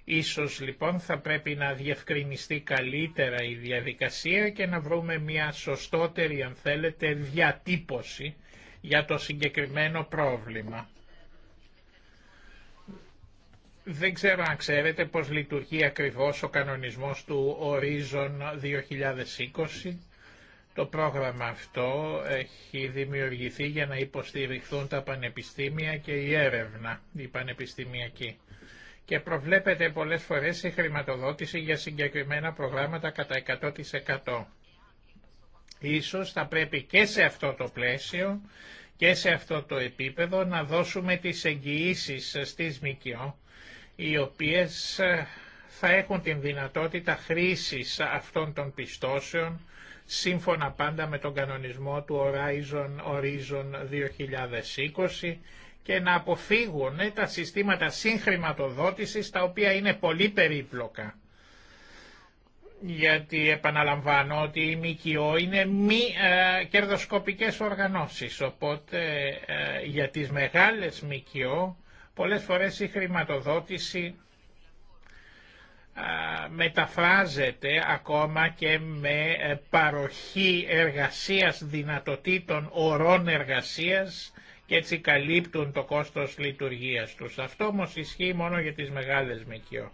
Speaker 2: Ίσως λοιπόν θα πρέπει να διευκρινιστεί καλύτερα η διαδικασία και να βρούμε μια σωστότερη αν θέλετε διατύπωση για το συγκεκριμένο πρόβλημα. Δεν ξέρω αν ξέρετε πώς λειτουργεί ακριβώς ο κανονισμός του Horizon 2020 το πρόγραμμα αυτό έχει δημιουργηθεί για να υποστηριχθούν τα πανεπιστήμια και η έρευνα, η πανεπιστημιακή. Και προβλέπεται πολλές φορές η χρηματοδότηση για συγκεκριμένα προγράμματα κατά 100%. Ίσως θα πρέπει και σε αυτό το πλαίσιο και σε αυτό το επίπεδο να δώσουμε τις εγγυήσει στις ΜΚΟ, οι οποίες θα έχουν την δυνατότητα χρήσης αυτών των πιστώσεων σύμφωνα πάντα με τον κανονισμό του Horizon, Horizon 2020 και να αποφύγουν τα συστήματα συγχρηματοδότησης τα οποία είναι πολύ περίπλοκα. Γιατί επαναλαμβάνω ότι η ΜΚΟ είναι μη ε, κερδοσκοπικές οργανώσεις, οπότε ε, για τις μεγάλες ΜΚΟ πολλές φορές η χρηματοδότηση μεταφράζεται ακόμα και με ε, παροχή εργασίας δυνατοτήτων ορών εργασίας και έτσι καλύπτουν το κόστος λειτουργίας τους. Αυτό όμω ισχύει μόνο για τις μεγάλες ΜΚΟ.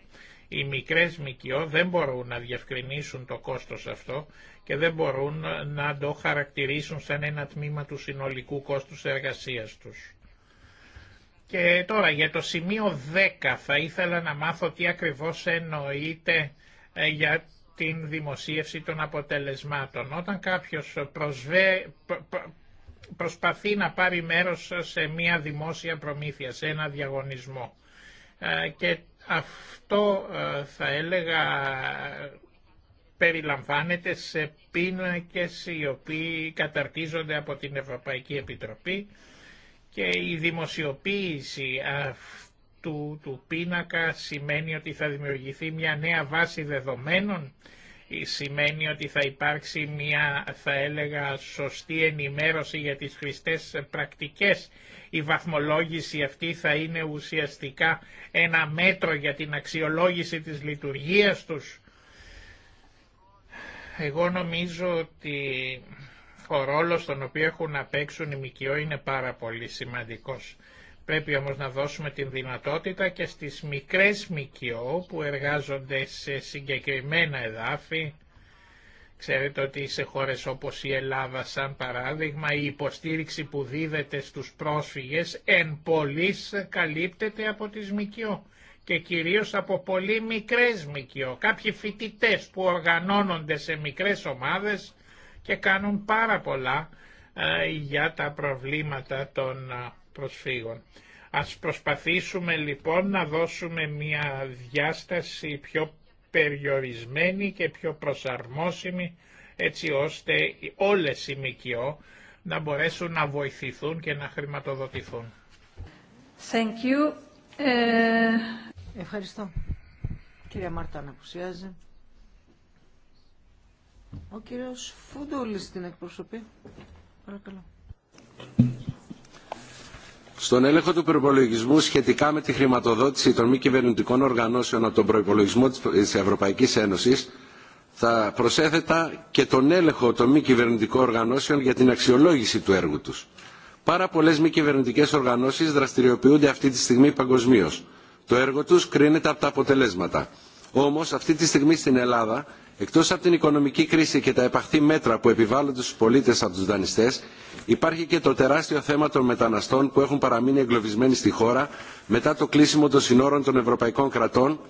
Speaker 2: Οι μικρές ΜΚΟ δεν μπορούν να διευκρινίσουν το κόστος αυτό και δεν μπορούν να το χαρακτηρίσουν σαν ένα τμήμα του συνολικού κόστους εργασίας τους. Και τώρα για το σημείο 10 θα ήθελα να μάθω τι ακριβώς εννοείται ε, για την δημοσίευση των αποτελεσμάτων. Όταν κάποιος προσπαθεί να πάρει μέρος σε μια δημόσια προμήθεια, σε ένα διαγωνισμό ε, και αυτό ε, θα έλεγα περιλαμβάνεται σε πίνακες οι οποίοι καταρτίζονται από την Ευρωπαϊκή Επιτροπή και η δημοσιοποίηση αυτού του πίνακα σημαίνει ότι θα δημιουργηθεί μια νέα βάση δεδομένων, σημαίνει ότι θα υπάρξει μια θα έλεγα σωστή ενημέρωση για τις χρηστές πρακτικές. Η βαθμολόγηση αυτή θα είναι ουσιαστικά ένα μέτρο για την αξιολόγηση της λειτουργίας τους. Εγώ νομίζω ότι ο ρόλος τον οποίο έχουν να παίξουν οι ΜΚΟ είναι πάρα πολύ σημαντικός. Πρέπει όμως να δώσουμε την δυνατότητα και στις μικρές ΜΚΟ που εργάζονται σε συγκεκριμένα εδάφη. Ξέρετε ότι σε χώρες όπως η Ελλάδα σαν παράδειγμα η υποστήριξη που δίδεται στους πρόσφυγες εν πολλής καλύπτεται από τις ΜΚΟ και κυρίως από πολύ μικρές ΜΚΟ. Κάποιοι φοιτητές που οργανώνονται σε μικρές ομάδες και κάνουν πάρα πολλά ε, για τα προβλήματα των ε, προσφύγων. Ας προσπαθήσουμε λοιπόν να δώσουμε μια διάσταση πιο περιορισμένη και πιο προσαρμόσιμη έτσι ώστε όλες οι ΜΚΟ να μπορέσουν να βοηθηθούν και να χρηματοδοτηθούν.
Speaker 3: Thank you. Ε, Ευχαριστώ. Κυρία Μάρτα, να ο κύριος Φούντολης την εκπροσωπεί. Παρακαλώ.
Speaker 5: Στον έλεγχο του προπολογισμού σχετικά με τη χρηματοδότηση των μη κυβερνητικών οργανώσεων από τον προπολογισμό της Ευρωπαϊκής Ένωσης θα προσέθετα και τον έλεγχο των μη κυβερνητικών οργανώσεων για την αξιολόγηση του έργου τους. Πάρα πολλέ μη κυβερνητικέ οργανώσει δραστηριοποιούνται αυτή τη στιγμή παγκοσμίω. Το έργο του κρίνεται από τα αποτελέσματα. Όμω, αυτή τη στιγμή στην Ελλάδα Εκτός από την οικονομική κρίση και τα επαχθή μέτρα που επιβάλλονται στους πολίτες από τους δανειστές, υπάρχει και το τεράστιο θέμα των μεταναστών που έχουν παραμείνει εγκλωβισμένοι στη χώρα μετά το κλείσιμο των συνόρων των ευρωπαϊκών κρατών.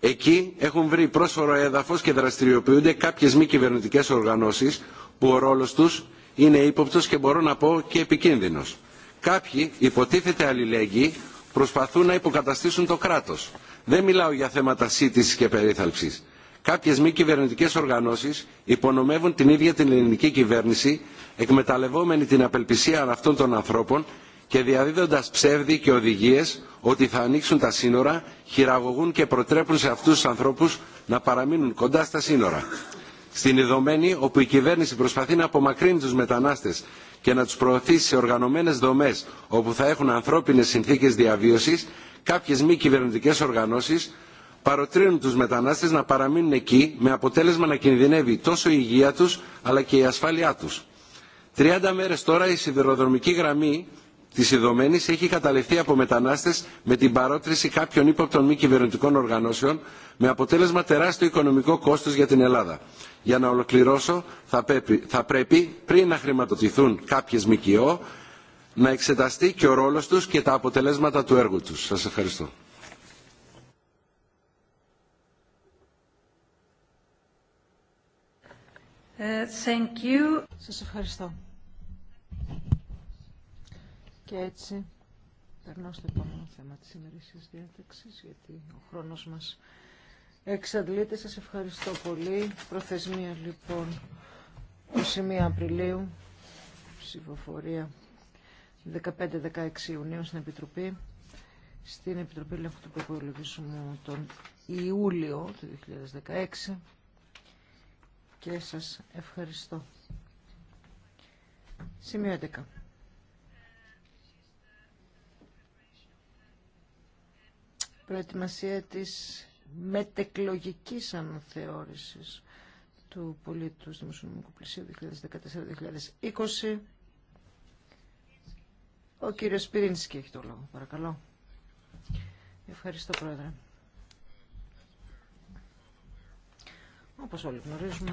Speaker 5: Εκεί έχουν βρει πρόσφορο έδαφος και δραστηριοποιούνται κάποιες μη κυβερνητικές οργανώσεις που ο ρόλος τους είναι ύποπτος και μπορώ να πω και επικίνδυνος. Κάποιοι υποτίθεται αλληλέγγυοι προσπαθούν να υποκαταστήσουν το κράτος. Δεν μιλάω για θέματα σύντησης και περίθαλψης κάποιες μη κυβερνητικές οργανώσεις υπονομεύουν την ίδια την ελληνική κυβέρνηση εκμεταλλευόμενη την απελπισία αυτών των ανθρώπων και διαδίδοντας ψεύδι και οδηγίες ότι θα ανοίξουν τα σύνορα χειραγωγούν και προτρέπουν σε αυτούς τους ανθρώπους να παραμείνουν κοντά στα σύνορα. Στην ειδωμένη όπου η κυβέρνηση προσπαθεί να απομακρύνει τους μετανάστες και να τους προωθήσει σε οργανωμένες δομές όπου θα έχουν ανθρώπινες συνθήκες διαβίωσης, κάποιες μη κυβερνητικές οργανώσεις παροτρύνουν τους μετανάστες να παραμείνουν εκεί με αποτέλεσμα να κινδυνεύει τόσο η υγεία τους αλλά και η ασφάλειά τους. 30 μέρες τώρα η σιδηροδρομική γραμμή της Ιδωμένης έχει καταληφθεί από μετανάστες με την παρότριση κάποιων ύποπτων μη κυβερνητικών οργανώσεων με αποτέλεσμα τεράστιο οικονομικό κόστος για την Ελλάδα. Για να ολοκληρώσω θα πρέπει, θα πρέπει πριν να χρηματοτηθούν κάποιες ΜΚΟ να εξεταστεί και ο ρόλος τους και τα αποτελέσματα του έργου τους. Σας ευχαριστώ.
Speaker 3: Ε, thank Σας ευχαριστώ. Και έτσι περνώ στο επόμενο θέμα της ημερήσιας διάταξης, γιατί ο χρόνος μας εξαντλείται. Σας ευχαριστώ πολύ. Προθεσμία λοιπόν 21 Απριλίου, ψηφοφορία 15-16 Ιουνίου στην Επιτροπή, στην Επιτροπή Ελέγχου του Προπολογισμού τον Ιούλιο του 2016 και σας ευχαριστώ. Σημείο 11. Προετοιμασία της μετεκλογικής αναθεώρησης του πολίτου δημοσιονομικού πλησίου 2014-2020. Ο κύριος Πυρίνσκι έχει το λόγο, παρακαλώ. Ευχαριστώ, Πρόεδρε. όπως όλοι γνωρίζουμε,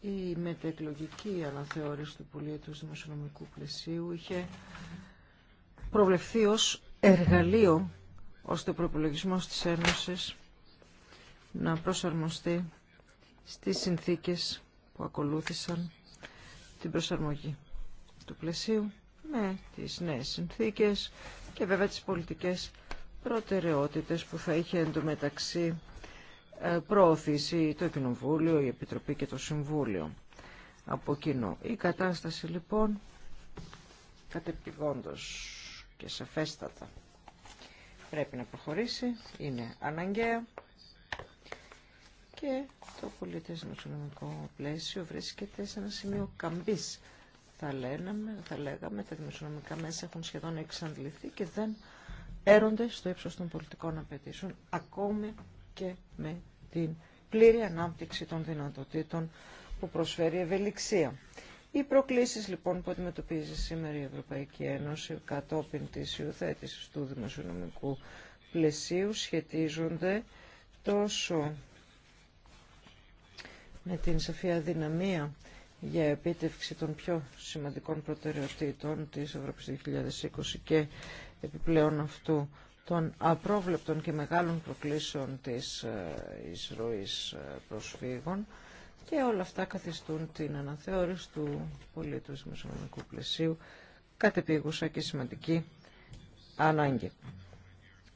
Speaker 3: η μετεκλογική αναθεώρηση του πολιτικού δημοσιονομικού πλαισίου είχε προβλεφθεί ως εργαλείο ώστε ο προπολογισμό της Ένωσης να προσαρμοστεί στις συνθήκες που ακολούθησαν την προσαρμογή του πλαισίου με τις νέες συνθήκες και βέβαια τις πολιτικές προτεραιότητες που θα είχε εντωμεταξύ ε, προωθήσει το Κοινοβούλιο, η Επιτροπή και το Συμβούλιο από κοινό. Η κατάσταση λοιπόν κατεπηγόντως και σαφέστατα πρέπει να προχωρήσει, είναι αναγκαία και το πολιτές οικονομικό πλαίσιο βρίσκεται σε ένα σημείο καμπής. Θα, λέναμε, θα λέγαμε, τα δημοσιονομικά μέσα έχουν σχεδόν εξαντληθεί και δεν έρονται στο ύψος των πολιτικών απαιτήσεων ακόμη και με την πλήρη ανάπτυξη των δυνατοτήτων που προσφέρει ευελιξία. Οι προκλήσεις λοιπόν που αντιμετωπίζει σήμερα η Ευρωπαϊκή Ένωση κατόπιν της υιοθέτησης του δημοσιονομικού πλαισίου σχετίζονται τόσο με την σαφή αδυναμία για επίτευξη των πιο σημαντικών προτεραιοτήτων της Ευρώπης 2020 και επιπλέον αυτού των απρόβλεπτων και μεγάλων προκλήσεων της ε, εισρωής ε, προσφύγων και όλα αυτά καθιστούν την αναθεώρηση του πολίτου δημοσιονομικού πλαισίου κατεπίγουσα και σημαντική ανάγκη.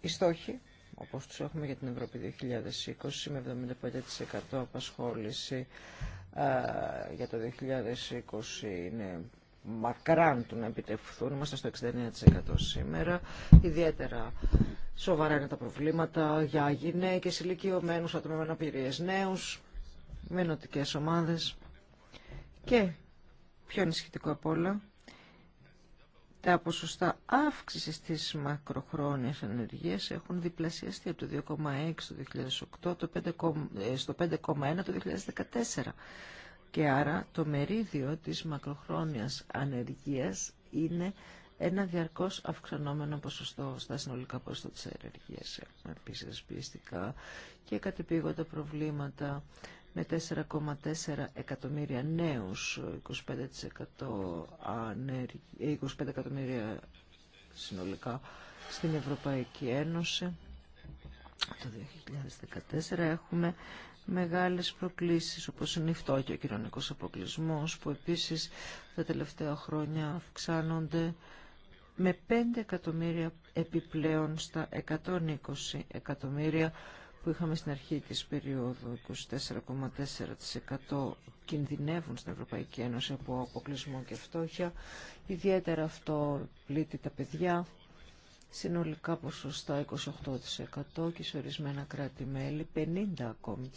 Speaker 3: Οι στόχοι, όπως τους έχουμε για την Ευρώπη 2020, με 75% απασχόληση ε, για το 2020 είναι μακράν του να επιτευχθούν. Είμαστε στο 69% σήμερα. Ιδιαίτερα σοβαρά είναι τα προβλήματα για γυναίκε, ηλικιωμένου, άτομα με αναπηρίες νέου μενοτικές ομάδε. Και πιο ενισχυτικό απ' όλα, τα ποσοστά αύξηση τη μακροχρόνια ανεργία έχουν διπλασιαστεί από το 2,6 το 2008 το 5, ε, στο 5,1 το 2014. Και άρα το μερίδιο της μακροχρόνιας ανεργίας είναι ένα διαρκώς αυξανόμενο ποσοστό στα συνολικά ποσοστά της ανεργίας. Έχουμε επίσης πιεστικά και κατεπήγοντα προβλήματα με 4,4 εκατομμύρια νέους, 25%, ανεργ... 25 ε, εκατομμύρια συνολικά στην Ευρωπαϊκή Ένωση. Το 2014 έχουμε μεγάλες προκλήσεις όπως είναι η φτώχεια και ο κοινωνικός αποκλεισμός που επίσης τα τελευταία χρόνια αυξάνονται με 5 εκατομμύρια επιπλέον στα 120 εκατομμύρια που είχαμε στην αρχή της περίοδου 24,4% κινδυνεύουν στην Ευρωπαϊκή Ένωση από αποκλεισμό και φτώχεια. Ιδιαίτερα αυτό πλήττει τα παιδιά συνολικά ποσοστά 28% και σε ορισμένα κράτη-μέλη 50% ακόμη.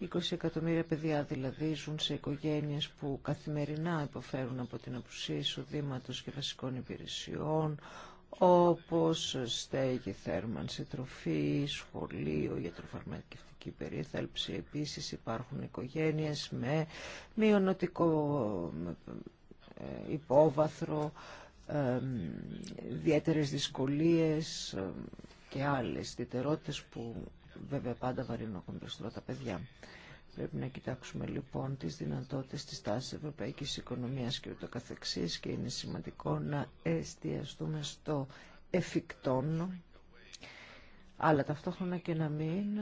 Speaker 3: 20 εκατομμύρια παιδιά δηλαδή ζουν σε οικογένειες που καθημερινά υποφέρουν από την απουσία εισοδήματος και βασικών υπηρεσιών, όπως στέγη, θέρμανση, τροφή, σχολείο, γιατροφαρμακευτική περίθαλψη. Επίσης υπάρχουν οικογένειες με μειονοτικό ε, υπόβαθρο, ε, ιδιαίτερε δυσκολίες ε, και άλλες διτερότητες που βέβαια πάντα βαρύνουν ακόμη περισσότερο τα παιδιά. Πρέπει να κοιτάξουμε λοιπόν τις δυνατότητες της τάσης ευρωπαϊκής οικονομίας και ούτω καθεξής και είναι σημαντικό να εστιαστούμε στο εφικτόν αλλά ταυτόχρονα και να μην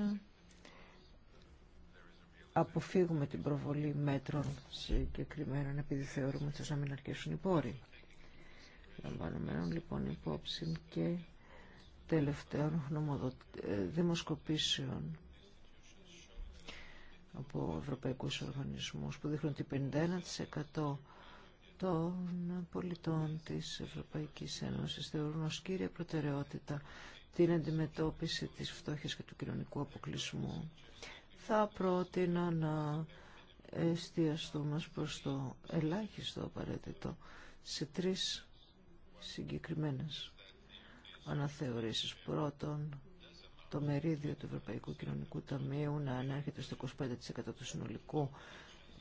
Speaker 3: αποφύγουμε την προβολή μέτρων συγκεκριμένων επειδή θεωρούμε ότι να μην αρκέσουν οι πόροι. λοιπόν υπόψη και τελευταίων ε, δημοσκοπήσεων από ευρωπαϊκούς οργανισμούς που δείχνουν ότι 51% των πολιτών της Ευρωπαϊκής Ένωσης θεωρούν ως κύρια προτεραιότητα την αντιμετώπιση της φτώχειας και του κοινωνικού αποκλεισμού θα πρότεινα να εστιαστούμε προς το ελάχιστο απαραίτητο σε τρεις συγκεκριμένες αναθεωρήσεις. Πρώτον, το μερίδιο του Ευρωπαϊκού Κοινωνικού Ταμείου να ανέρχεται στο 25% του συνολικού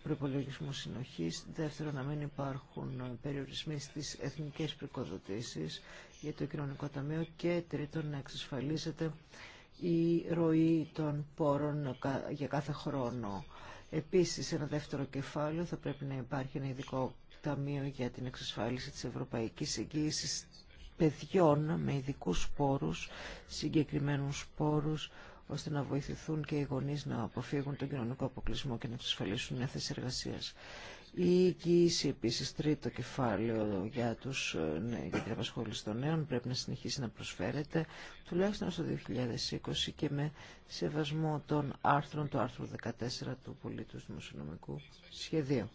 Speaker 3: προπολογισμού συνοχής. Δεύτερον, να μην υπάρχουν περιορισμοί στις εθνικές πρικοδοτήσεις για το Κοινωνικό Ταμείο. Και τρίτον, να εξασφαλίζεται η ροή των πόρων για κάθε χρόνο. Επίσης, ένα δεύτερο κεφάλαιο θα πρέπει να υπάρχει ένα ειδικό ταμείο για την εξασφάλιση της ευρωπαϊκής εγγύησης παιδιών με ειδικούς πόρους, συγκεκριμένους πόρους, ώστε να βοηθηθούν και οι γονείς να αποφύγουν τον κοινωνικό αποκλεισμό και να εξασφαλίσουν μια θέση εργασίας. Η εγγύηση επίσης τρίτο κεφάλαιο για, τους, ναι, για την απασχόληση των νέων πρέπει να συνεχίσει να προσφέρεται τουλάχιστον στο 2020 και με σεβασμό των άρθρων του άρθρου 14 του πολίτου δημοσιονομικού σχεδίου.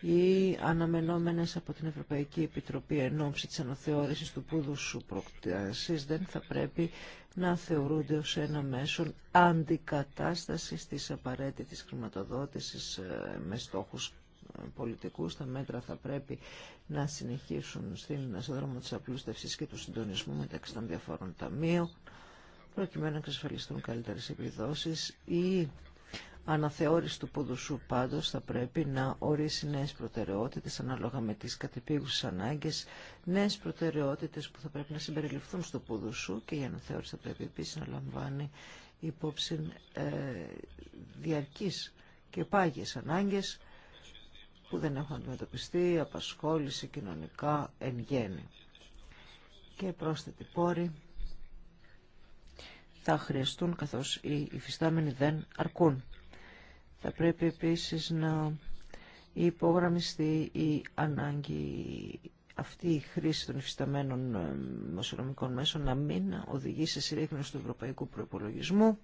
Speaker 3: Οι αναμενόμενες από την Ευρωπαϊκή Επιτροπή ενόψη της αναθεώρησης του σου προκτάσης δεν θα πρέπει να θεωρούνται ως ένα μέσο αντικατάστασης της απαραίτητης χρηματοδότησης ε, με στόχους ε, πολιτικούς. Τα μέτρα θα πρέπει να συνεχίσουν στην δρόμο της απλούστευσης και του συντονισμού μεταξύ των διαφόρων ταμείων, προκειμένου να εξασφαλιστούν καλύτερες επιδόσεις. Η αναθεώρηση του ποδοσού πάντως θα πρέπει να ορίσει νέες προτεραιότητες ανάλογα με τις κατεπίγουσες ανάγκες, νέες προτεραιότητες που θα πρέπει να συμπεριληφθούν στο ποδοσού και η αναθεώρηση θα πρέπει επίσης να λαμβάνει υπόψη ε, διαρκής και πάγιες ανάγκες που δεν έχουν αντιμετωπιστεί, απασχόληση κοινωνικά εν γέννη. Και πρόσθετη πόρη θα χρειαστούν καθώς οι υφιστάμενοι δεν αρκούν. Θα πρέπει επίσης να υπογραμμιστεί η ανάγκη αυτή η χρήση των υφισταμένων ε, μεσονομικών μέσων να μην οδηγεί σε συρρήγνωση του ευρωπαϊκού προπολογισμού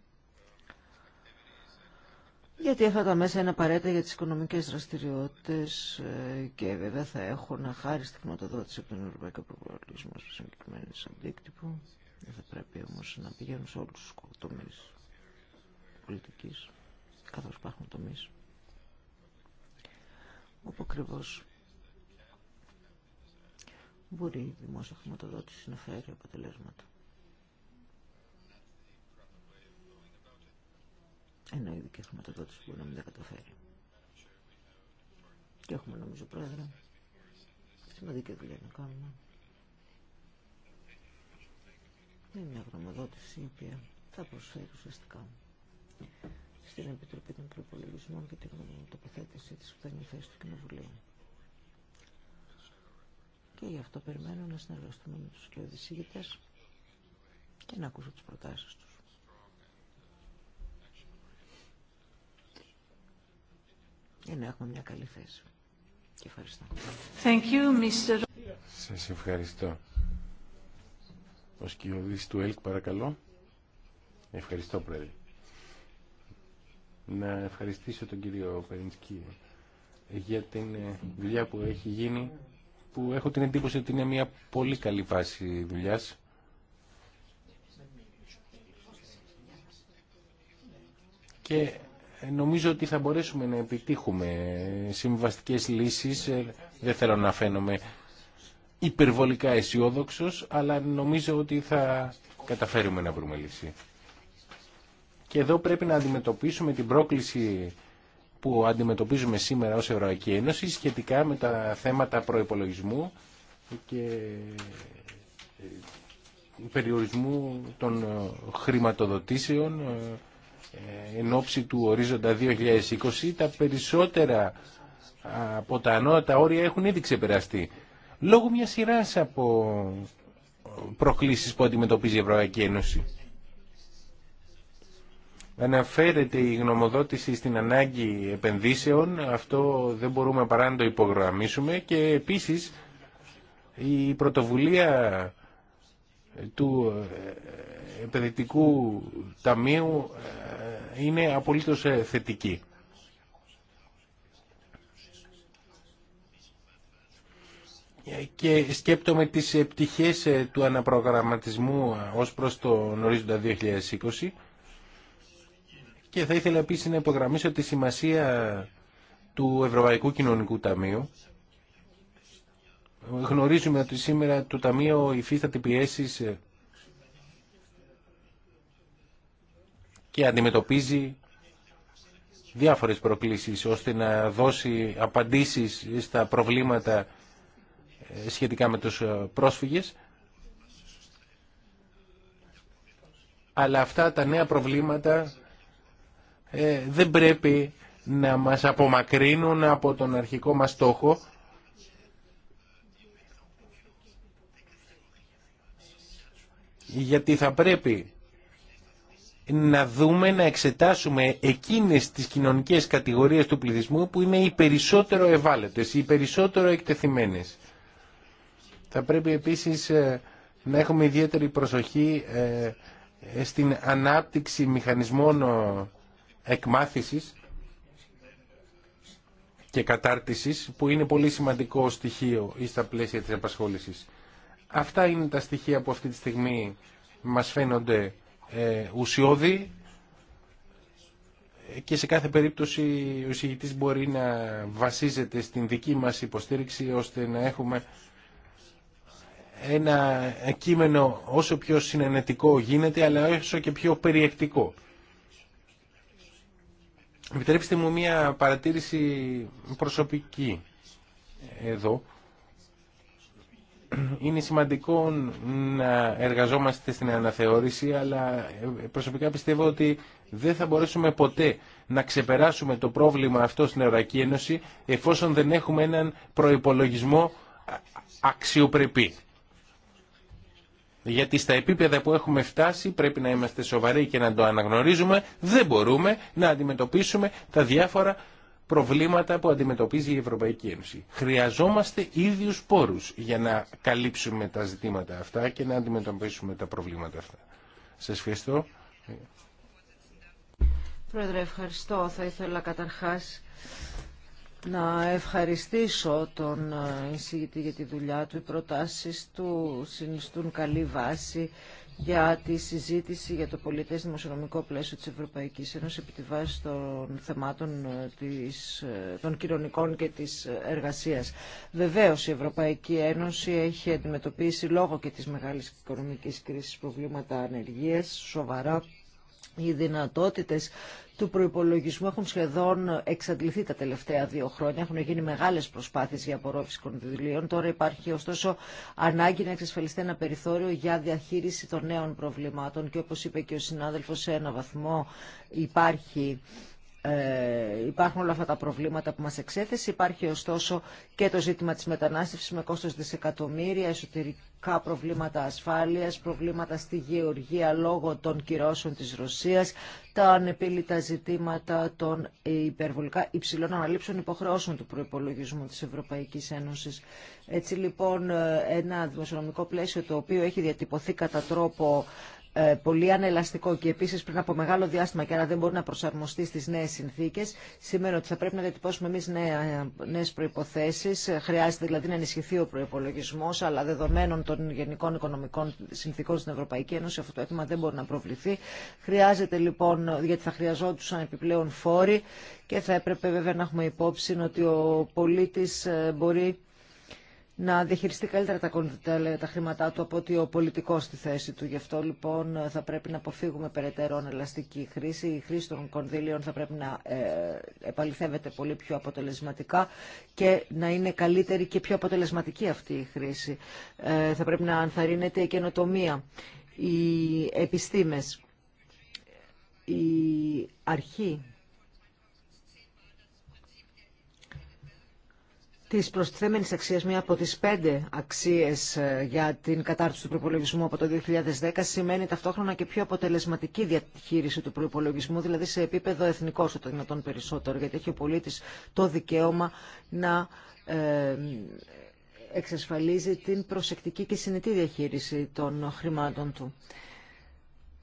Speaker 3: γιατί αυτά τα μέσα είναι απαραίτητα για τις οικονομικές δραστηριότητες ε, και βέβαια θα έχουν χάρη στη χρηματοδότηση από τον Ευρωπαϊκό Προγραμματισμό σε συγκεκριμένου αντίκτυπο. Δεν θα πρέπει όμω να πηγαίνουν σε όλους τους τομείς πολιτική καθώ υπάρχουν τομεί. Όπου ακριβώ μπορεί η δημόσια χρηματοδότηση να φέρει αποτελέσματα. ενώ η ειδική χρηματοδότηση μπορεί να μην τα καταφέρει. Και έχουμε νομίζω πρόεδρε σημαντική δουλειά να κάνουμε. Είναι μια γνωμοδότηση η οποία θα προσφέρει ουσιαστικά στην Επιτροπή των Προπολογισμών και την τοποθέτησή της που θα είναι η θέση του Κοινοβουλίου. Και γι' αυτό περιμένω να συνεργαστούμε με τους και και να ακούσω τις προτάσεις τους. για να έχουμε μια καλή θέση. Και ευχαριστώ. Thank you, Mr.
Speaker 4: Σας ευχαριστώ. Ο σκιωδής του ΕΛΚ παρακαλώ. Ευχαριστώ πρόεδρε. Να ευχαριστήσω τον κύριο Περινσκή για την ε, δουλειά που έχει γίνει που έχω την εντύπωση ότι είναι μια πολύ καλή βάση δουλειάς και ε, νομίζω ότι θα μπορέσουμε να επιτύχουμε συμβαστικές λύσεις. Ε, δεν θέλω να φαίνομαι υπερβολικά αισιόδοξο, αλλά νομίζω ότι θα καταφέρουμε να βρούμε λύση. Και εδώ πρέπει να αντιμετωπίσουμε την πρόκληση που αντιμετωπίζουμε σήμερα ως Ευρωπαϊκή Ένωση σχετικά με τα θέματα προϋπολογισμού και ε, περιορισμού των χρηματοδοτήσεων ε, εν ώψη του ορίζοντα 2020 τα περισσότερα από τα ανώτατα όρια έχουν ήδη ξεπεραστεί λόγω μια σειρά από προκλήσεις που αντιμετωπίζει η Ευρωπαϊκή Ένωση. Αναφέρεται η γνωμοδότηση στην ανάγκη επενδύσεων, αυτό δεν μπορούμε παρά να το υπογραμμίσουμε και επίσης η πρωτοβουλία του ε, επενδυτικού ταμείου ε, είναι απολύτως ε, θετική. Και σκέπτομαι τις επιτυχίες ε, του αναπρογραμματισμού ως προς τον ορίζοντα 2020 και θα ήθελα επίσης να υπογραμμίσω τη σημασία του Ευρωπαϊκού Κοινωνικού Ταμείου. Γνωρίζουμε ότι σήμερα το Ταμείο υφίσταται πιέσεις και αντιμετωπίζει διάφορες προκλήσεις ώστε να δώσει απαντήσεις στα προβλήματα ε, σχετικά με τους ε, πρόσφυγες. Αλλά αυτά τα νέα προβλήματα ε, δεν πρέπει να μας απομακρύνουν από τον αρχικό μας στόχο γιατί θα πρέπει να δούμε, να εξετάσουμε εκείνες τις κοινωνικές κατηγορίες του πληθυσμού που είναι οι περισσότερο ευάλωτες, οι περισσότερο εκτεθειμένες. Θα πρέπει επίσης ε, να έχουμε ιδιαίτερη προσοχή ε, ε, στην ανάπτυξη μηχανισμών εκμάθησης και κατάρτισης που είναι πολύ σημαντικό στοιχείο στα πλαίσια της απασχόλησης. Αυτά είναι τα στοιχεία που αυτή τη στιγμή μας φαίνονται ε, ουσιώδη και σε κάθε περίπτωση ο εισηγητής μπορεί να βασίζεται στην δική μας υποστήριξη ώστε να έχουμε ένα κείμενο όσο πιο συνενετικό γίνεται αλλά όσο και πιο περιεκτικό. Επιτρέψτε μου μία παρατήρηση προσωπική εδώ είναι σημαντικό να εργαζόμαστε στην αναθεώρηση, αλλά ε, προσωπικά πιστεύω ότι δεν θα μπορέσουμε ποτέ να ξεπεράσουμε το πρόβλημα αυτό στην Ευρωπαϊκή Ένωση, εφόσον δεν έχουμε έναν προϋπολογισμό αξιοπρεπή. Γιατί στα επίπεδα που έχουμε φτάσει πρέπει να είμαστε σοβαροί και να το αναγνωρίζουμε, δεν μπορούμε να αντιμετωπίσουμε τα διάφορα προβλήματα που αντιμετωπίζει η Ευρωπαϊκή Ένωση. Χρειαζόμαστε ίδιους πόρους για να καλύψουμε τα ζητήματα αυτά και να αντιμετωπίσουμε τα προβλήματα αυτά. Σας ευχαριστώ.
Speaker 3: Πρόεδρε, ευχαριστώ. Θα ήθελα καταρχάς να ευχαριστήσω τον ε, εισηγητή για τη δουλειά του. Οι προτάσεις του συνιστούν καλή βάση για τη συζήτηση για το πολιτές δημοσιονομικό πλαίσιο της Ευρωπαϊκής Ένωσης επί τη βάση των θεμάτων ε, της, ε, των κοινωνικών και της ε, εργασίας. Βεβαίως η Ευρωπαϊκή Ένωση έχει αντιμετωπίσει λόγω και της μεγάλης οικονομικής κρίσης προβλήματα ανεργίας σοβαρά οι δυνατότητες του προπολογισμού έχουν σχεδόν εξαντληθεί τα τελευταία δύο χρόνια. Έχουν γίνει μεγάλες προσπάθειες για απορρόφηση κονδυλίων. Τώρα υπάρχει ωστόσο ανάγκη να εξασφαλιστεί ένα περιθώριο για διαχείριση των νέων προβλημάτων. Και όπως είπε και ο συνάδελφος, σε ένα βαθμό υπάρχει ε, υπάρχουν όλα αυτά τα προβλήματα που μας εξέθεσε. Υπάρχει ωστόσο και το ζήτημα της μετανάστευσης με κόστος δισεκατομμύρια, εσωτερικά προβλήματα ασφάλειας, προβλήματα στη γεωργία λόγω των κυρώσεων της Ρωσίας, τα ανεπίλητα ζητήματα των ε, υπερβολικά υψηλών αναλήψεων υποχρεώσεων του προϋπολογισμού της Ευρωπαϊκής Ένωσης. Έτσι λοιπόν ε, ένα δημοσιονομικό πλαίσιο το οποίο έχει διατυπωθεί κατά τρόπο ε, πολύ ανελαστικό και επίση πριν από μεγάλο διάστημα και άρα δεν μπορεί να προσαρμοστεί στι νέε συνθήκε, σημαίνει ότι θα πρέπει να διατυπώσουμε εμεί νέε προποθέσει. Ε, χρειάζεται δηλαδή να ενισχυθεί ο προπολογισμό, αλλά δεδομένων των γενικών οικονομικών συνθήκων στην Ευρωπαϊκή Ένωση αυτό το αίτημα δεν μπορεί να προβληθεί. Χρειάζεται λοιπόν, γιατί θα χρειαζόντουσαν επιπλέον φόροι και θα έπρεπε βέβαια να έχουμε υπόψη ότι ο πολίτη ε, μπορεί να διαχειριστεί καλύτερα τα, τα χρήματά του από ότι ο πολιτικό στη θέση του. Γι' αυτό λοιπόν θα πρέπει να αποφύγουμε περαιτέρω ανελαστική χρήση. Η χρήση των κονδύλιων θα πρέπει να ε, επαληθεύεται πολύ πιο αποτελεσματικά και να είναι καλύτερη και πιο αποτελεσματική αυτή η χρήση. Ε, θα πρέπει να ανθαρρύνεται η καινοτομία, οι επιστήμες, η αρχή της προστιθέμενης αξίας, μία από τις πέντε αξίες ε, για την κατάρτιση του προπολογισμού από το 2010, σημαίνει ταυτόχρονα και πιο αποτελεσματική διαχείριση του προπολογισμού, δηλαδή σε επίπεδο εθνικό στο δυνατόν περισσότερο, γιατί έχει ο πολίτης το δικαίωμα να ε, εξασφαλίζει την προσεκτική και συνετή διαχείριση των χρημάτων του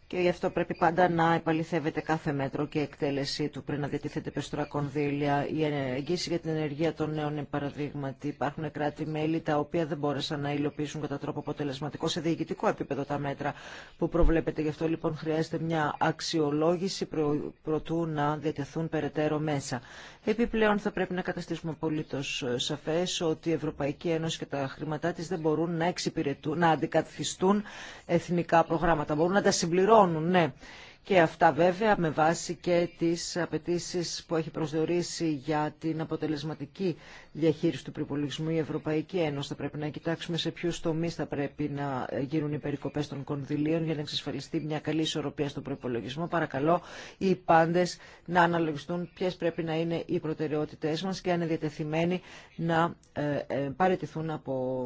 Speaker 3: και γι' αυτό πρέπει πάντα να επαληθεύεται κάθε μέτρο και εκτέλεσή του πριν να διατίθεται πεστρά κονδύλια. Η εγγύηση για την ενεργεία των νέων, ειναι παραδείγματι, υπάρχουν κράτη-μέλη τα οποία δεν μπόρεσαν να υλοποιήσουν κατά τρόπο αποτελεσματικό σε διοικητικό επίπεδο τα μέτρα που προβλέπεται. Γι' αυτό λοιπόν χρειάζεται μια αξιολόγηση προτού να διατεθούν περαιτέρω μέσα. Επιπλέον θα πρέπει να καταστήσουμε απολύτω ε, σαφέ ότι η Ευρωπαϊκή Ένωση και τα χρήματά τη δεν μπορούν να, να αντικαθιστούν εθνικά προγράμματα. Μπορούν να τα συμπληρώσουν ναι. Και αυτά βέβαια με βάση και τις απαιτήσει που έχει προσδιορίσει για την αποτελεσματική διαχείριση του προπολογισμού η Ευρωπαϊκή Ένωση. Θα πρέπει να κοιτάξουμε σε ποιου τομεί θα πρέπει να γίνουν οι περικοπέ των κονδυλίων για να εξασφαλιστεί μια καλή ισορροπία στον προπολογισμό. Παρακαλώ οι πάντε να αναλογιστούν ποιε πρέπει να είναι οι προτεραιότητέ μα και αν είναι διατεθειμένοι να ε, ε, παρετηθούν από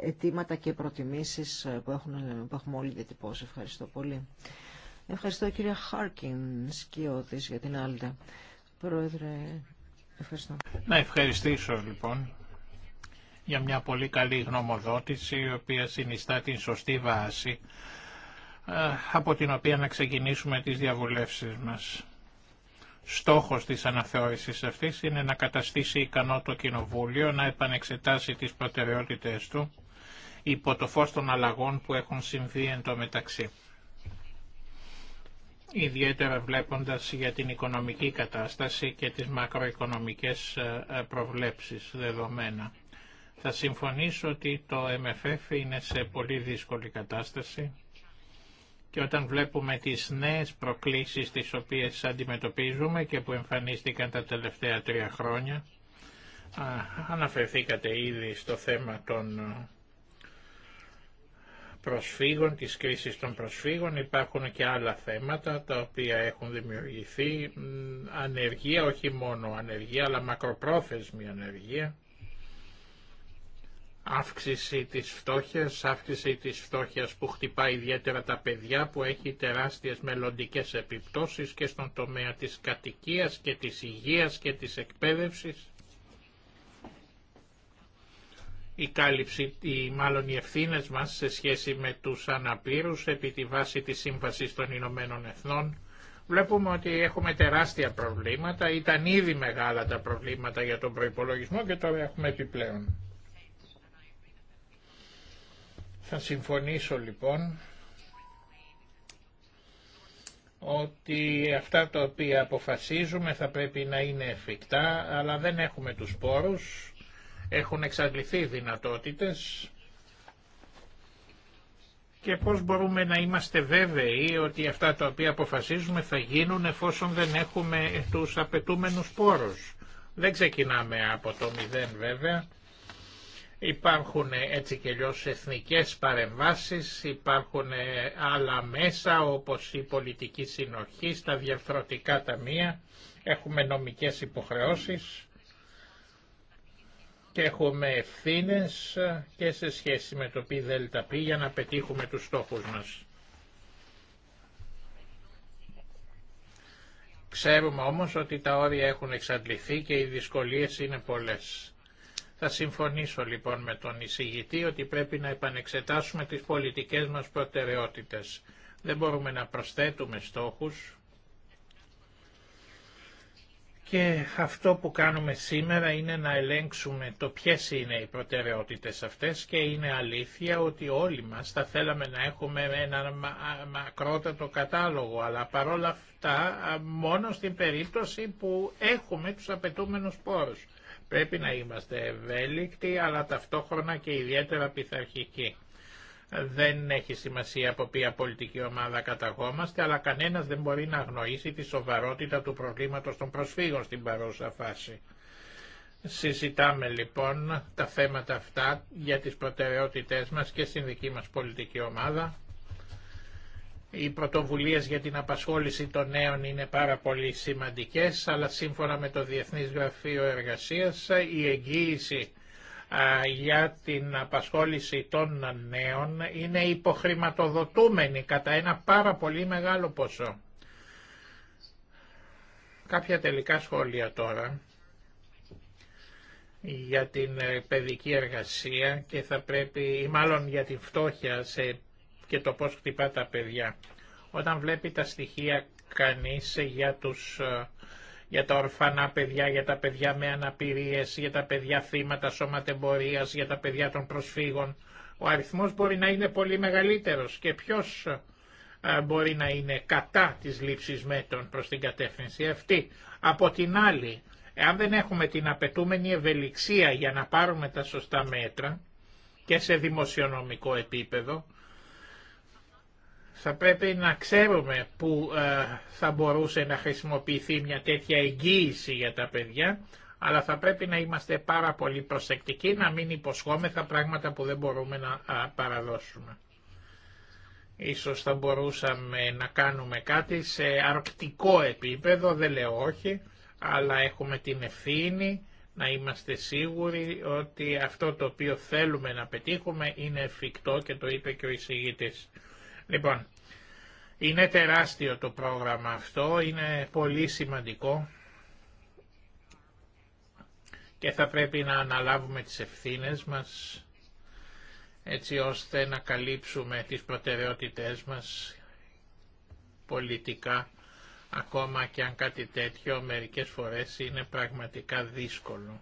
Speaker 3: αιτήματα και προτιμήσεις ε, που, έχουν, που έχουμε όλοι διατυπώσει. Ευχαριστώ πολύ. Ευχαριστώ κυρία Χάρκιν Σκιώτης για την Άλτα. Πρόεδρε, ευχαριστώ. Να
Speaker 2: ευχαριστήσω λοιπόν για μια πολύ καλή γνωμοδότηση η οποία συνιστά την σωστή βάση ε, από την οποία να ξεκινήσουμε τις διαβουλεύσεις μας. Στόχος της αναθεώρησης αυτής είναι να καταστήσει ικανό το Κοινοβούλιο να επανεξετάσει τις προτεραιότητες του υπό το φως των αλλαγών που έχουν συμβεί εν τω μεταξύ. Ιδιαίτερα βλέποντας για την οικονομική κατάσταση και τις μακροοικονομικές ε, ε, προβλέψεις δεδομένα. Θα συμφωνήσω ότι το MFF είναι σε πολύ δύσκολη κατάσταση και όταν βλέπουμε τις νέες προκλήσεις τις οποίες αντιμετωπίζουμε και που εμφανίστηκαν τα τελευταία τρία χρόνια, αναφερθήκατε ήδη στο θέμα των προσφύγων, της κρίσης των προσφύγων. Υπάρχουν και άλλα θέματα τα οποία έχουν δημιουργηθεί. Ανεργία, όχι μόνο ανεργία, αλλά μακροπρόθεσμη ανεργία. Αύξηση της φτώχειας, αύξηση της φτώχειας που χτυπάει ιδιαίτερα τα παιδιά, που έχει τεράστιες μελλοντικές επιπτώσεις και στον τομέα της κατοικίας και της υγείας και της εκπαίδευσης η κάλυψη, η, μάλλον οι ευθύνε μας σε σχέση με τους αναπήρους επί τη βάση της Σύμβασης των Ηνωμένων Εθνών. Βλέπουμε ότι έχουμε τεράστια προβλήματα, ήταν ήδη μεγάλα τα προβλήματα για τον προϋπολογισμό και τώρα έχουμε επιπλέον. Θα συμφωνήσω λοιπόν ότι αυτά τα οποία αποφασίζουμε θα πρέπει να είναι εφικτά, αλλά δεν έχουμε τους πόρους έχουν εξαντληθεί δυνατότητες και πώς μπορούμε να είμαστε βέβαιοι ότι αυτά τα οποία αποφασίζουμε θα γίνουν εφόσον δεν έχουμε τους απαιτούμενους πόρους. Δεν ξεκινάμε από το μηδέν βέβαια. Υπάρχουν έτσι και λιώς εθνικές παρεμβάσεις, υπάρχουν ε, άλλα μέσα όπως η πολιτική συνοχή, τα διαφθρωτικά ταμεία, έχουμε νομικές υποχρεώσεις έχουμε ευθύνε και σε σχέση με το ΠΔΠ για να πετύχουμε τους στόχους μας. Ξέρουμε όμως ότι τα όρια έχουν εξαντληθεί και οι δυσκολίες είναι πολλές. Θα συμφωνήσω λοιπόν με τον εισηγητή ότι πρέπει να επανεξετάσουμε τις πολιτικές μας προτεραιότητες. Δεν μπορούμε να προσθέτουμε στόχους και αυτό που κάνουμε σήμερα είναι να ελέγξουμε το ποιες είναι οι προτεραιότητες αυτές και είναι αλήθεια ότι όλοι μας θα θέλαμε να έχουμε ένα μακρότατο κατάλογο, αλλά παρόλα αυτά μόνο στην περίπτωση που έχουμε τους απαιτούμενους πόρους. Πρέπει να είμαστε ευέλικτοι, αλλά ταυτόχρονα και ιδιαίτερα πειθαρχικοί. Δεν έχει σημασία από ποια πολιτική ομάδα καταγόμαστε, αλλά κανένας δεν μπορεί να αγνοήσει τη σοβαρότητα του προβλήματος των προσφύγων στην παρούσα φάση. Συζητάμε λοιπόν τα θέματα αυτά για τις προτεραιότητές μας και στην δική μας πολιτική ομάδα. Οι πρωτοβουλίες για την απασχόληση των νέων είναι πάρα πολύ σημαντικές, αλλά σύμφωνα με το Διεθνής Γραφείο Εργασίας η εγγύηση για την απασχόληση των νέων είναι υποχρηματοδοτούμενη κατά ένα πάρα πολύ μεγάλο ποσό. Κάποια τελικά σχόλια τώρα για την ε, παιδική εργασία και θα πρέπει, ή μάλλον για την φτώχεια και το πώς χτυπά τα παιδιά. Όταν βλέπει τα στοιχεία κανείς για τους ε, για τα ορφανά παιδιά, για τα παιδιά με αναπηρίες, για τα παιδιά θύματα σωματεμπορίας, για τα παιδιά των προσφύγων. Ο αριθμός μπορεί να είναι πολύ μεγαλύτερος και ποιος ε, μπορεί να είναι κατά της λήψης μέτρων προς την κατεύθυνση αυτή. Από την άλλη, εάν δεν έχουμε την απαιτούμενη ευελιξία για να πάρουμε τα σωστά μέτρα και σε δημοσιονομικό επίπεδο, θα πρέπει να ξέρουμε που ε, θα μπορούσε να χρησιμοποιηθεί μια τέτοια εγγύηση για τα παιδιά, αλλά θα πρέπει να είμαστε πάρα πολύ προσεκτικοί, να μην υποσχόμεθα πράγματα που δεν μπορούμε να παραδώσουμε. Ίσως θα μπορούσαμε να κάνουμε κάτι σε αρκτικό επίπεδο, δεν λέω όχι, αλλά έχουμε την ευθύνη να είμαστε σίγουροι ότι αυτό το οποίο θέλουμε να πετύχουμε είναι εφικτό και το είπε και ο εισηγητής. Λοιπόν, είναι τεράστιο το πρόγραμμα αυτό, είναι πολύ σημαντικό και θα πρέπει να αναλάβουμε τις ευθύνες μας έτσι ώστε να καλύψουμε τις προτεραιότητές μας πολιτικά ακόμα και αν κάτι τέτοιο μερικές φορές είναι πραγματικά δύσκολο.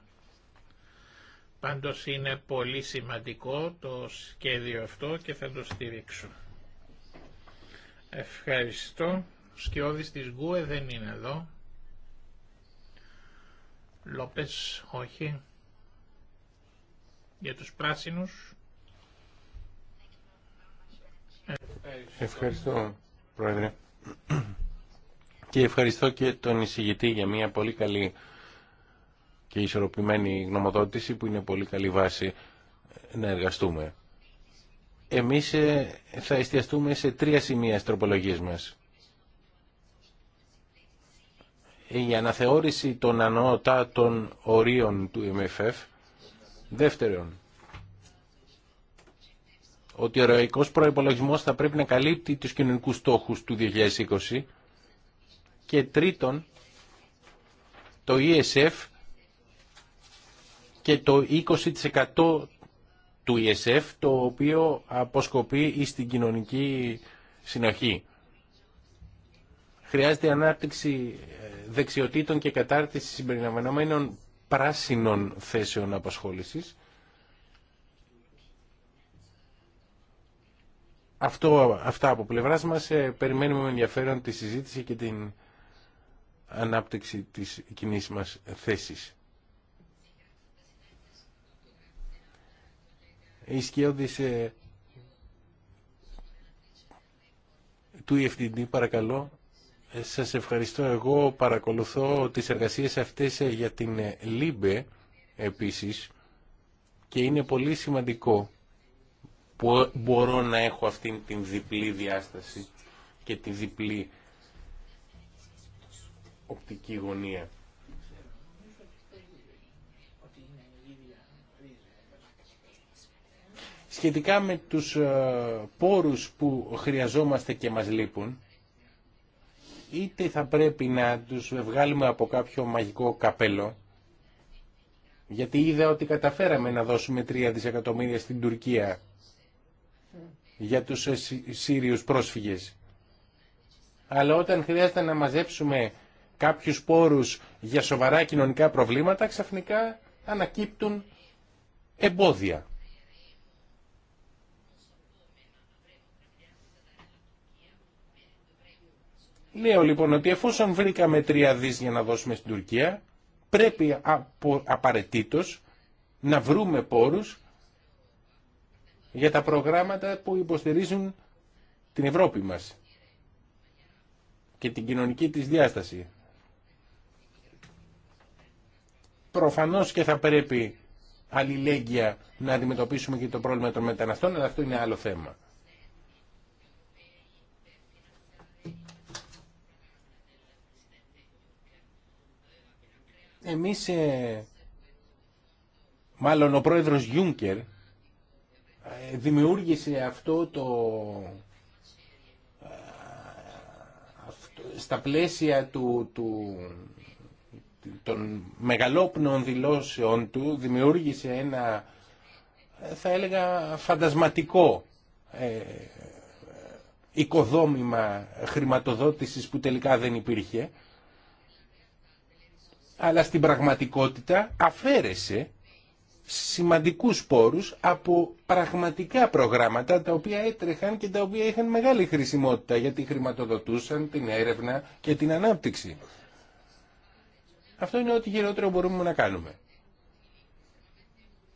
Speaker 2: Πάντως είναι πολύ σημαντικό το σχέδιο αυτό και θα το στηρίξω. Ευχαριστώ. Σκιώδη Σκιώδης της Γκουε δεν είναι εδώ. Λόπες όχι. Για τους πράσινους.
Speaker 4: Ευχαριστώ, ευχαριστώ Πρόεδρε. Και ευχαριστώ και τον εισηγητή για μια πολύ καλή και ισορροπημένη γνωμοδότηση που είναι πολύ καλή βάση να εργαστούμε. Εμείς ε, θα εστιαστούμε σε τρία σημεία στροπολογίες μας. Η αναθεώρηση των ανώτατων ορίων του MFF. Δεύτερον, ότι ο ροϊκός προϋπολογισμός θα πρέπει να καλύπτει τους κοινωνικούς στόχους του 2020. Και τρίτον, το ESF και το 20% του ESF το οποίο αποσκοπεί την κοινωνική συνοχή. Χρειάζεται ανάπτυξη ε, δεξιοτήτων και κατάρτιση συμπεριλαμβανομένων πράσινων θέσεων απασχόλησης. Αυτό, αυτά από πλευράς μας ε, περιμένουμε με ενδιαφέρον τη συζήτηση και την ανάπτυξη της κοινή μας θέσης. ε, του Ιευθυντή, παρακαλώ. Ε, σας ευχαριστώ. Εγώ παρακολουθώ τις εργασίες αυτές ε, για την ε, ΛΥΜΠΕ επίσης και είναι πολύ σημαντικό που μπορώ να έχω αυτήν την διπλή διάσταση και τη διπλή οπτική γωνία. σχετικά με τους ε, πόρους που χρειαζόμαστε και μας λείπουν, είτε θα πρέπει να τους βγάλουμε από κάποιο μαγικό καπέλο, γιατί είδα ότι καταφέραμε να δώσουμε 3 δισεκατομμύρια στην Τουρκία για τους ε, Σύριους πρόσφυγες. Αλλά όταν χρειάζεται να μαζέψουμε κάποιους πόρους για σοβαρά κοινωνικά προβλήματα, ξαφνικά ανακύπτουν εμπόδια. Λέω λοιπόν ότι εφόσον βρήκαμε τρία δις για να δώσουμε στην Τουρκία, πρέπει απαραίτητο να βρούμε πόρους για τα προγράμματα που υποστηρίζουν την Ευρώπη μας και την κοινωνική της διάσταση. Προφανώς και θα πρέπει αλληλέγγυα να αντιμετωπίσουμε και το πρόβλημα των μεταναστών, αλλά αυτό είναι άλλο θέμα. Εμείς, ε, μάλλον ο πρόεδρος Γιούνκερ, ε, δημιούργησε αυτό το... Ε, στα πλαίσια του, του, των μεγαλόπνων δηλώσεων του δημιούργησε ένα, θα έλεγα, φαντασματικό ε, οικοδόμημα χρηματοδότησης που τελικά δεν υπήρχε αλλά στην πραγματικότητα αφαίρεσε σημαντικούς πόρους από πραγματικά προγράμματα τα οποία έτρεχαν και τα οποία είχαν μεγάλη χρησιμότητα γιατί χρηματοδοτούσαν την έρευνα και την ανάπτυξη. Αυτό είναι ό,τι χειρότερο μπορούμε να κάνουμε.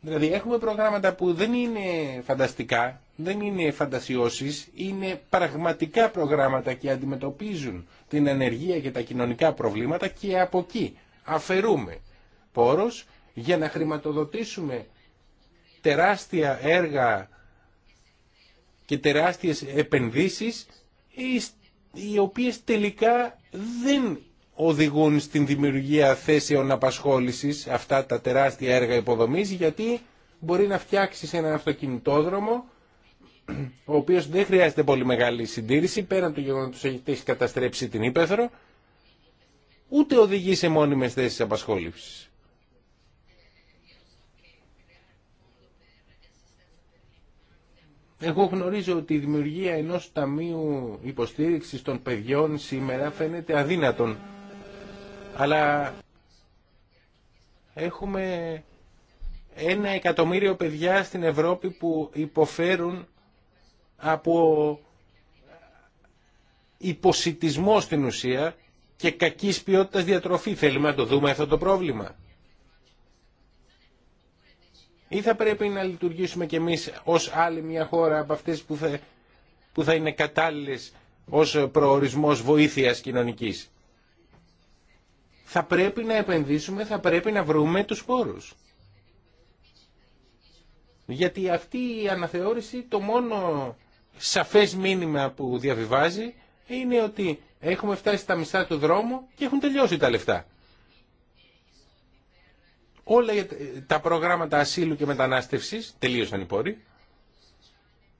Speaker 4: Δηλαδή έχουμε προγράμματα που δεν είναι φανταστικά, δεν είναι φαντασιώσεις, είναι πραγματικά προγράμματα και αντιμετωπίζουν την ανεργία και τα κοινωνικά προβλήματα και από εκεί αφαιρούμε πόρος για να χρηματοδοτήσουμε τεράστια έργα και τεράστιες επενδύσεις οι οποίες τελικά δεν οδηγούν στην δημιουργία θέσεων απασχόλησης αυτά τα τεράστια έργα υποδομής γιατί μπορεί να φτιάξεις ένα αυτοκινητόδρομο ο οποίος δεν χρειάζεται πολύ μεγάλη συντήρηση πέραν του γεγονότος ότι έχει καταστρέψει την Ήπεθρο ούτε οδηγεί σε μόνιμες θέσεις απασχόλησης. Εγώ γνωρίζω ότι η δημιουργία ενός ταμείου υποστήριξης των παιδιών σήμερα φαίνεται αδύνατον. Αλλά έχουμε ένα εκατομμύριο παιδιά στην Ευρώπη που υποφέρουν από υποσιτισμό στην ουσία και κακής ποιότητας διατροφή. Θέλουμε να το δούμε αυτό το πρόβλημα. Ή θα πρέπει να λειτουργήσουμε κι εμείς ως άλλη μια χώρα από αυτές που θα, που θα είναι κατάλληλες ως προορισμός βοήθειας κοινωνικής. Θα πρέπει να επενδύσουμε, θα πρέπει να βρούμε τους πόρους. Γιατί αυτή η αναθεώρηση το μόνο σαφές μήνυμα που διαβιβάζει είναι ότι Έχουμε φτάσει στα μισά του δρόμου και έχουν τελειώσει τα λεφτά. Όλα τα προγράμματα ασύλου και μετανάστευσης τελείωσαν οι πόροι.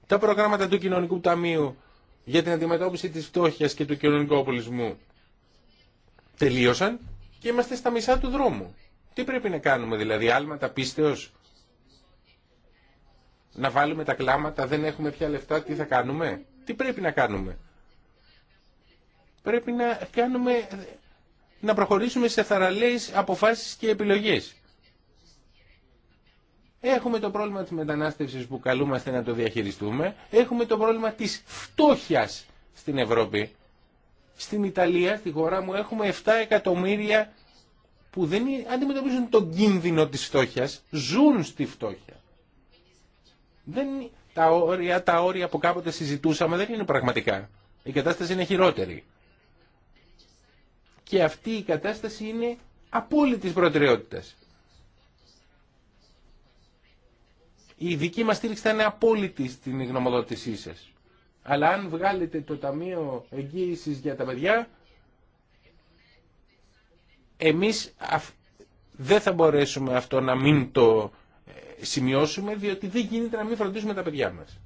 Speaker 4: Τα προγράμματα του Κοινωνικού Ταμείου για την αντιμετώπιση της φτώχειας και του κοινωνικού απολυσμού τελείωσαν και είμαστε στα μισά του δρόμου. Τι πρέπει να κάνουμε δηλαδή, άλματα πίστεως, να βάλουμε τα κλάματα, δεν έχουμε πια λεφτά, τι θα κάνουμε, τι πρέπει να κάνουμε πρέπει να κάνουμε να προχωρήσουμε σε θαραλέες αποφάσεις και επιλογές. Έχουμε το πρόβλημα της μετανάστευσης που καλούμαστε να το διαχειριστούμε. Έχουμε το πρόβλημα της φτώχειας στην Ευρώπη. Στην Ιταλία, στη χώρα μου, έχουμε 7 εκατομμύρια που δεν αντιμετωπίζουν τον κίνδυνο της φτώχειας, ζουν στη φτώχεια. Δεν, τα, όρια, τα όρια που κάποτε συζητούσαμε δεν είναι πραγματικά. Η κατάσταση είναι χειρότερη και αυτή η κατάσταση είναι απόλυτης προτεραιότητας. Η δική μας στήριξη θα είναι απόλυτη στην γνωμοδότησή σας. Αλλά αν βγάλετε το Ταμείο Εγγύησης για τα παιδιά, εμείς δεν θα μπορέσουμε αυτό να μην το ε, σημειώσουμε, διότι δεν γίνεται να μην φροντίσουμε τα παιδιά μας.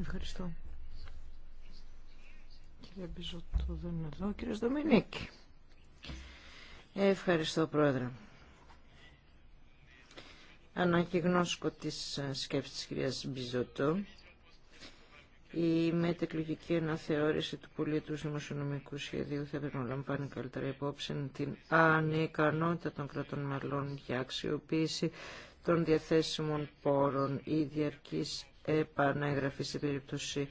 Speaker 3: Ευχαριστώ. Κύριε Μπιζωτό δεν είναι εδώ. Κύριε Δομινίκη. Ευχαριστώ, Πρόεδρε. Ανακοιγνώσκω τις ε, σκέψεις της κυρίας Μπιζωτό. Η μετεκλογική αναθεώρηση του πολίτου δημοσιονομικού σχεδίου θα πρέπει να λαμβάνει καλύτερα υπόψη την ανικανότητα των κρατών μελών για αξιοποίηση των διαθέσιμων πόρων ή διαρκής επαναγραφή σε περίπτωση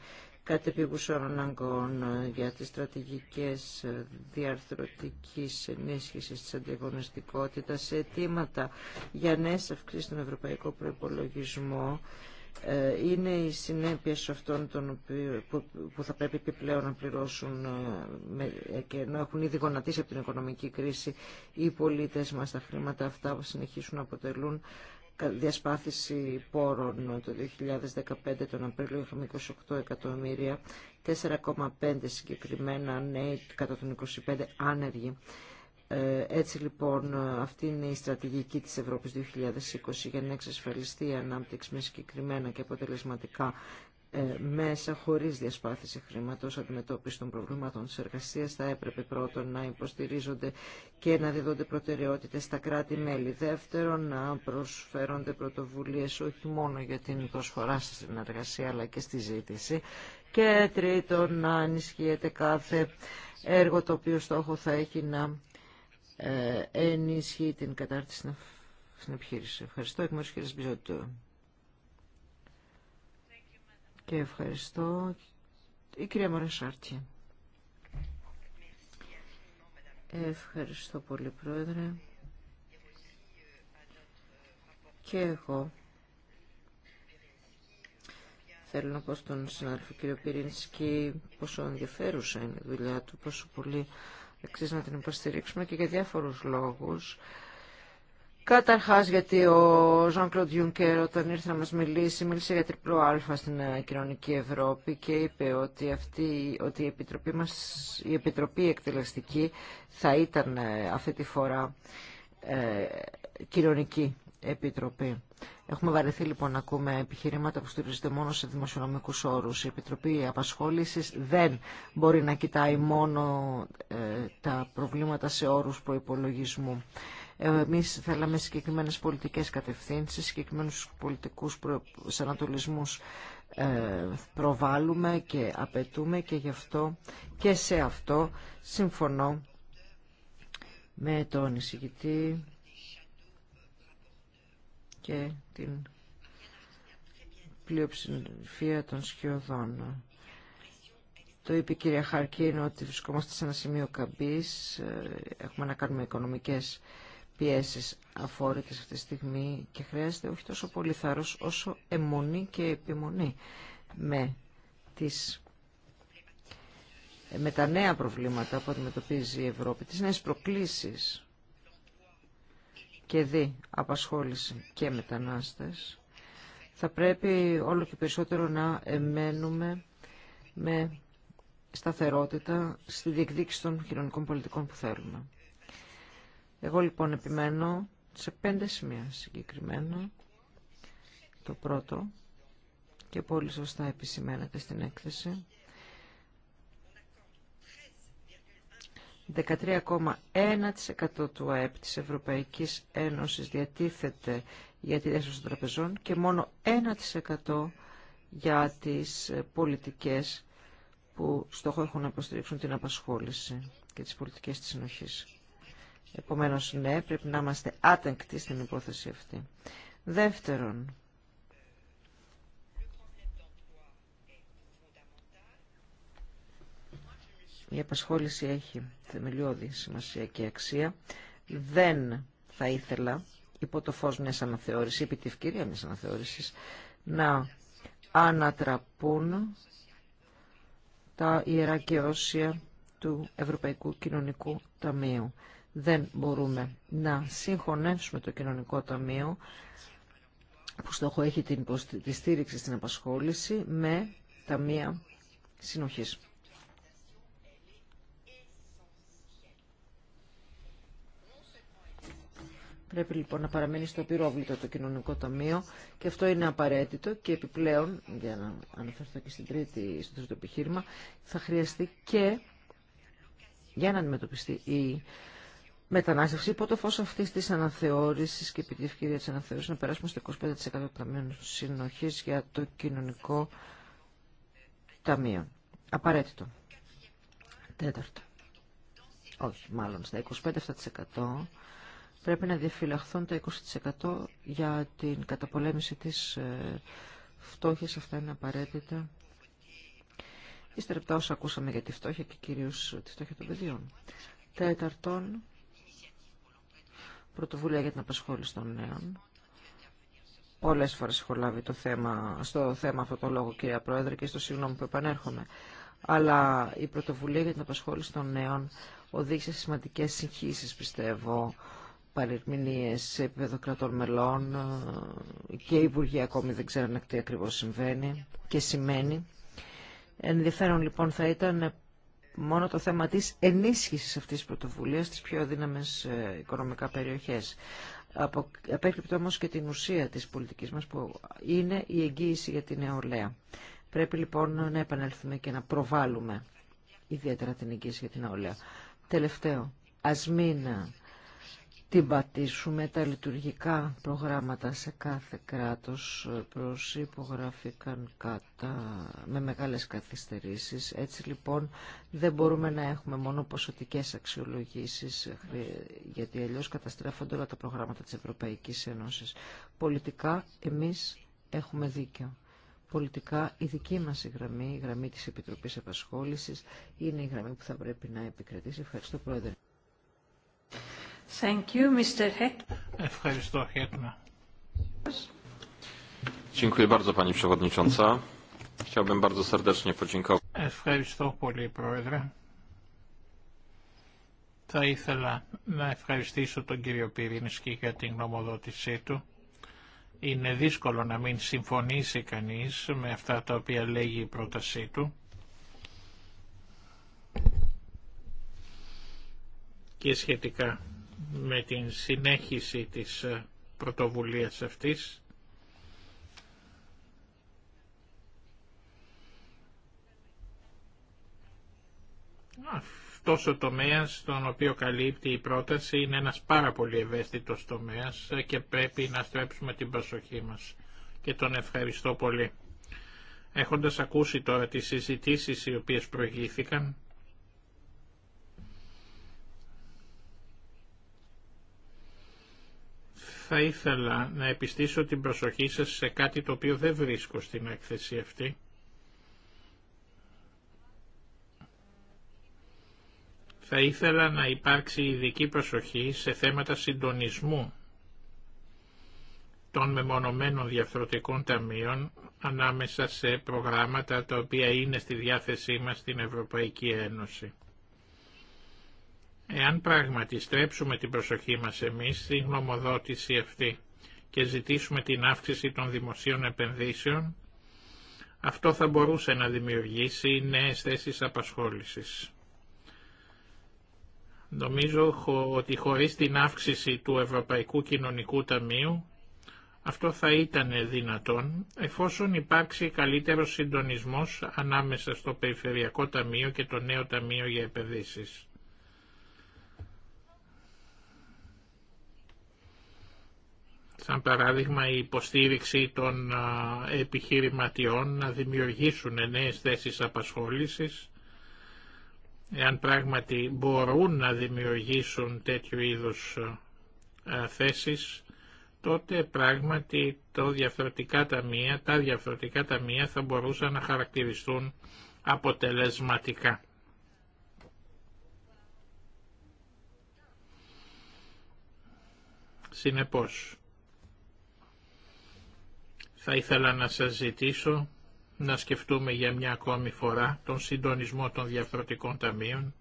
Speaker 3: Κάτι κατεπίγουσων αναγκών ε, για τις στρατηγικές ε, διαρθρωτικής ενίσχυσης της ανταγωνιστικότητας, σε αιτήματα για νέες αυξήσεις στον ευρωπαϊκό προϋπολογισμό, ε, είναι οι συνέπειες αυτών των που, θα πρέπει επιπλέον να πληρώσουν και να έχουν ήδη γονατίσει από την οικονομική κρίση οι πολίτες μας τα χρήματα αυτά που συνεχίσουν να αποτελούν διασπάθηση πόρων το 2015 τον Απρίλιο είχαμε 28 εκατομμύρια, 4,5 συγκεκριμένα νέοι κατά τον 25 άνεργοι. Ε, έτσι λοιπόν αυτή είναι η στρατηγική της Ευρώπης 2020 για να εξασφαλιστεί η ανάπτυξη με συγκεκριμένα και αποτελεσματικά ε, μέσα χωρίς διασπάθηση χρήματος αντιμετώπιση των προβλημάτων της εργασίας θα έπρεπε πρώτον να υποστηρίζονται και να διδονται προτεραιότητες στα κράτη-μέλη. Δεύτερον, να προσφέρονται πρωτοβουλίες όχι μόνο για την προσφορά στην εργασία αλλά και στη ζήτηση. Και τρίτον, να ενισχύεται κάθε έργο το οποίο στόχο θα έχει να ε, ενισχύει την κατάρτιση στην επιχείρηση. Ευχαριστώ. Και ευχαριστώ. Η κυρία Σάρτια. Ευχαριστώ πολύ, Πρόεδρε. Και εγώ θέλω να πω στον συνάδελφο κύριο Πυρίνσκι πόσο ενδιαφέρουσα είναι η δουλειά του, πόσο πολύ αξίζει να την υποστηρίξουμε και για διάφορους λόγους. Καταρχάς γιατί ο Ζαν Κλοντ Juncker όταν ήρθε να μας μιλήσει μίλησε για τριπλό αλφα στην ε, κοινωνική Ευρώπη και είπε ότι, αυτή, ότι η, επιτροπή μας, η Επιτροπή Εκτελεστική θα ήταν ε, αυτή τη φορά ε, κοινωνική επιτροπή. Έχουμε βαρεθεί λοιπόν να ακούμε επιχειρήματα που στηρίζονται μόνο σε δημοσιονομικού όρου. Η Επιτροπή Απασχόληση δεν μπορεί να κοιτάει μόνο ε, τα προβλήματα σε όρου προπολογισμού. Εμείς θέλαμε συγκεκριμένε πολιτικές κατευθύνσεις, συγκεκριμένους πολιτικούς προσανατολισμού ε, προβάλλουμε και απαιτούμε και γι' αυτό και σε αυτό συμφωνώ με τον εισηγητή και την πλειοψηφία των σκιωδών. Το είπε η κυρία Χαρκίνο ότι βρισκόμαστε σε ένα σημείο καμπής, ε, έχουμε να κάνουμε οικονομικές πιέσεις αφόρητες αυτή τη στιγμή και χρειάζεται όχι τόσο πολύ θάρρος όσο αιμονή και επιμονή με, τις, με τα νέα προβλήματα που αντιμετωπίζει η Ευρώπη, τις νέες προκλήσεις και δι απασχόληση και μετανάστες, θα πρέπει όλο και περισσότερο να εμένουμε με σταθερότητα στη διεκδίκηση των κοινωνικών πολιτικών που θέλουμε. Εγώ λοιπόν επιμένω σε πέντε σημεία συγκεκριμένα. Το πρώτο και πολύ σωστά επισημαίνεται στην έκθεση. 13,1% του ΑΕΠ της Ευρωπαϊκής Ένωσης διατίθεται για τη διάσταση των τραπεζών και μόνο 1% για τις ε, πολιτικές που στόχο έχουν να υποστηρίξουν την απασχόληση και τις πολιτικές της συνοχής. Επομένως, ναι, πρέπει να είμαστε άτεγκτοι στην υπόθεση αυτή. Δεύτερον, η απασχόληση έχει θεμελιώδη σημασία και αξία. Δεν θα ήθελα, υπό το φως μιας αναθεώρησης, επί τη ευκαιρία μιας αναθεώρησης, να ανατραπούν τα ιερά και όσια του Ευρωπαϊκού Κοινωνικού Ταμείου δεν μπορούμε να συγχωνεύσουμε το κοινωνικό ταμείο που στόχο έχει την, τη στήριξη στην απασχόληση με ταμεία συνοχής. Πρέπει λοιπόν να παραμείνει στο πυρόβλητο το κοινωνικό ταμείο και αυτό είναι απαραίτητο και επιπλέον, για να αναφερθώ και στην τρίτη, στο τρίτο επιχείρημα, θα χρειαστεί και για να αντιμετωπιστεί η μετανάστευση υπό το φως αυτής της αναθεώρησης και επί τη ευκαιρία της αναθεώρησης να περάσουμε στο 25% του Ταμείου Συνοχής για το Κοινωνικό Ταμείο. Απαραίτητο. Τέταρτο. Όχι, μάλλον στα 25% πρέπει να διαφυλαχθούν τα 20% για την καταπολέμηση της ε, φτώχειας. Αυτά είναι απαραίτητα. Ύστερα από τα όσα ακούσαμε για τη φτώχεια και κυρίως τη φτώχεια των παιδιών. Τέταρτον, πρωτοβουλία για την απασχόληση των νέων. Πολλέ φορέ έχω λάβει το θέμα, στο θέμα αυτό το λόγο, κυρία Πρόεδρε, και στο συγγνώμη που επανέρχομαι. Αλλά η πρωτοβουλία για την απασχόληση των νέων οδήγησε σε σημαντικές συγχύσεις, πιστεύω, παρερμηνίε σε επίπεδο κρατών μελών και οι υπουργοί ακόμη δεν ξέρουν τι ακριβώ συμβαίνει και σημαίνει. Ενδιαφέρον λοιπόν θα ήταν μόνο το θέμα της ενίσχυσης αυτής της πρωτοβουλίας στις πιο δύναμες ε, οικονομικά περιοχές. Απέκλειπτο όμως και την ουσία της πολιτικής μας που είναι η εγγύηση για την νεολαία. Πρέπει λοιπόν να επανέλθουμε και να προβάλλουμε ιδιαίτερα την εγγύηση για την νεολαία. Τελευταίο, ας μην ε, την πατήσουμε τα λειτουργικά προγράμματα σε κάθε κράτος ύπογραφηκαν κατά, με μεγάλες καθυστερήσεις. Έτσι λοιπόν δεν μπορούμε να έχουμε μόνο ποσοτικές αξιολογήσεις γιατί αλλιώς καταστρέφονται όλα τα προγράμματα της Ευρωπαϊκής Ένωσης. Πολιτικά εμείς έχουμε δίκιο. Πολιτικά η δική μας η γραμμή, η γραμμή της Επιτροπής Επασχόλησης είναι η γραμμή που θα πρέπει να επικρατήσει. Ευχαριστώ Πρόεδρε. Ευχαριστώ,
Speaker 2: Dziękuję bardzo Pani Przewodnicząca. Chciałbym bardzo serdecznie podziękować. Ευχαριστώ πολύ, Πρόεδρε. Θα ήθελα να ευχαριστήσω τον κύριο Πυρίνσκι για την γνωμοδότησή του. Είναι δύσκολο να μην συμφωνήσει κανείς με αυτά τα οποία λέγει η πρότασή του. Και σχετικά με την συνέχιση της ε, πρωτοβουλίας αυτής. Αυτός ο τομέας τον οποίο καλύπτει η πρόταση είναι ένας πάρα πολύ ευαίσθητος τομέας ε, και πρέπει να στρέψουμε την προσοχή μας και τον ευχαριστώ πολύ. Έχοντας ακούσει τώρα τις συζητήσεις οι οποίες προηγήθηκαν, θα ήθελα να επιστήσω την προσοχή σας σε κάτι το οποίο δεν βρίσκω στην έκθεση αυτή. Θα ήθελα να υπάρξει ειδική προσοχή σε θέματα συντονισμού των μεμονωμένων διαφθορτικών ταμείων ανάμεσα σε προγράμματα τα οποία είναι στη διάθεσή μας στην Ευρωπαϊκή Ένωση. Εάν πράγματι στρέψουμε την προσοχή μας εμείς στη γνωμοδότηση αυτή και ζητήσουμε την αύξηση των δημοσίων επενδύσεων, αυτό θα μπορούσε να δημιουργήσει νέες θέσεις απασχόλησης. Νομίζω ότι χωρίς την αύξηση του Ευρωπαϊκού Κοινωνικού Ταμείου αυτό θα ήταν δυνατόν εφόσον υπάρξει καλύτερος συντονισμός ανάμεσα στο Περιφερειακό Ταμείο και το Νέο Ταμείο για Επενδύσεις. σαν παράδειγμα η υποστήριξη των επιχειρηματιών να δημιουργήσουν νέες θέσεις απασχόλησης, εάν πράγματι μπορούν να δημιουργήσουν τέτοιου είδους θέσεις, τότε πράγματι το διαφορετικά ταμεία, τα διαφορετικά ταμεία θα μπορούσαν να χαρακτηριστούν αποτελεσματικά. Συνεπώς, θα ήθελα να σας ζητήσω να σκεφτούμε για μια ακόμη φορά τον συντονισμό των διαφορετικών ταμείων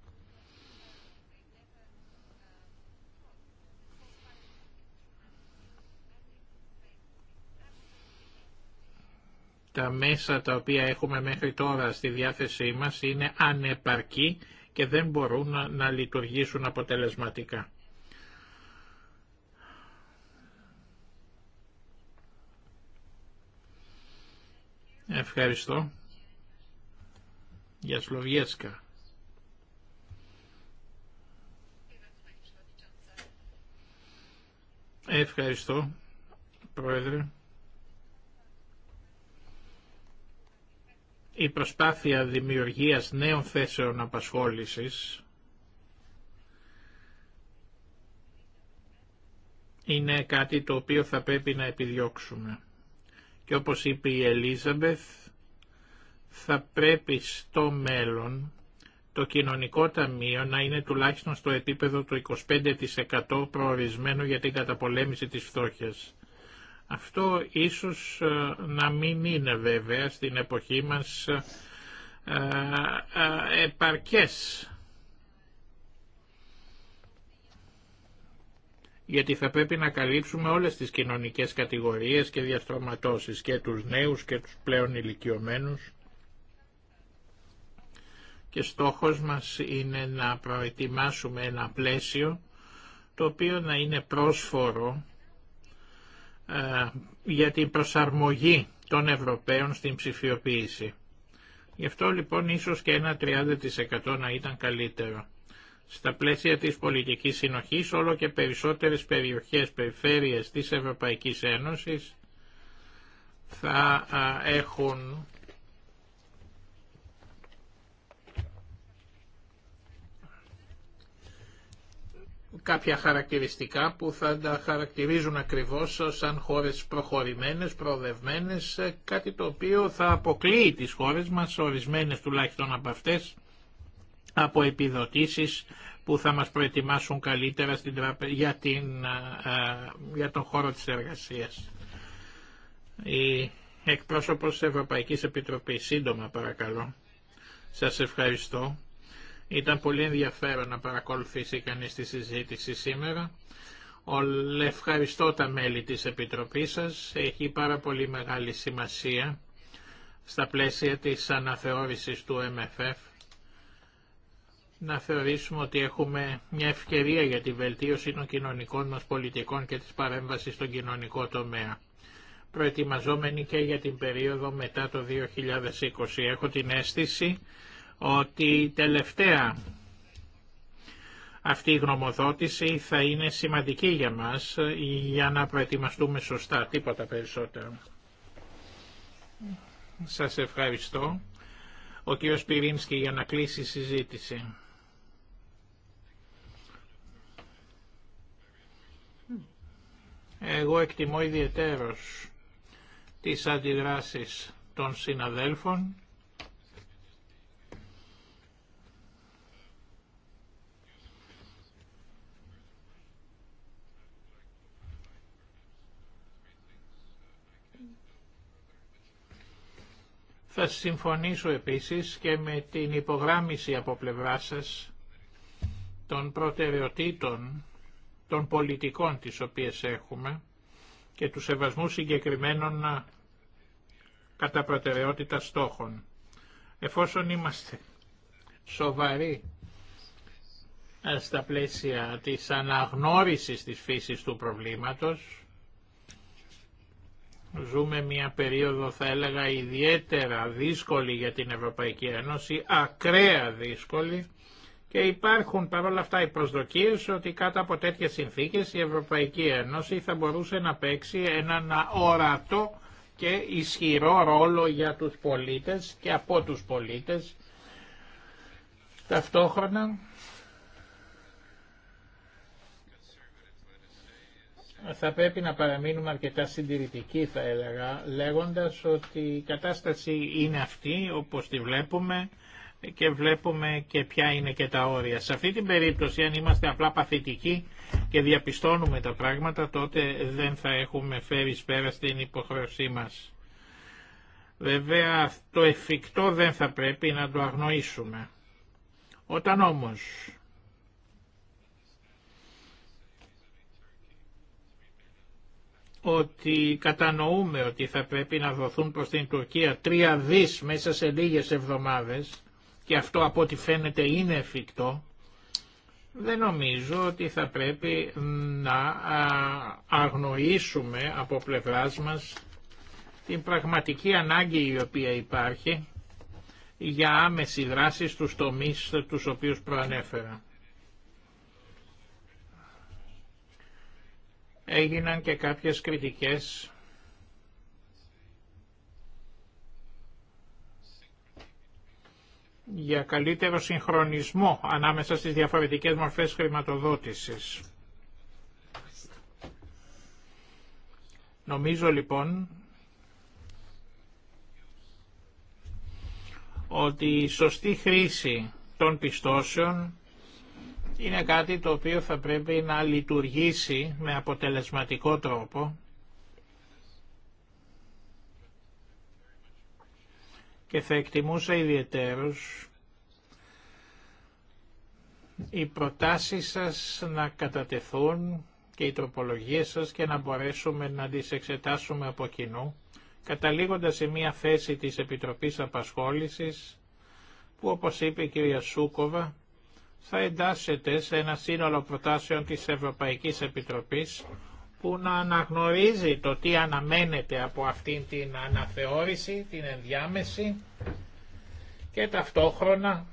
Speaker 2: τα μέσα τα οποία έχουμε μέχρι τώρα στη διάθεσή μας είναι ανεπαρκή και δεν μπορούν να, να λειτουργήσουν αποτελεσματικά. Ευχαριστώ. Για Σλοβιέσκα. Ευχαριστώ, Πρόεδρε. Η προσπάθεια δημιουργίας νέων θέσεων απασχόλησης είναι κάτι το οποίο θα πρέπει να επιδιώξουμε. Και όπως είπε η Ελίζαμπεθ, θα πρέπει στο μέλλον το κοινωνικό ταμείο να είναι τουλάχιστον στο επίπεδο του 25% προορισμένο για την καταπολέμηση της φτώχειας. Αυτό ίσως ε, να μην είναι βέβαια στην εποχή μας ε, ε, επαρκές γιατί θα πρέπει να καλύψουμε όλες τις κοινωνικές κατηγορίες και διαστρωματώσεις και τους νέους και τους πλέον ηλικιωμένους και στόχος μας είναι να προετοιμάσουμε ένα πλαίσιο το οποίο να είναι πρόσφορο ε, για την προσαρμογή των Ευρωπαίων στην ψηφιοποίηση. Γι' αυτό λοιπόν ίσως και ένα 30% να ήταν καλύτερο. Στα πλαίσια της πολιτικής συνοχής όλο και περισσότερες περιοχές, περιφέρειες της Ευρωπαϊκής Ένωσης θα έχουν κάποια χαρακτηριστικά που θα τα χαρακτηρίζουν ακριβώς σαν χώρες προχωρημένες, προοδευμένες, κάτι το οποίο θα αποκλείει τις χώρες μας, ορισμένες τουλάχιστον από αυτές, από επιδοτήσεις που θα μας προετοιμάσουν καλύτερα στην για, για τον χώρο της εργασίας. Η εκπρόσωπος της Ευρωπαϊκής Επιτροπής, σύντομα παρακαλώ. Σας ευχαριστώ. Ήταν πολύ ενδιαφέρον να παρακολουθήσει κανείς τη συζήτηση σήμερα. Ευχαριστώ τα μέλη της Επιτροπής σας. Έχει πάρα πολύ μεγάλη σημασία στα πλαίσια της αναθεώρησης του MFF να θεωρήσουμε ότι έχουμε μια ευκαιρία για τη βελτίωση των κοινωνικών μας πολιτικών και της παρέμβασης στον κοινωνικό τομέα. Προετοιμαζόμενοι και για την περίοδο μετά το 2020. Έχω την αίσθηση ότι τελευταία αυτή η γνωμοδότηση θα είναι σημαντική για μας για να προετοιμαστούμε σωστά, τίποτα περισσότερο. Σας ευχαριστώ. Ο κ. Σπυρίνσκι για να κλείσει η συζήτηση. Εγώ εκτιμώ ιδιαιτέρως τις αντιδράσεις των συναδέλφων Θα συμφωνήσω επίσης και με την υπογράμμιση από πλευρά σας των προτεραιοτήτων των πολιτικών τις οποίες έχουμε και του σεβασμού συγκεκριμένων κατά προτεραιότητα στόχων. Εφόσον είμαστε σοβαροί στα πλαίσια της αναγνώρισης της φύσης του προβλήματος, ζούμε μια περίοδο θα έλεγα ιδιαίτερα δύσκολη για την Ευρωπαϊκή Ένωση, ακραία δύσκολη, και υπάρχουν παρόλα αυτά οι προσδοκίες ότι κάτω από τέτοιες συνθήκες η Ευρωπαϊκή Ένωση θα μπορούσε να παίξει έναν ορατό και ισχυρό ρόλο για τους πολίτες και από τους πολίτες. Ταυτόχρονα θα πρέπει να παραμείνουμε αρκετά συντηρητικοί θα έλεγα λέγοντας ότι η κατάσταση είναι αυτή όπως τη βλέπουμε και βλέπουμε και ποια είναι και τα όρια. Σε αυτή την περίπτωση αν είμαστε απλά παθητικοί και διαπιστώνουμε τα πράγματα τότε δεν θα έχουμε φέρει σπέρα στην υποχρεωσή μας. Βέβαια το εφικτό δεν θα πρέπει να το αγνοήσουμε. Όταν όμως ότι κατανοούμε ότι θα πρέπει να δοθούν προς την Τουρκία τρία δις μέσα σε λίγες εβδομάδες και αυτό από ό,τι φαίνεται είναι εφικτό, δεν νομίζω ότι θα πρέπει να αγνοήσουμε από πλευράς μας την πραγματική ανάγκη η οποία υπάρχει για άμεση δράση στους τομείς τους οποίους προανέφερα. Έγιναν και κάποιες κριτικές για καλύτερο συγχρονισμό ανάμεσα στις διαφορετικές μορφές χρηματοδότησης. Νομίζω λοιπόν ότι η σωστή χρήση των πιστώσεων είναι κάτι το οποίο θα πρέπει να λειτουργήσει με αποτελεσματικό τρόπο και θα εκτιμούσα ιδιαιτέρως οι προτάσεις σας να κατατεθούν και οι τροπολογίες σας και να μπορέσουμε να τις εξετάσουμε από κοινού, καταλήγοντας σε μία θέση της Επιτροπής Απασχόλησης, που όπως είπε η κυρία Σούκοβα, θα εντάσσεται σε ένα σύνολο προτάσεων της Ευρωπαϊκής Επιτροπής, που να αναγνωρίζει το τι αναμένεται από αυτήν την αναθεώρηση, την ενδιάμεση και ταυτόχρονα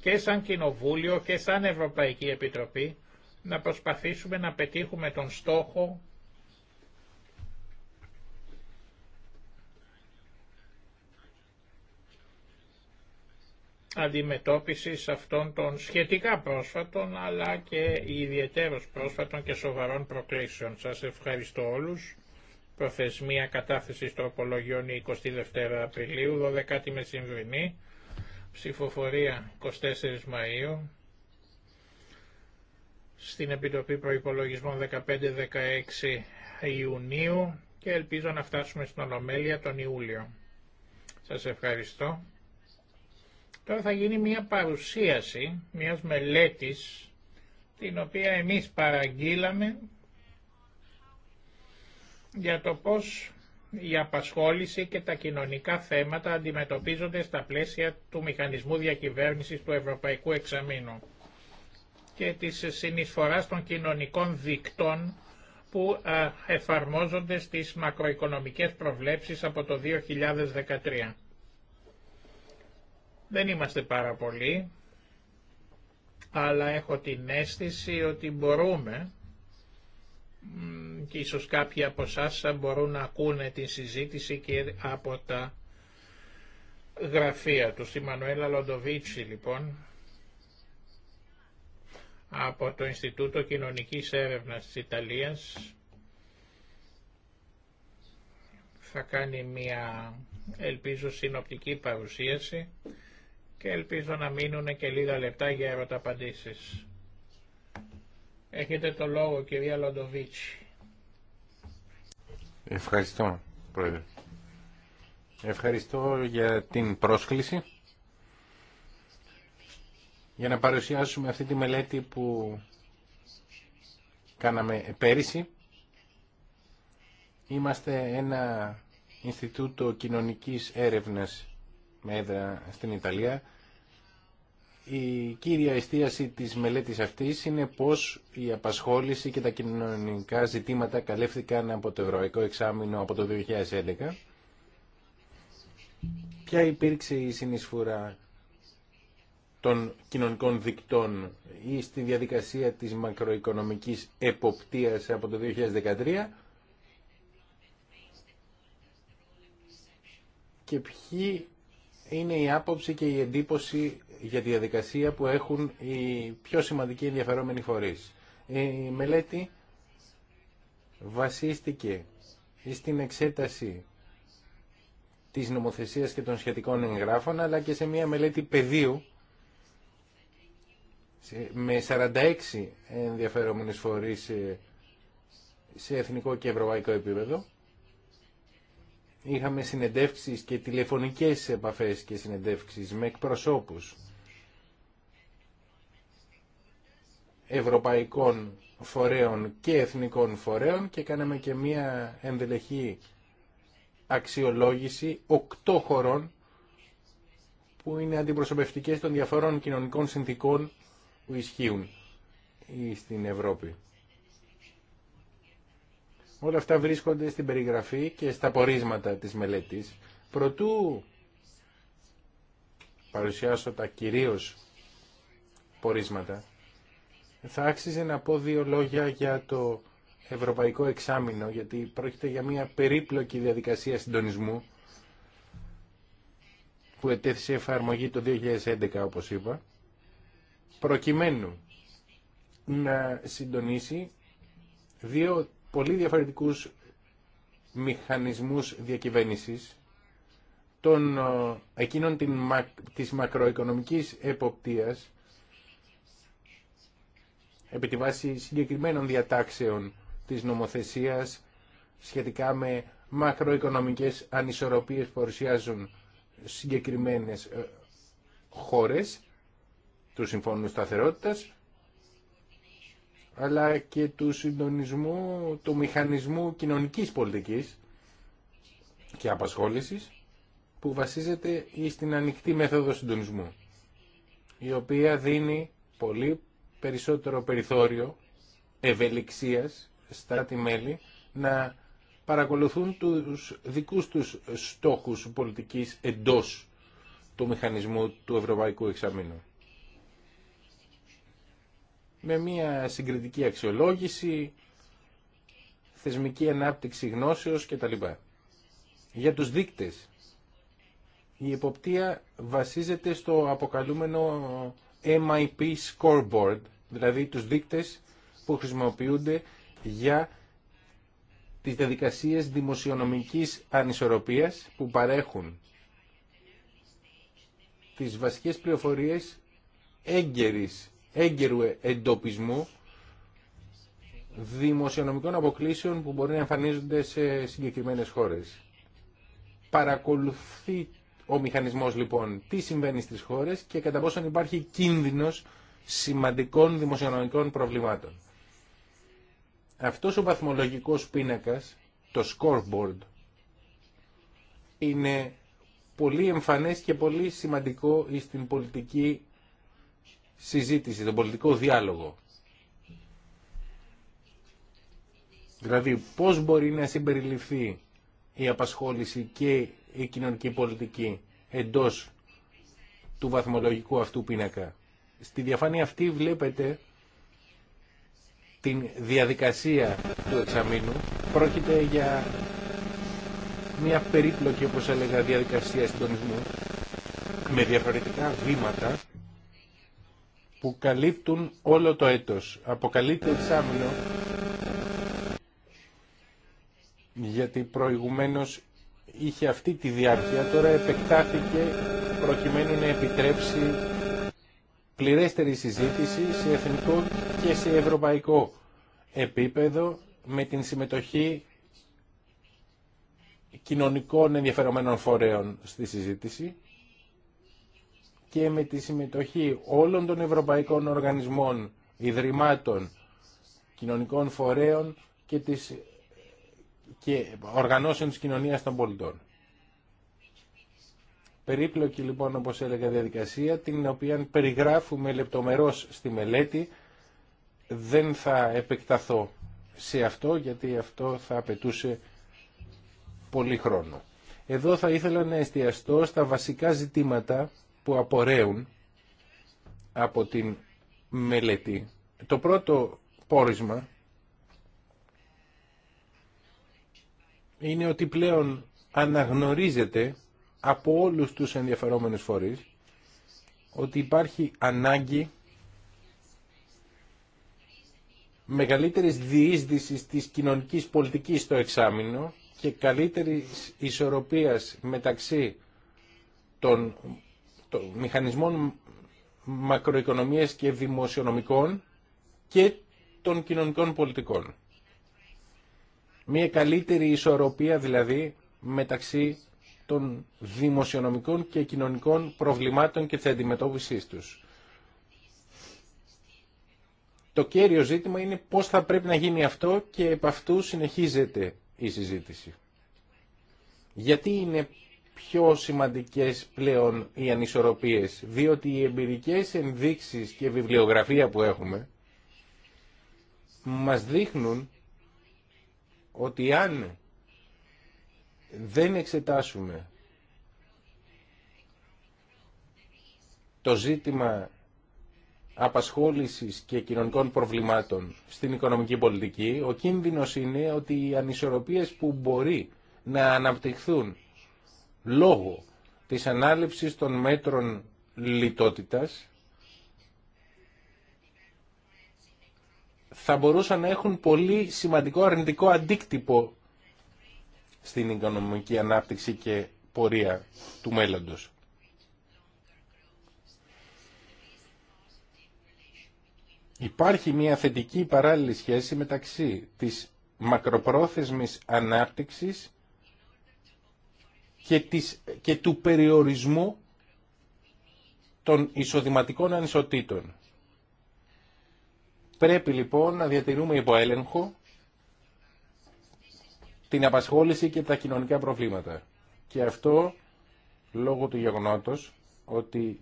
Speaker 2: και σαν Κοινοβούλιο και σαν Ευρωπαϊκή Επιτροπή να προσπαθήσουμε να πετύχουμε τον στόχο αντιμετώπισης αυτών των σχετικά πρόσφατων αλλά και ιδιαίτερως πρόσφατων και σοβαρών προκλήσεων. Σας ευχαριστώ όλους. Προθεσμία κατάθεσης τροπολογιών 22 Απριλίου, 12η Μεσημβρινή, ψηφοφορία 24 Μαΐου, στην Επιτροπή Προϋπολογισμών 15-16 Ιουνίου και ελπίζω να φτάσουμε στην Ολομέλεια τον Ιούλιο. Σας ευχαριστώ. Τώρα θα γίνει μια παρουσίαση μιας μελέτης την οποία εμείς παραγγείλαμε για το πώς η απασχόληση και τα κοινωνικά θέματα αντιμετωπίζονται στα πλαίσια του Μηχανισμού Διακυβέρνησης του Ευρωπαϊκού Εξαμήνου και της συνεισφοράς των κοινωνικών δικτών που εφαρμόζονται στις μακροοικονομικές προβλέψεις από το 2013. Δεν είμαστε πάρα πολλοί, αλλά έχω την αίσθηση ότι μπορούμε και ίσως κάποιοι από εσά μπορούν να ακούνε τη συζήτηση και από τα γραφεία του. Στη Μανουέλα Λοντοβίτσι λοιπόν, από το Ινστιτούτο Κοινωνικής Έρευνας της Ιταλίας, θα κάνει μια ελπίζω συνοπτική παρουσίαση και ελπίζω να μείνουν και λίγα λεπτά για ερωταπαντήσεις. Έχετε το λόγο κυρία Λοντοβίτσι.
Speaker 4: Ευχαριστώ πρόεδρε. Ευχαριστώ για την πρόσκληση για να παρουσιάσουμε αυτή τη μελέτη που κάναμε πέρυσι. Είμαστε ένα Ινστιτούτο Κοινωνικής Έρευνας με έδρα στην Ιταλία η κύρια εστίαση της μελέτης αυτής είναι πώς η απασχόληση και τα κοινωνικά ζητήματα καλύφθηκαν από το Ευρωπαϊκό Εξάμεινο από το 2011. Ποια υπήρξε η συνεισφορά των κοινωνικών δικτών ή στη διαδικασία της μακροοικονομικής εποπτείας από το 2013 και ποιοι είναι η άποψη και η εντύπωση για τη διαδικασία που έχουν οι πιο σημαντικοί ενδιαφερόμενοι φορείς. Η μελέτη βασίστηκε στην εξέταση της νομοθεσίας και των σχετικών εγγράφων, αλλά και σε μια μελέτη πεδίου με 46 ενδιαφερόμενες φορείς σε εθνικό και ευρωπαϊκό επίπεδο. Είχαμε συνεντεύξεις και τηλεφωνικές επαφές και συνεντεύξεις με εκπροσώπους ευρωπαϊκών φορέων και εθνικών φορέων και κάναμε και μία ενδελεχή αξιολόγηση οκτώ χωρών που είναι αντιπροσωπευτικές των διαφορών κοινωνικών συνθήκων που ισχύουν στην Ευρώπη. Όλα αυτά βρίσκονται στην περιγραφή και στα πορίσματα της μελέτης. Προτού παρουσιάσω τα κυρίως πορίσματα, θα άξιζε να πω δύο λόγια για το ευρωπαϊκό εξάμεινο, γιατί πρόκειται για μια περίπλοκη διαδικασία συντονισμού που ετέθησε εφαρμογή το 2011, όπως είπα, προκειμένου να συντονίσει δύο πολύ διαφορετικούς μηχανισμούς διακυβέρνησης των, ε, εκείνων την, της μακροοικονομικής εποπτείας επί τη βάση συγκεκριμένων διατάξεων της νομοθεσίας σχετικά με μακροοικονομικές ανισορροπίες που παρουσιάζουν συγκεκριμένες ε, χώρες του Συμφώνου Σταθερότητας αλλά και του συντονισμού του μηχανισμού κοινωνικής πολιτικής και απασχόλησης που βασίζεται στην ανοιχτή μέθοδο συντονισμού η οποία δίνει πολύ περισσότερο περιθώριο ευελιξίας στα τη μέλη να παρακολουθούν τους δικούς τους στόχους πολιτικής εντός του μηχανισμού του Ευρωπαϊκού Εξαμήνου. Με μια συγκριτική αξιολόγηση, θεσμική ανάπτυξη γνώσεως κτλ. Για τους δείκτες, η εποπτεία βασίζεται στο αποκαλούμενο MIP Scoreboard, δηλαδή τους δείκτες που χρησιμοποιούνται για τις διαδικασίες δημοσιονομικής ανισορροπίας που παρέχουν τις βασικές πληροφορίες έγκαιρης, έγκαιρου εντοπισμού δημοσιονομικών αποκλήσεων που μπορεί να εμφανίζονται σε συγκεκριμένες χώρες. Παρακολουθεί ο μηχανισμός λοιπόν τι συμβαίνει στις χώρες και κατά πόσον υπάρχει κίνδυνος σημαντικών δημοσιονομικών προβλημάτων. Αυτός ο βαθμολογικός πίνακας, το scoreboard, είναι πολύ εμφανές και πολύ σημαντικό στην πολιτική συζήτηση, τον πολιτικό διάλογο. Δηλαδή πώς μπορεί να συμπεριληφθεί η απασχόληση και η κοινωνική πολιτική εντός του βαθμολογικού αυτού πίνακα. Στη διαφάνεια αυτή βλέπετε την διαδικασία του εξαμήνου. Πρόκειται για μια περίπλοκη, όπως έλεγα, διαδικασία συντονισμού με διαφορετικά βήματα που καλύπτουν όλο το έτος. Αποκαλείται εξάμεινο γιατί προηγουμένως είχε αυτή τη διάρκεια, τώρα επεκτάθηκε προκειμένου να επιτρέψει πληρέστερη συζήτηση σε εθνικό και σε ευρωπαϊκό επίπεδο με την συμμετοχή κοινωνικών ενδιαφερομένων φορέων στη συζήτηση και με τη συμμετοχή όλων των ευρωπαϊκών οργανισμών, ιδρυμάτων, κοινωνικών φορέων και, της, και οργανώσεων της κοινωνίας των πολιτών. Περίπλοκη λοιπόν όπως έλεγα διαδικασία την οποία περιγράφουμε λεπτομερώς στη μελέτη δεν θα επεκταθώ σε αυτό γιατί αυτό θα απαιτούσε πολύ χρόνο. Εδώ θα ήθελα να εστιαστώ στα βασικά ζητήματα που απορρέουν από την μελετή. Το πρώτο πόρισμα είναι ότι πλέον αναγνωρίζεται από όλους τους ενδιαφερόμενους φορείς ότι υπάρχει ανάγκη μεγαλύτερης διείσδυσης της κοινωνικής πολιτικής στο εξάμεινο και καλύτερης ισορροπίας μεταξύ των, μηχανισμών μακροοικονομίας και δημοσιονομικών και των κοινωνικών πολιτικών. Μια καλύτερη ισορροπία δηλαδή μεταξύ των δημοσιονομικών και κοινωνικών προβλημάτων και της αντιμετώπισης τους. Το κέριο ζήτημα είναι πώς θα πρέπει να γίνει αυτό και επ' αυτού συνεχίζεται η συζήτηση. Γιατί είναι πιο σημαντικές πλέον οι ανισορροπίες, διότι οι εμπειρικές ενδείξεις και βιβλιογραφία που έχουμε μας δείχνουν ότι αν δεν εξετάσουμε το ζήτημα απασχόλησης και κοινωνικών προβλημάτων στην οικονομική πολιτική, ο κίνδυνος είναι ότι οι ανισορροπίες που μπορεί να αναπτυχθούν λόγω της ανάληψης των μέτρων λιτότητας θα μπορούσαν να έχουν πολύ σημαντικό αρνητικό αντίκτυπο στην οικονομική ανάπτυξη και πορεία του μέλλοντος. Υπάρχει μια θετική παράλληλη σχέση μεταξύ της μακροπρόθεσμης ανάπτυξης και, και του περιορισμού των εισοδηματικών ανισοτήτων. Πρέπει λοιπόν να διατηρούμε υποέλεγχο την απασχόληση και τα κοινωνικά προβλήματα. Και αυτό λόγω του γεγονότος ότι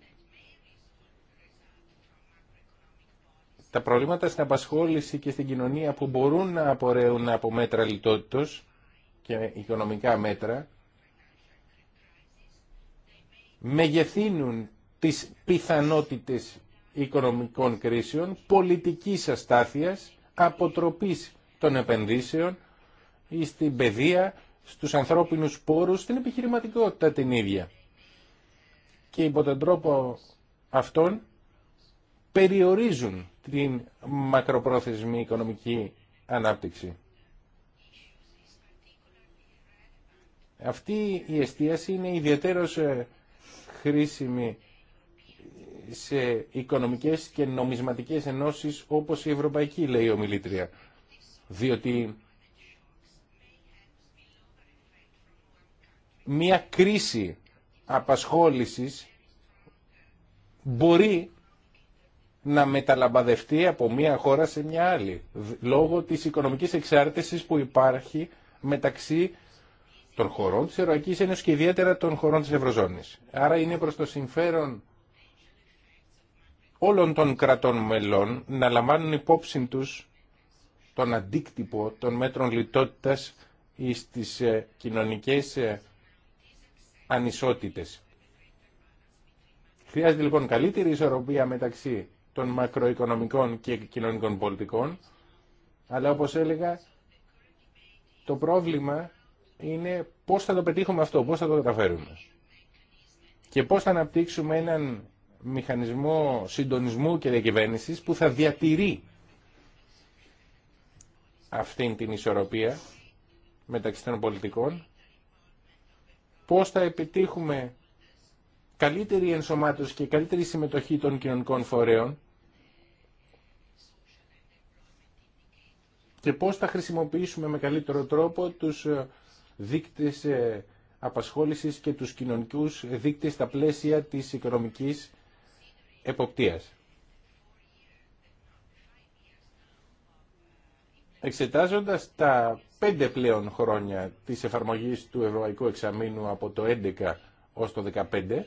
Speaker 4: τα προβλήματα στην απασχόληση και στην κοινωνία που μπορούν να απορρέουν από μέτρα λιτότητος και οικονομικά μέτρα μεγεθύνουν τις πιθανότητες οικονομικών κρίσεων, πολιτικής αστάθειας, αποτροπής των επενδύσεων, ή στην παιδεία, στους ανθρώπινους πόρους, στην επιχειρηματικότητα την ίδια. Και υπό τον τρόπο αυτόν περιορίζουν την μακροπρόθεσμη οικονομική ανάπτυξη. Αυτή η εστίαση είναι ιδιαίτερος ε, χρήσιμη σε οικονομικές και υπο τον τροπο αυτων ενώσεις όπως η εστιαση ειναι ιδιαιτερως χρησιμη σε οικονομικες και λέει ο Μιλήτρια. Διότι μια κρίση απασχόλησης μπορεί να μεταλαμπαδευτεί από μια χώρα σε μια άλλη λόγω της οικονομικής εξάρτησης που υπάρχει μεταξύ των χωρών της Ευρωπαϊκής Ένωσης και ιδιαίτερα των χωρών της Ευρωζώνης. Άρα είναι προς το συμφέρον όλων των κρατών μελών να λαμβάνουν υπόψη τους τον αντίκτυπο των μέτρων λιτότητας στις ε, κοινωνικές ε, ανισότητες. Χρειάζεται λοιπόν καλύτερη ισορροπία μεταξύ των μακροοικονομικών και κοινωνικών πολιτικών, αλλά όπως έλεγα, το πρόβλημα είναι πώς θα το πετύχουμε αυτό, πώς θα το καταφέρουμε. Και πώς θα αναπτύξουμε έναν μηχανισμό συντονισμού και διακυβέρνησης που θα διατηρεί αυτήν την ισορροπία μεταξύ των πολιτικών πώς θα επιτύχουμε καλύτερη ενσωμάτωση και καλύτερη συμμετοχή των κοινωνικών φορέων και πώς θα χρησιμοποιήσουμε με καλύτερο τρόπο τους ε, δείκτες ε, απασχόλησης και τους κοινωνικούς δείκτες στα πλαίσια της οικονομικής εποπτείας. Εξετάζοντας τα πέντε πλέον χρόνια της εφαρμογής του Ευρωπαϊκού Εξαμήνου από το 11 ως το 15,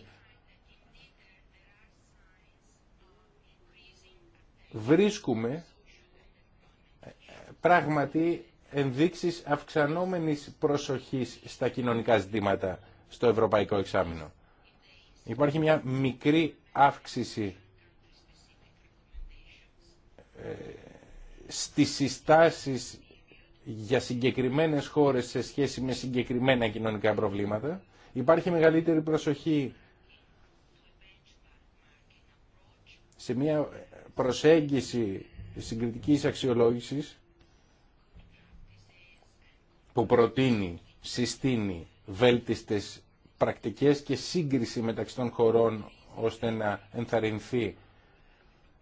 Speaker 4: βρίσκουμε πράγματι ενδείξεις αυξανόμενης προσοχής στα κοινωνικά ζητήματα στο Ευρωπαϊκό Εξάμεινο. Υπάρχει μια μικρή αύξηση ε, στις συστάσεις για συγκεκριμένες χώρες σε σχέση με συγκεκριμένα κοινωνικά προβλήματα. Υπάρχει μεγαλύτερη προσοχή σε μια προσέγγιση συγκριτικής αξιολόγησης που προτείνει, συστήνει βέλτιστες πρακτικές και σύγκριση μεταξύ των χωρών ώστε να ενθαρρυνθεί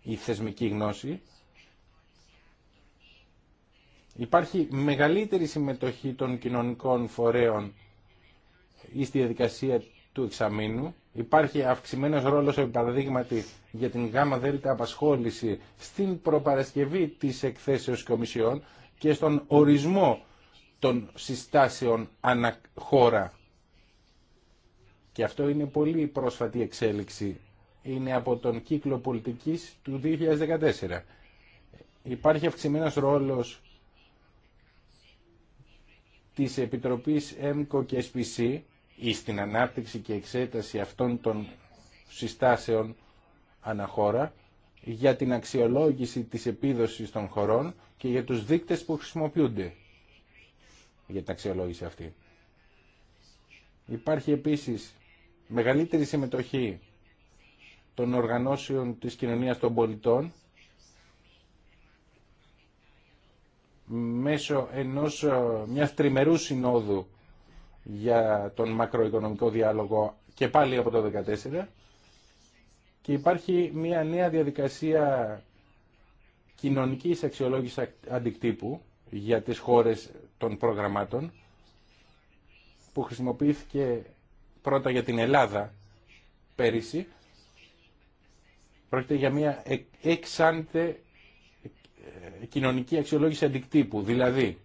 Speaker 4: η θεσμική γνώση Υπάρχει μεγαλύτερη συμμετοχή των κοινωνικών φορέων στη διαδικασία του εξαμήνου. Υπάρχει αυξημένο ρόλο, επί για την ΓΑΜΑ ΔΕΛΤΑ απασχόληση στην προπαρασκευή τη εκθέσεως κομισιών και στον ορισμό των συστάσεων αναχώρα. Και αυτό είναι πολύ πρόσφατη εξέλιξη. Είναι από τον κύκλο πολιτικής του 2014. Υπάρχει αυξημένος ρόλος της Επιτροπής ΕΜΚΟ και SPC ή στην ανάπτυξη και εξέταση αυτών των συστάσεων αναχώρα για την αξιολόγηση της επίδοσης των χωρών και για τους δείκτες που χρησιμοποιούνται για την αξιολόγηση αυτή. Υπάρχει επίσης μεγαλύτερη συμμετοχή των οργανώσεων της κοινωνίας των πολιτών μέσω ενός, ε, μιας τριμερού συνόδου για τον μακροοικονομικό διάλογο και πάλι από το 2014 και υπάρχει μια νέα διαδικασία κοινωνικής αξιολόγησης αντικτύπου για τις χώρες των προγραμμάτων που χρησιμοποιήθηκε πρώτα για την Ελλάδα πέρυσι. Πρόκειται για μια εξάντε κοινωνική αξιολόγηση αντικτύπου. Δηλαδή,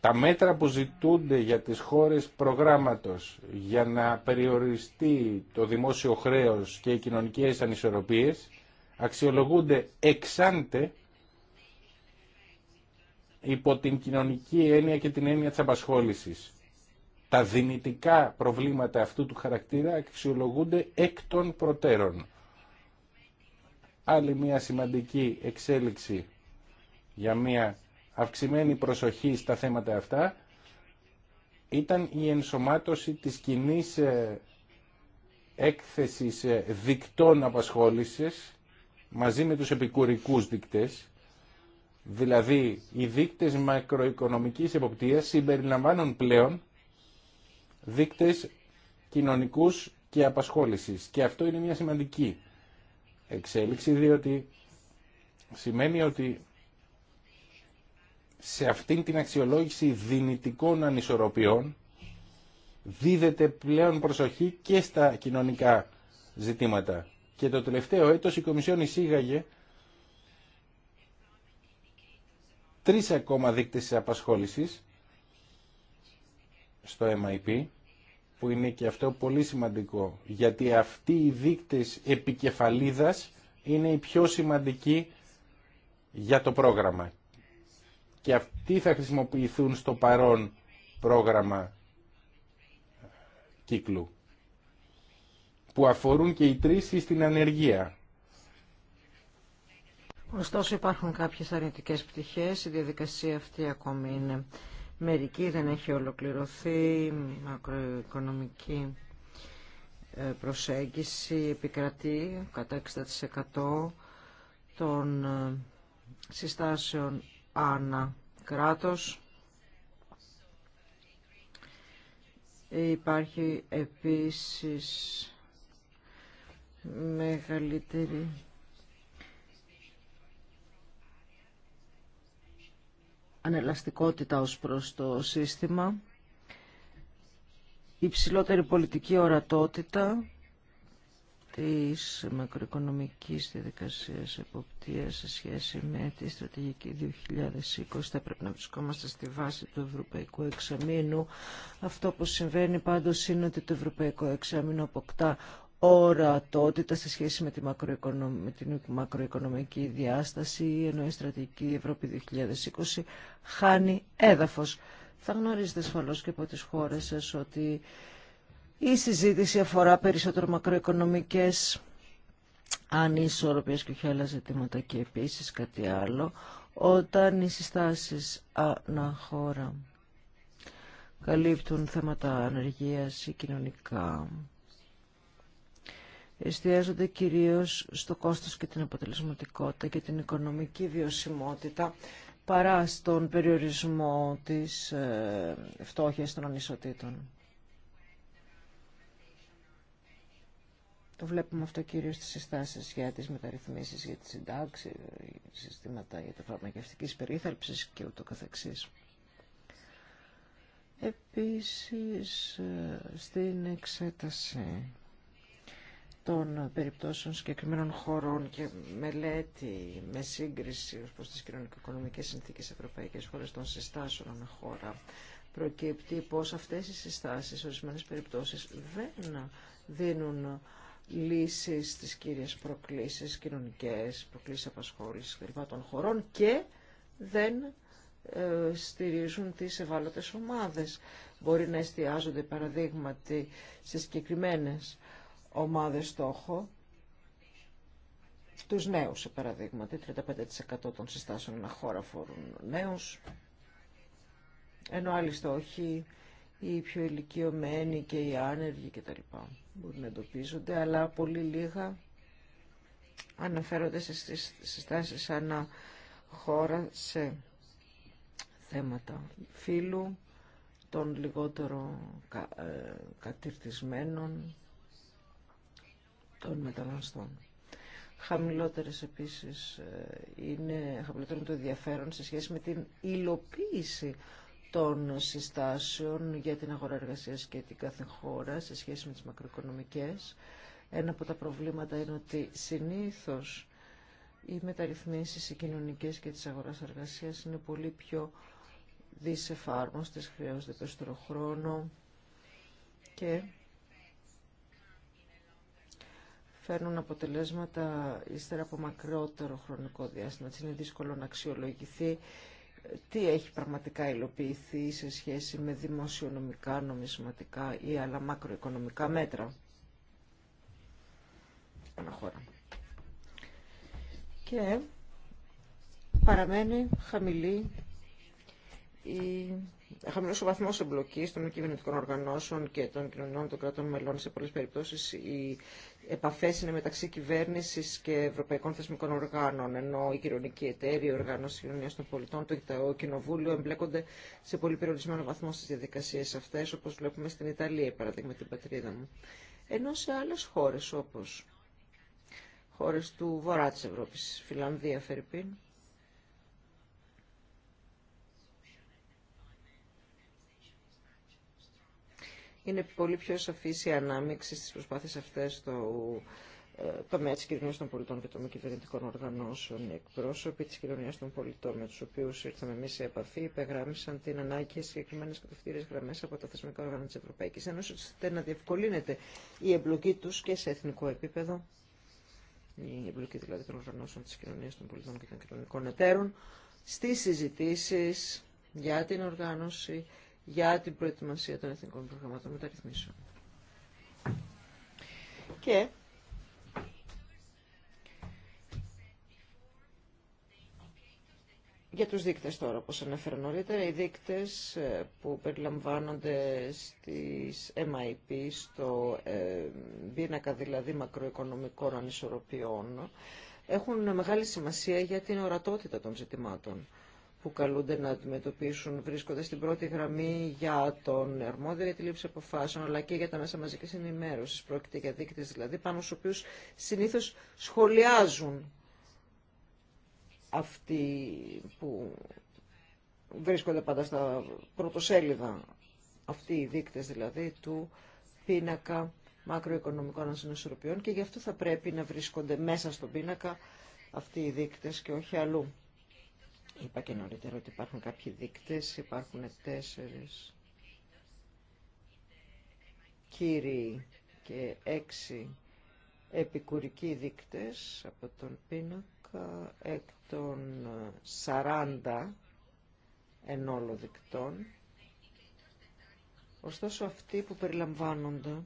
Speaker 4: τα μέτρα που ζητούνται για τις χώρες προγράμματος για να περιοριστεί το δημόσιο χρέος και οι κοινωνικές ανισορροπίες αξιολογούνται εξάντε υπό την κοινωνική έννοια και την έννοια της απασχόλησης. Τα δυνητικά προβλήματα αυτού του χαρακτήρα αξιολογούνται εκ των προτέρων άλλη μια σημαντική εξέλιξη για μια αυξημένη προσοχή στα θέματα αυτά ήταν η ενσωμάτωση της κοινή ε, έκθεσης ε, δικτών απασχόλησης μαζί με τους επικουρικούς δικτές, δηλαδή οι δίκτες μακροοικονομικής εποπτείας συμπεριλαμβάνουν πλέον δίκτες κοινωνικούς και απασχόλησης και αυτό είναι μια σημαντική εξέλιξη διότι σημαίνει ότι σε αυτήν την αξιολόγηση δυνητικών ανισορροπιών δίδεται πλέον προσοχή και στα κοινωνικά ζητήματα. Και το τελευταίο έτος η Κομισιόν εισήγαγε τρεις ακόμα δείκτες απασχόλησης στο MIP που είναι και αυτό πολύ σημαντικό, γιατί αυτοί οι δείκτες επικεφαλίδας είναι οι πιο σημαντικοί για το πρόγραμμα. Και αυτοί θα χρησιμοποιηθούν στο παρόν πρόγραμμα κύκλου, που αφορούν και οι τρεις στην ανεργία.
Speaker 3: Ωστόσο υπάρχουν κάποιες αρνητικές πτυχές, η διαδικασία αυτή ακόμη είναι μερική δεν έχει ολοκληρωθεί, μακροοικονομική ε, προσέγγιση επικρατεί κατά 60% των ε, συστάσεων ανά κράτος. Υπάρχει επίσης μεγαλύτερη ανελαστικότητα ως προς το σύστημα, υψηλότερη πολιτική ορατότητα της μακροοικονομικής διαδικασίας εποπτείας σε σχέση με τη στρατηγική 2020 θα πρέπει να βρισκόμαστε στη βάση του Ευρωπαϊκού Εξαμήνου. Αυτό που συμβαίνει πάντως είναι ότι το Ευρωπαϊκό Εξαμήνου αποκτά ορατότητα σε σχέση με, τη με την μακροοικονομική διάσταση, ενώ η στρατηγική Ευρώπη 2020 χάνει έδαφος. Θα γνωρίζετε ασφαλώς και από τις χώρες σας ότι η συζήτηση αφορά περισσότερο μακροοικονομικές ανισορροπίες και όχι άλλα ζητήματα και επίσης κάτι άλλο, όταν οι συστάσεις αναχώρα καλύπτουν θέματα ανεργίας ή κοινωνικά εστιάζονται κυρίως στο κόστος και την αποτελεσματικότητα και την οικονομική βιωσιμότητα παρά στον περιορισμό της ε, φτώχειας των ανισοτήτων. Το βλέπουμε αυτό κυρίως στις συστάσεις για τις μεταρρυθμίσεις, για τη συντάξη, ε, συστήματα για τα φαρμακευτικής περίθαλψης και ούτω καθεξής. Επίσης, ε, στην εξέταση των περιπτώσεων συγκεκριμένων χωρών και μελέτη με σύγκριση ως προς τις κοινωνικο-οικονομικές συνθήκες ευρωπαϊκές χώρες των συστάσεων με χώρα προκύπτει πως αυτές οι συστάσεις σε ορισμένες περιπτώσεις δεν δίνουν λύσεις στις κύριες προκλήσεις κοινωνικές, προκλήσεις απασχόλησης κλπ. των χωρών και δεν ε, στηρίζουν τις ευάλωτες ομάδες. Μπορεί να εστιάζονται παραδείγματι σε συγκεκριμένες ομάδες στόχο, τους νέους, σε παραδείγμα, 35% των συστάσεων να χώρα φορούν νέους, ενώ άλλοι στόχοι, οι πιο ηλικιωμένοι και οι άνεργοι κτλ. μπορούν να εντοπίζονται, αλλά πολύ λίγα αναφέρονται σε συστάσεις ανά χώρα σε θέματα φίλου των λιγότερο ε, κατηρτισμένων, των μεταναστών. Χαμηλότερες επίσης ε, είναι, χαμηλότερο το ενδιαφέρον σε σχέση με την υλοποίηση των συστάσεων για την αγορά εργασίας και την κάθε χώρα σε σχέση με τις μακροοικονομικές. Ένα από τα προβλήματα είναι ότι συνήθως οι μεταρρυθμίσεις οι κοινωνικές και της αγοράς εργασίας είναι πολύ πιο δυσεφάρμοστες, χρειάζονται περισσότερο χρόνο και φέρνουν αποτελέσματα ύστερα από μακρότερο χρονικό διάστημα. Έτσι είναι δύσκολο να αξιολογηθεί ε, τι έχει πραγματικά υλοποιηθεί σε σχέση με δημοσιονομικά, νομισματικά ή άλλα μακροοικονομικά μέτρα. Αναχώρα. Και παραμένει χαμηλή η χαμηλό ο βαθμό εμπλοκή των κυβερνητικών οργανώσεων και των κοινωνιών των κρατών μελών. Σε πολλέ περιπτώσει, οι επαφές είναι μεταξύ κυβέρνησης και ευρωπαϊκών θεσμικών οργάνων, ενώ η κοινωνική εταιρεία, η οργάνωση κοινωνία των πολιτών, το κοινοβούλιο εμπλέκονται σε πολύ περιορισμένο βαθμό στις διαδικασίες αυτές, όπως βλέπουμε στην Ιταλία, παραδείγμα την πατρίδα μου. Ενώ σε άλλες χώρες, όπως χώρες του βορρά της Ευρώπης, Φιλανδία, Φερρυπίν, είναι πολύ πιο σαφή η ανάμειξη στις προσπάθειες αυτές του ε, τομέα της κοινωνίας των πολιτών και των κυβερνητικών οργανώσεων. Οι εκπρόσωποι της κοινωνίας των πολιτών με τους οποίους ήρθαμε εμείς σε επαφή υπεγράμμισαν την ανάγκη για συγκεκριμένες κατευθύνες γραμμές από τα θεσμικά όργανα της Ευρωπαϊκής Ένωσης ώστε να διευκολύνεται η εμπλοκή τους και σε εθνικό επίπεδο η εμπλοκή δηλαδή των οργανώσεων της κοινωνίας των πολιτών και των κοινωνικών εταίρων στις συζητήσεις για την οργάνωση για την προετοιμασία των εθνικών προγραμμάτων μεταρρυθμίσεων. Και Για τους δείκτες τώρα, όπως ανέφερα νωρίτερα, οι δείκτες ε, που περιλαμβάνονται στις MIP, στο ε, πίνακα δηλαδή μακροοικονομικών ανισορροπιών, έχουν μεγάλη σημασία για την ορατότητα των ζητημάτων που καλούνται να αντιμετωπίσουν βρίσκονται στην πρώτη γραμμή για τον αρμόδιο για τη λήψη αποφάσεων αλλά και για τα μέσα μαζική ενημέρωση. Πρόκειται για δείκτε δηλαδή πάνω στου οποίου συνήθω σχολιάζουν αυτοί που βρίσκονται πάντα στα πρωτοσέλιδα, αυτοί οι δείκτες δηλαδή του πίνακα μακροοικονομικών ανασυνοσορροπιών και γι' αυτό θα πρέπει να βρίσκονται μέσα στον πίνακα αυτοί οι δείκτες και όχι αλλού. Είπα και νωρίτερα ότι υπάρχουν κάποιοι δείκτες, υπάρχουν τέσσερις κύριοι και έξι επικουρικοί δείκτες από τον πίνακα εκ των 40 εν όλο δικτών. Ωστόσο αυτοί που περιλαμβάνονται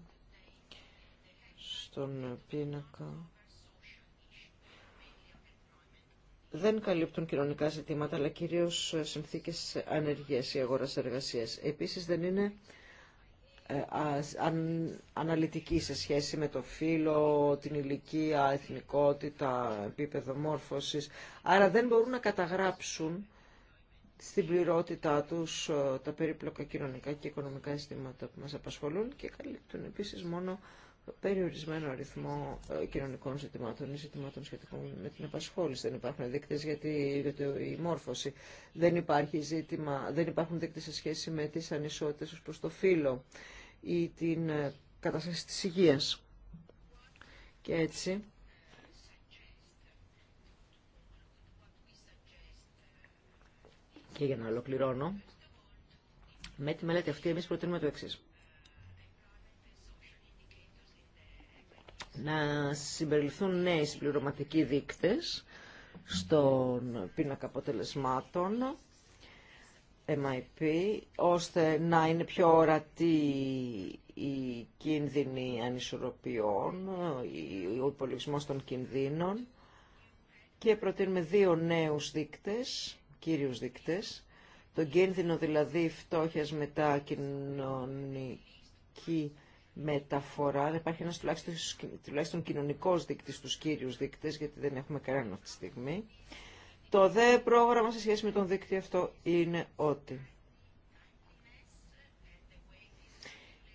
Speaker 3: στον πίνακα δεν καλύπτουν κοινωνικά ζητήματα, αλλά κυρίως ε, συνθήκες ανεργίας ή αγοράς εργασίας. Επίσης δεν είναι ε, αναλυτική σε σχέση με το φύλλο, την ηλικία, εθνικότητα, επίπεδο μόρφωσης. Άρα δεν μπορούν να καταγράψουν στην πληρότητά τους ε, τα περίπλοκα κοινωνικά και οικονομικά ζητήματα που μας απασχολούν και καλύπτουν επίσης μόνο περιορισμένο αριθμό ε, κοινωνικών ζητημάτων ή ζητημάτων σχετικών με την απασχόληση. Δεν υπάρχουν δείκτες για τη, μόρφωση. Δεν, υπάρχει ζήτημα, δεν υπάρχουν δείκτες σε σχέση με τις ανισότητες ως προς το φύλλο ή την ε, κατάσταση της υγείας. Και έτσι, και για να ολοκληρώνω, με τη μελέτη αυτή εμείς προτείνουμε το εξής. να συμπεριληφθούν νέοι συμπληρωματικοί δείκτες στον πίνακα αποτελεσμάτων MIP, ώστε να είναι πιο ορατή η κίνδυνη ανισορροπιών, ο υπολογισμός των κινδύνων και προτείνουμε δύο νέους δείκτες, κύριους δείκτες, τον κίνδυνο δηλαδή φτώχειας μετά κοινωνική μεταφορά, δεν υπάρχει ένας τουλάχιστον, τουλάχιστον κοινωνικός δείκτης στους κύριους δείκτες, γιατί δεν έχουμε κανέναν αυτή τη στιγμή. Το δε πρόγραμμα σε σχέση με τον δείκτη αυτό είναι ότι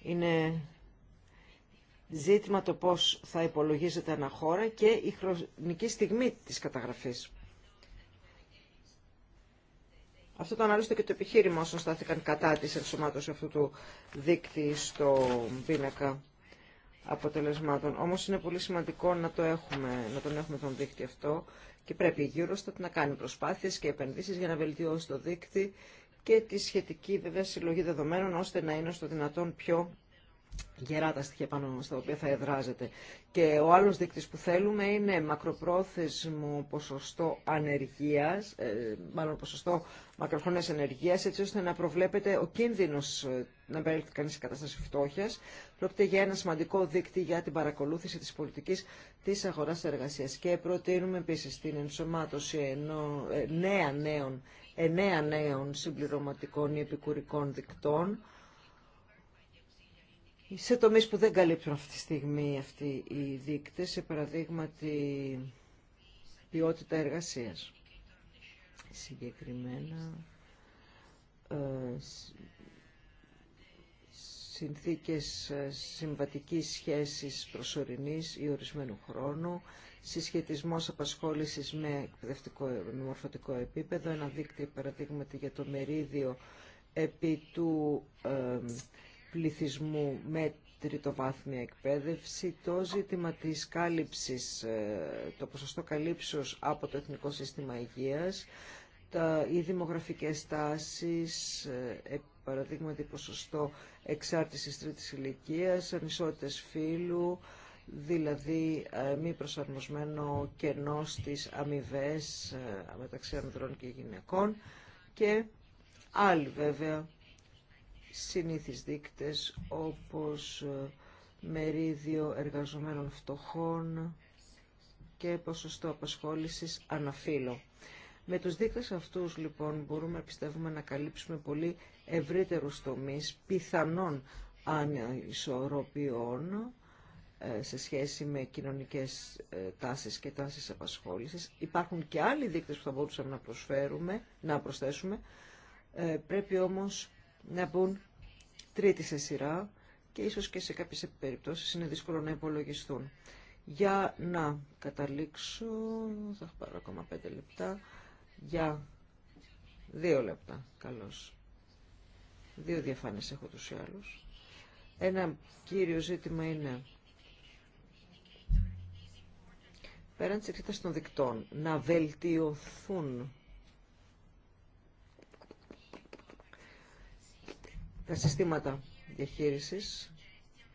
Speaker 3: είναι ζήτημα το πώς θα υπολογίζεται χώρα και η χρονική στιγμή της καταγραφής. Αυτό το άλλωστε και το επιχείρημα όσων στάθηκαν κατά τη ενσωμάτωση αυτού του δίκτυ στο πίνακα αποτελεσμάτων. Όμω είναι πολύ σημαντικό να, το έχουμε, να τον έχουμε τον δίκτυ αυτό και πρέπει η Eurostat να κάνει προσπάθειες και επενδύσεις για να βελτιώσει το δίκτυ και τη σχετική βέβαια συλλογή δεδομένων ώστε να είναι στο δυνατόν πιο γερά τα στοιχεία πάνω στα οποία θα εδράζεται. Και ο άλλος δείκτης που θέλουμε είναι μακροπρόθεσμο ποσοστό ανεργίας, ε, μάλλον ποσοστό μακροχρόνιας ανεργίας, έτσι ώστε να προβλέπεται ο κίνδυνος ε, να περιέλθει κανείς σε κατάσταση φτώχειας. Πρόκειται για ένα σημαντικό δείκτη για την παρακολούθηση της πολιτικής της αγοράς εργασίας. Και προτείνουμε επίσης την ενσωμάτωση ενώ, ε, νέα νέων, εννέα νέων συμπληρωματικών ή επικουρικών δικτών, σε τομείς που δεν καλύπτουν αυτή τη στιγμή αυτοί οι δείκτες, σε παραδείγματι ποιότητα εργασίας. Συγκεκριμένα ε, συνθήκες ε, συμβατικής σχέσης προσωρινής ή ορισμένου χρόνου, συσχετισμός απασχόλησης με εκπαιδευτικό μορφωτικό επίπεδο, ένα δείκτη παραδείγματι για το μερίδιο επί του ε, πληθυσμού με τριτοβάθμια εκπαίδευση, το ζήτημα της κάλυψης, ε, το ποσοστό καλύψεως από το Εθνικό Σύστημα Υγείας, τα, οι δημογραφικές τάσεις, ε, ε, παραδείγματι ποσοστό εξάρτησης τρίτης ηλικίας, ανισότητες φύλου, δηλαδή μη προσαρμοσμένο κενό στις αμοιβέ μεταξύ ανδρών και γυναικών και άλλοι βέβαια συνήθεις δείκτες όπως ε, μερίδιο εργαζομένων φτωχών και ποσοστό απασχόλησης αναφύλων. Με τους δείκτες αυτούς λοιπόν μπορούμε πιστεύουμε να καλύψουμε πολύ ευρύτερους τομείς πιθανών ανισορροπιών ε, σε σχέση με κοινωνικές ε, τάσεις και τάσεις απασχόλησης. Υπάρχουν και άλλοι δείκτες που θα μπορούσαμε να προσφέρουμε, να προσθέσουμε. Πρέπει όμως να μπουν τρίτη σε σειρά και ίσως και σε κάποιες περιπτώσεις είναι δύσκολο να υπολογιστούν. Για να καταλήξω, θα πάρω ακόμα πέντε λεπτά, για δύο λεπτά, καλώς. Δύο διαφάνειες έχω τους ή άλλους. Ένα κύριο ζήτημα είναι πέραν της εξέτασης των δικτών να βελτιωθούν τα συστήματα διαχείρισης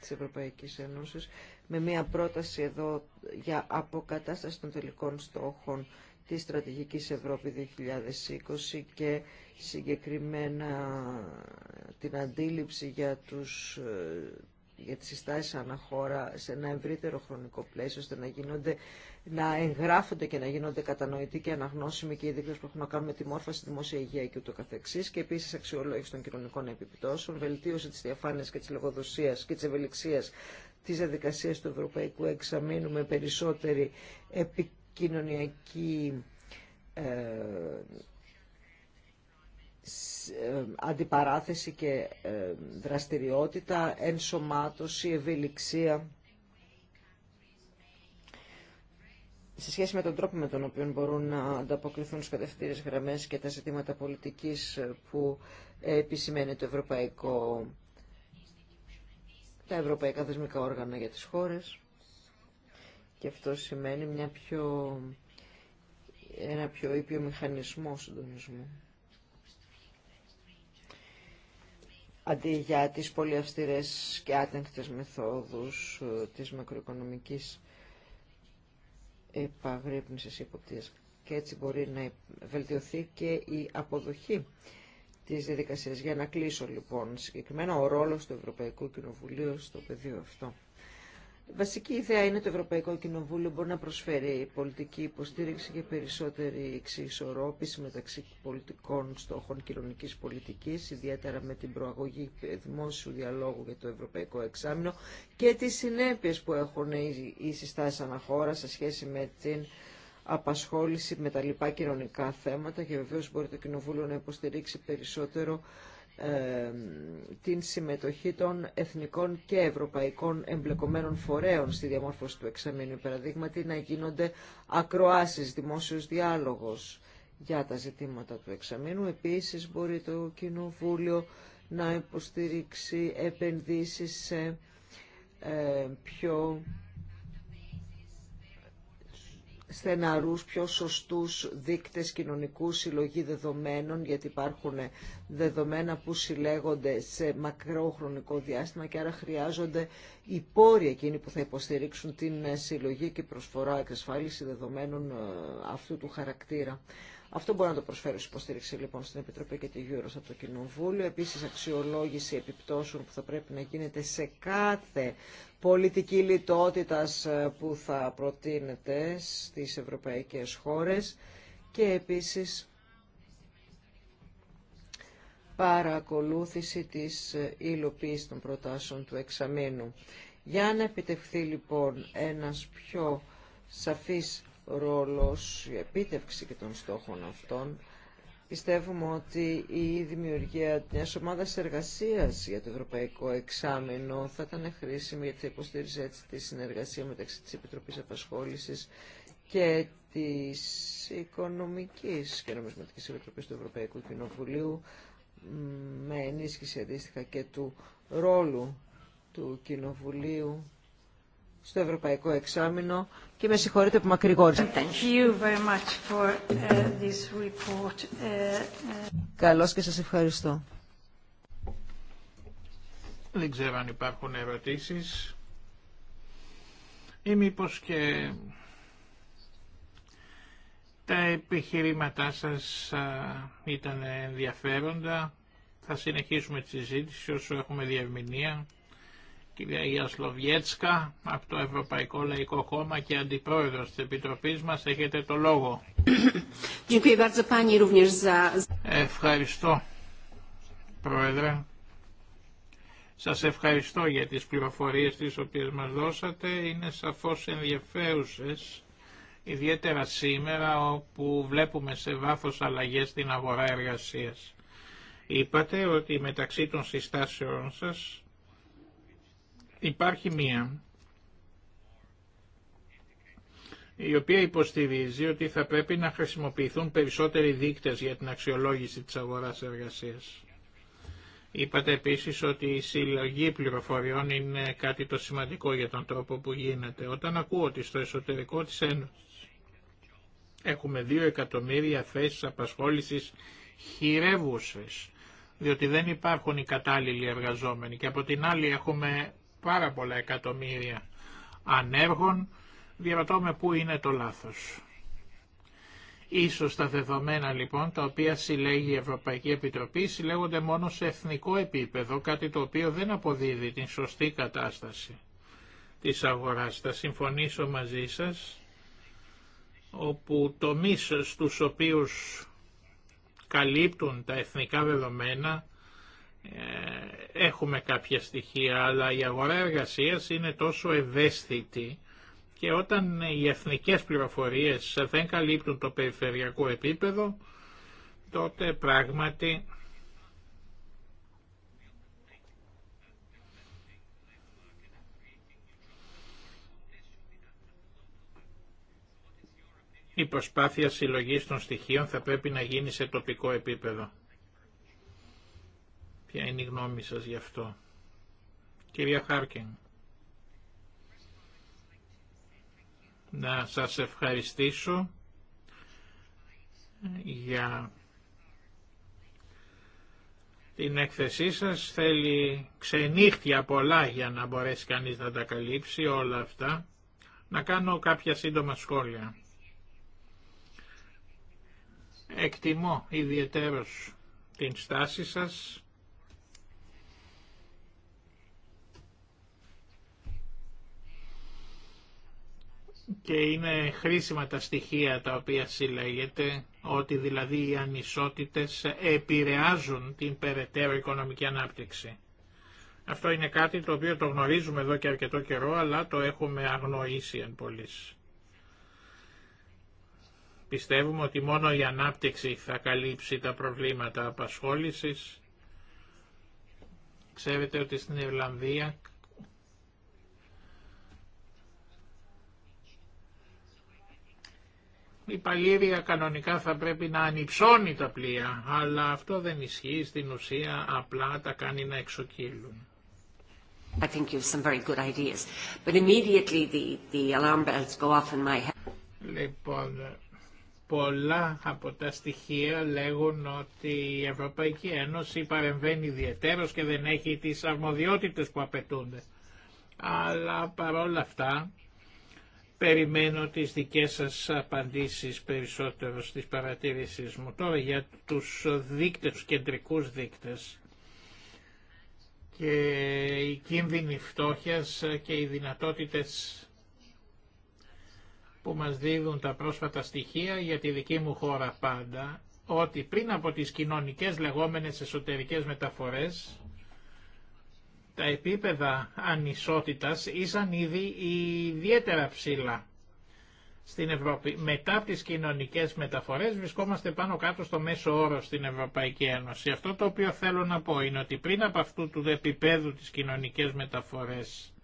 Speaker 3: της Ευρωπαϊκής Ένωσης με μια πρόταση εδώ για αποκατάσταση των τελικών στόχων της Στρατηγικής Ευρώπη 2020 και συγκεκριμένα την αντίληψη για τους ε, για τις συστάσεις αναχώρα σε ένα ευρύτερο χρονικό πλαίσιο, ώστε να, γίνονται, να εγγράφονται και να γίνονται κατανοητοί και αναγνώσιμοι και οι δείκτες που έχουν να κάνουν με τη μόρφωση, τη δημόσια υγεία και ούτω καθεξής και επίσης αξιολόγηση των κοινωνικών επιπτώσεων, βελτίωση της διαφάνειας και της λογοδοσίας και της ευελιξίας της διαδικασίας του Ευρωπαϊκού Εξαμήνου με περισσότερη επικοινωνιακή ε, ε, αντιπαράθεση και ε, δραστηριότητα, ενσωμάτωση, ευελιξία. σε σχέση με τον τρόπο με τον οποίο μπορούν να ανταποκριθούν στις κατευθύνες γραμμές και τα ζητήματα πολιτικής ε, που επισημαίνει το ευρωπαϊκό, τα ευρωπαϊκά δεσμικά όργανα για τις χώρες. Και αυτό σημαίνει μια πιο, ένα πιο ήπιο μηχανισμό συντονισμού. αντί για τις πολύ και άτεγκτες μεθόδους ε, της μακροοικονομικής επαγρύπνησης υποπτίας. Και έτσι μπορεί να βελτιωθεί και η αποδοχή της διαδικασίας. Για να κλείσω λοιπόν συγκεκριμένα ο ρόλος του Ευρωπαϊκού Κοινοβουλίου στο πεδίο αυτό. Βασική ιδέα είναι το Ευρωπαϊκό Κοινοβούλιο μπορεί να προσφέρει πολιτική υποστήριξη και περισσότερη εξισορρόπηση μεταξύ πολιτικών στόχων κοινωνική πολιτικής, ιδιαίτερα με την προαγωγή δημόσιου διαλόγου για το Ευρωπαϊκό Εξάμεινο και τις συνέπειες που έχουν οι συστάσει αναχώρα σε σχέση με την απασχόληση με τα λοιπά κοινωνικά θέματα και βεβαίω μπορεί το Κοινοβούλιο να υποστηρίξει περισσότερο την συμμετοχή των εθνικών και ευρωπαϊκών εμπλεκομένων φορέων στη διαμόρφωση του εξαμήνου. Παραδείγματι, να γίνονται ακροάσεις, δημόσιος διάλογος για τα ζητήματα του εξαμήνου. Επίσης, μπορεί το Κοινοβούλιο να υποστηρίξει επενδύσεις σε ε, πιο στεναρούς, πιο σωστούς δείκτες κοινωνικού συλλογή δεδομένων, γιατί υπάρχουν δεδομένα που συλλέγονται σε μακρό χρονικό διάστημα και άρα χρειάζονται οι πόροι εκείνοι που θα υποστηρίξουν την συλλογή και προσφορά εξασφάλιση δεδομένων ε, αυτού του χαρακτήρα. Αυτό μπορεί να το προσφέρει ως υποστήριξη λοιπόν στην Επιτροπή και τη Γιούρος από το Κοινοβούλιο. Επίσης αξιολόγηση επιπτώσεων που θα πρέπει να γίνεται σε κάθε πολιτική λιτότητα ε, που θα προτείνεται στις ευρωπαϊκές χώρες και επίσης παρακολούθηση της ε, υλοποίησης των προτάσεων του εξαμήνου. Για να επιτευχθεί λοιπόν ένας πιο σαφής ρόλος, η επίτευξη και των στόχων αυτών. Πιστεύουμε ότι η δημιουργία μια ομάδα εργασία για το Ευρωπαϊκό Εξάμεινο θα ήταν χρήσιμη γιατί θα υποστήριζε έτσι τη συνεργασία μεταξύ τη Επιτροπή Απασχόληση και τη Οικονομική και Νομισματική Επιτροπή του Ευρωπαϊκού Κοινοβουλίου με ενίσχυση αντίστοιχα και του ρόλου του Κοινοβουλίου στο Ευρωπαϊκό Εξάμεινο και με συγχωρείτε που μακρηγόρησα. Καλώς και σας ευχαριστώ.
Speaker 2: Δεν ξέρω αν υπάρχουν ερωτήσεις ή μήπως και τα επιχειρήματά σας ήταν ενδιαφέροντα. Θα συνεχίσουμε τη συζήτηση όσο έχουμε διαρμηνία κυρία Ιασλοβιέτσκα από το Ευρωπαϊκό Λαϊκό Κόμμα και Αντιπρόεδρος της Επιτροπής μας. Έχετε το λόγο. Ευχαριστώ, Πρόεδρε. Σα ευχαριστώ για τις πληροφορίες τις οποίες μας δώσατε. Είναι σαφώς ενδιαφέρουσες, ιδιαίτερα σήμερα όπου βλέπουμε σε βάθος αλλαγές στην αγορά εργασίας. Είπατε ότι μεταξύ των συστάσεων σας Υπάρχει μία η οποία υποστηρίζει ότι θα πρέπει να χρησιμοποιηθούν περισσότεροι δείκτες για την αξιολόγηση της αγοράς εργασίας. Είπατε επίσης ότι η συλλογή πληροφοριών είναι κάτι το σημαντικό για τον τρόπο που γίνεται. Όταν ακούω ότι στο εσωτερικό της Ένωσης έχουμε δύο εκατομμύρια θέσεις απασχόλησης χειρεύουσες, διότι δεν υπάρχουν οι κατάλληλοι εργαζόμενοι και από την άλλη έχουμε πάρα πολλά εκατομμύρια ανέργων, διαρωτώ πού είναι το λάθος. Ίσως τα δεδομένα λοιπόν τα οποία συλλέγει η Ευρωπαϊκή Επιτροπή συλλέγονται μόνο σε εθνικό επίπεδο, κάτι το οποίο δεν αποδίδει την σωστή κατάσταση της αγοράς. Θα συμφωνήσω μαζί σας, όπου το μίσος τους οποίους καλύπτουν τα εθνικά δεδομένα ε, έχουμε κάποια στοιχεία, αλλά η αγορά εργασίας είναι τόσο ευαίσθητη και όταν οι εθνικές πληροφορίες δεν καλύπτουν το περιφερειακό επίπεδο, τότε πράγματι η προσπάθεια συλλογής των στοιχείων θα πρέπει να γίνει σε τοπικό επίπεδο. Ποια είναι η γνώμη σας γι' αυτό. Κυρία Χάρκιν. Να σας ευχαριστήσω για την έκθεσή σας. Θέλει ξενύχτια πολλά για να μπορέσει κανείς να τα καλύψει όλα αυτά. Να κάνω κάποια σύντομα σχόλια. Εκτιμώ ιδιαίτερως την στάση σας και είναι χρήσιμα τα στοιχεία τα οποία συλλέγεται, ότι δηλαδή οι ανισότητες επηρεάζουν την περαιτέρω οικονομική ανάπτυξη. Αυτό είναι κάτι το οποίο το γνωρίζουμε εδώ και αρκετό καιρό, αλλά το έχουμε αγνοήσει εν πολλής. Πιστεύουμε ότι μόνο η ανάπτυξη θα καλύψει τα προβλήματα απασχόλησης. Ξέρετε ότι στην Ιρλανδία Η παλήρια κανονικά θα πρέπει να ανυψώνει τα πλοία, αλλά αυτό δεν ισχύει στην ουσία, απλά τα κάνει να εξοκύλουν.
Speaker 1: I think you some very good ideas, but immediately the,
Speaker 2: Λοιπόν, πολλά από τα στοιχεία λέγουν ότι η Ευρωπαϊκή Ένωση παρεμβαίνει ιδιαίτερος και δεν έχει τις αρμοδιότητες που απαιτούνται. Αλλά παρόλα αυτά, Περιμένω τις δικές σας απαντήσεις περισσότερο στις παρατήρησεις μου. Τώρα για τους δείκτες, τους κεντρικούς δείκτες και οι κίνδυνοι φτώχειας και οι δυνατότητες που μας δίδουν τα πρόσφατα στοιχεία για τη δική μου χώρα πάντα, ότι πριν από τις κοινωνικές λεγόμενες εσωτερικές μεταφορές, τα επίπεδα ανισότητας ήσαν ήδη ιδιαίτερα ψηλά στην Ευρώπη. Μετά από τις κοινωνικές μεταφορές βρισκόμαστε πάνω κάτω στο μέσο όρο στην Ευρωπαϊκή Ένωση. Αυτό το οποίο θέλω να πω είναι ότι πριν από αυτού του επίπεδου τις κοινωνικές μεταφορές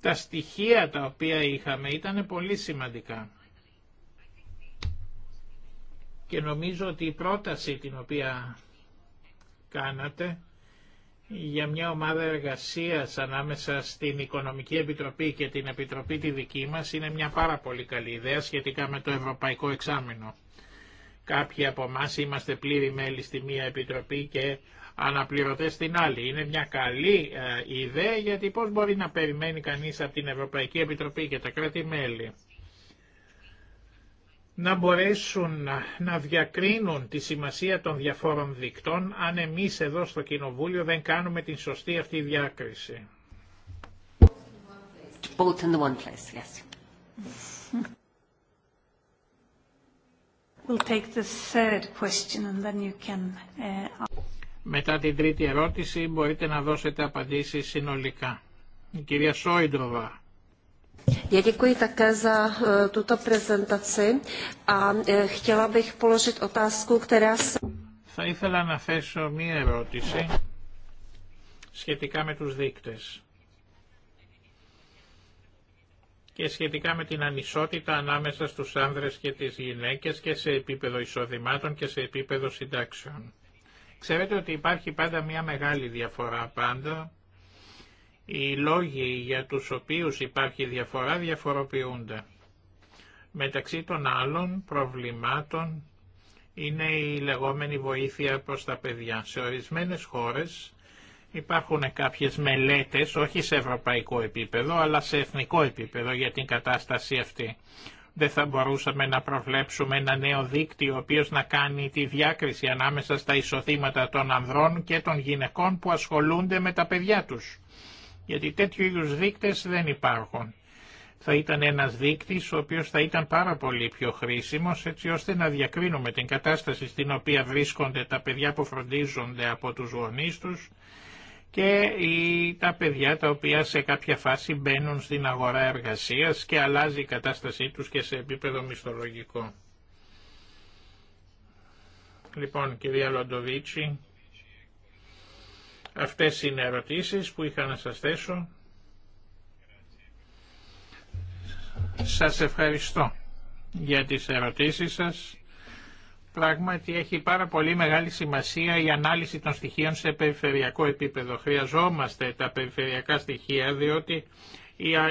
Speaker 2: τα στοιχεία τα οποία είχαμε ήταν πολύ σημαντικά. Και νομίζω ότι η πρόταση την οποία κάνατε για μια ομάδα εργασίας ανάμεσα στην Οικονομική Επιτροπή και την Επιτροπή τη δική μας είναι μια πάρα πολύ καλή ιδέα σχετικά με το Ευρωπαϊκό Εξάμεινο. Κάποιοι από εμά είμαστε πλήρη μέλη στη μία Επιτροπή και αναπληρωτές στην άλλη. Είναι μια καλή ε, ιδέα γιατί πώς μπορεί να περιμένει κανείς από την Ευρωπαϊκή Επιτροπή και τα κράτη-μέλη να μπορέσουν να διακρίνουν τη σημασία των διαφόρων δικτών αν εμείς εδώ στο Κοινοβούλιο δεν κάνουμε την σωστή αυτή διάκριση. Μετά την τρίτη ερώτηση μπορείτε να δώσετε απαντήσεις συνολικά. Η κυρία Σόιντροβα.
Speaker 1: Já děkuji také za e, tuto prezentaci a e, chtěla bych položit otázku, která se...
Speaker 2: Θα ήθελα να θέσω μία ερώτηση σχετικά με τους δείκτες και σχετικά με την ανισότητα ανάμεσα στους άνδρες και τις γυναίκες και σε επίπεδο εισοδημάτων και σε επίπεδο συντάξεων. Ξέρετε ότι υπάρχει πάντα μια μεγάλη διαφορά πάντα οι λόγοι για τους οποίους υπάρχει διαφορά διαφοροποιούνται. Μεταξύ των άλλων προβλημάτων είναι η λεγόμενη βοήθεια προς τα παιδιά. Σε ορισμένες χώρες υπάρχουν κάποιες μελέτες, όχι σε ευρωπαϊκό επίπεδο, αλλά σε εθνικό επίπεδο για την κατάσταση αυτή. Δεν θα μπορούσαμε να προβλέψουμε ένα νέο δίκτυο, ο οποίος να κάνει τη διάκριση ανάμεσα στα εισοδήματα των ανδρών και των γυναικών που ασχολούνται με τα παιδιά τους γιατί τέτοιου είδους δείκτες δεν υπάρχουν. Θα ήταν ένας δείκτης ο οποίος θα ήταν πάρα πολύ πιο χρήσιμος έτσι ώστε να διακρίνουμε την κατάσταση στην οποία βρίσκονται τα παιδιά που φροντίζονται από τους γονείς τους και τα παιδιά τα οποία σε κάποια φάση μπαίνουν στην αγορά εργασίας και αλλάζει η κατάστασή τους και σε επίπεδο μισθολογικό. Λοιπόν, κυρία Λοντοβίτσι, Αυτές είναι ερωτήσεις που είχα να σας θέσω. Σας ευχαριστώ για τις ερωτήσεις σας. Πράγματι έχει πάρα πολύ μεγάλη σημασία η ανάλυση των στοιχείων σε περιφερειακό επίπεδο. Χρειαζόμαστε τα περιφερειακά στοιχεία διότι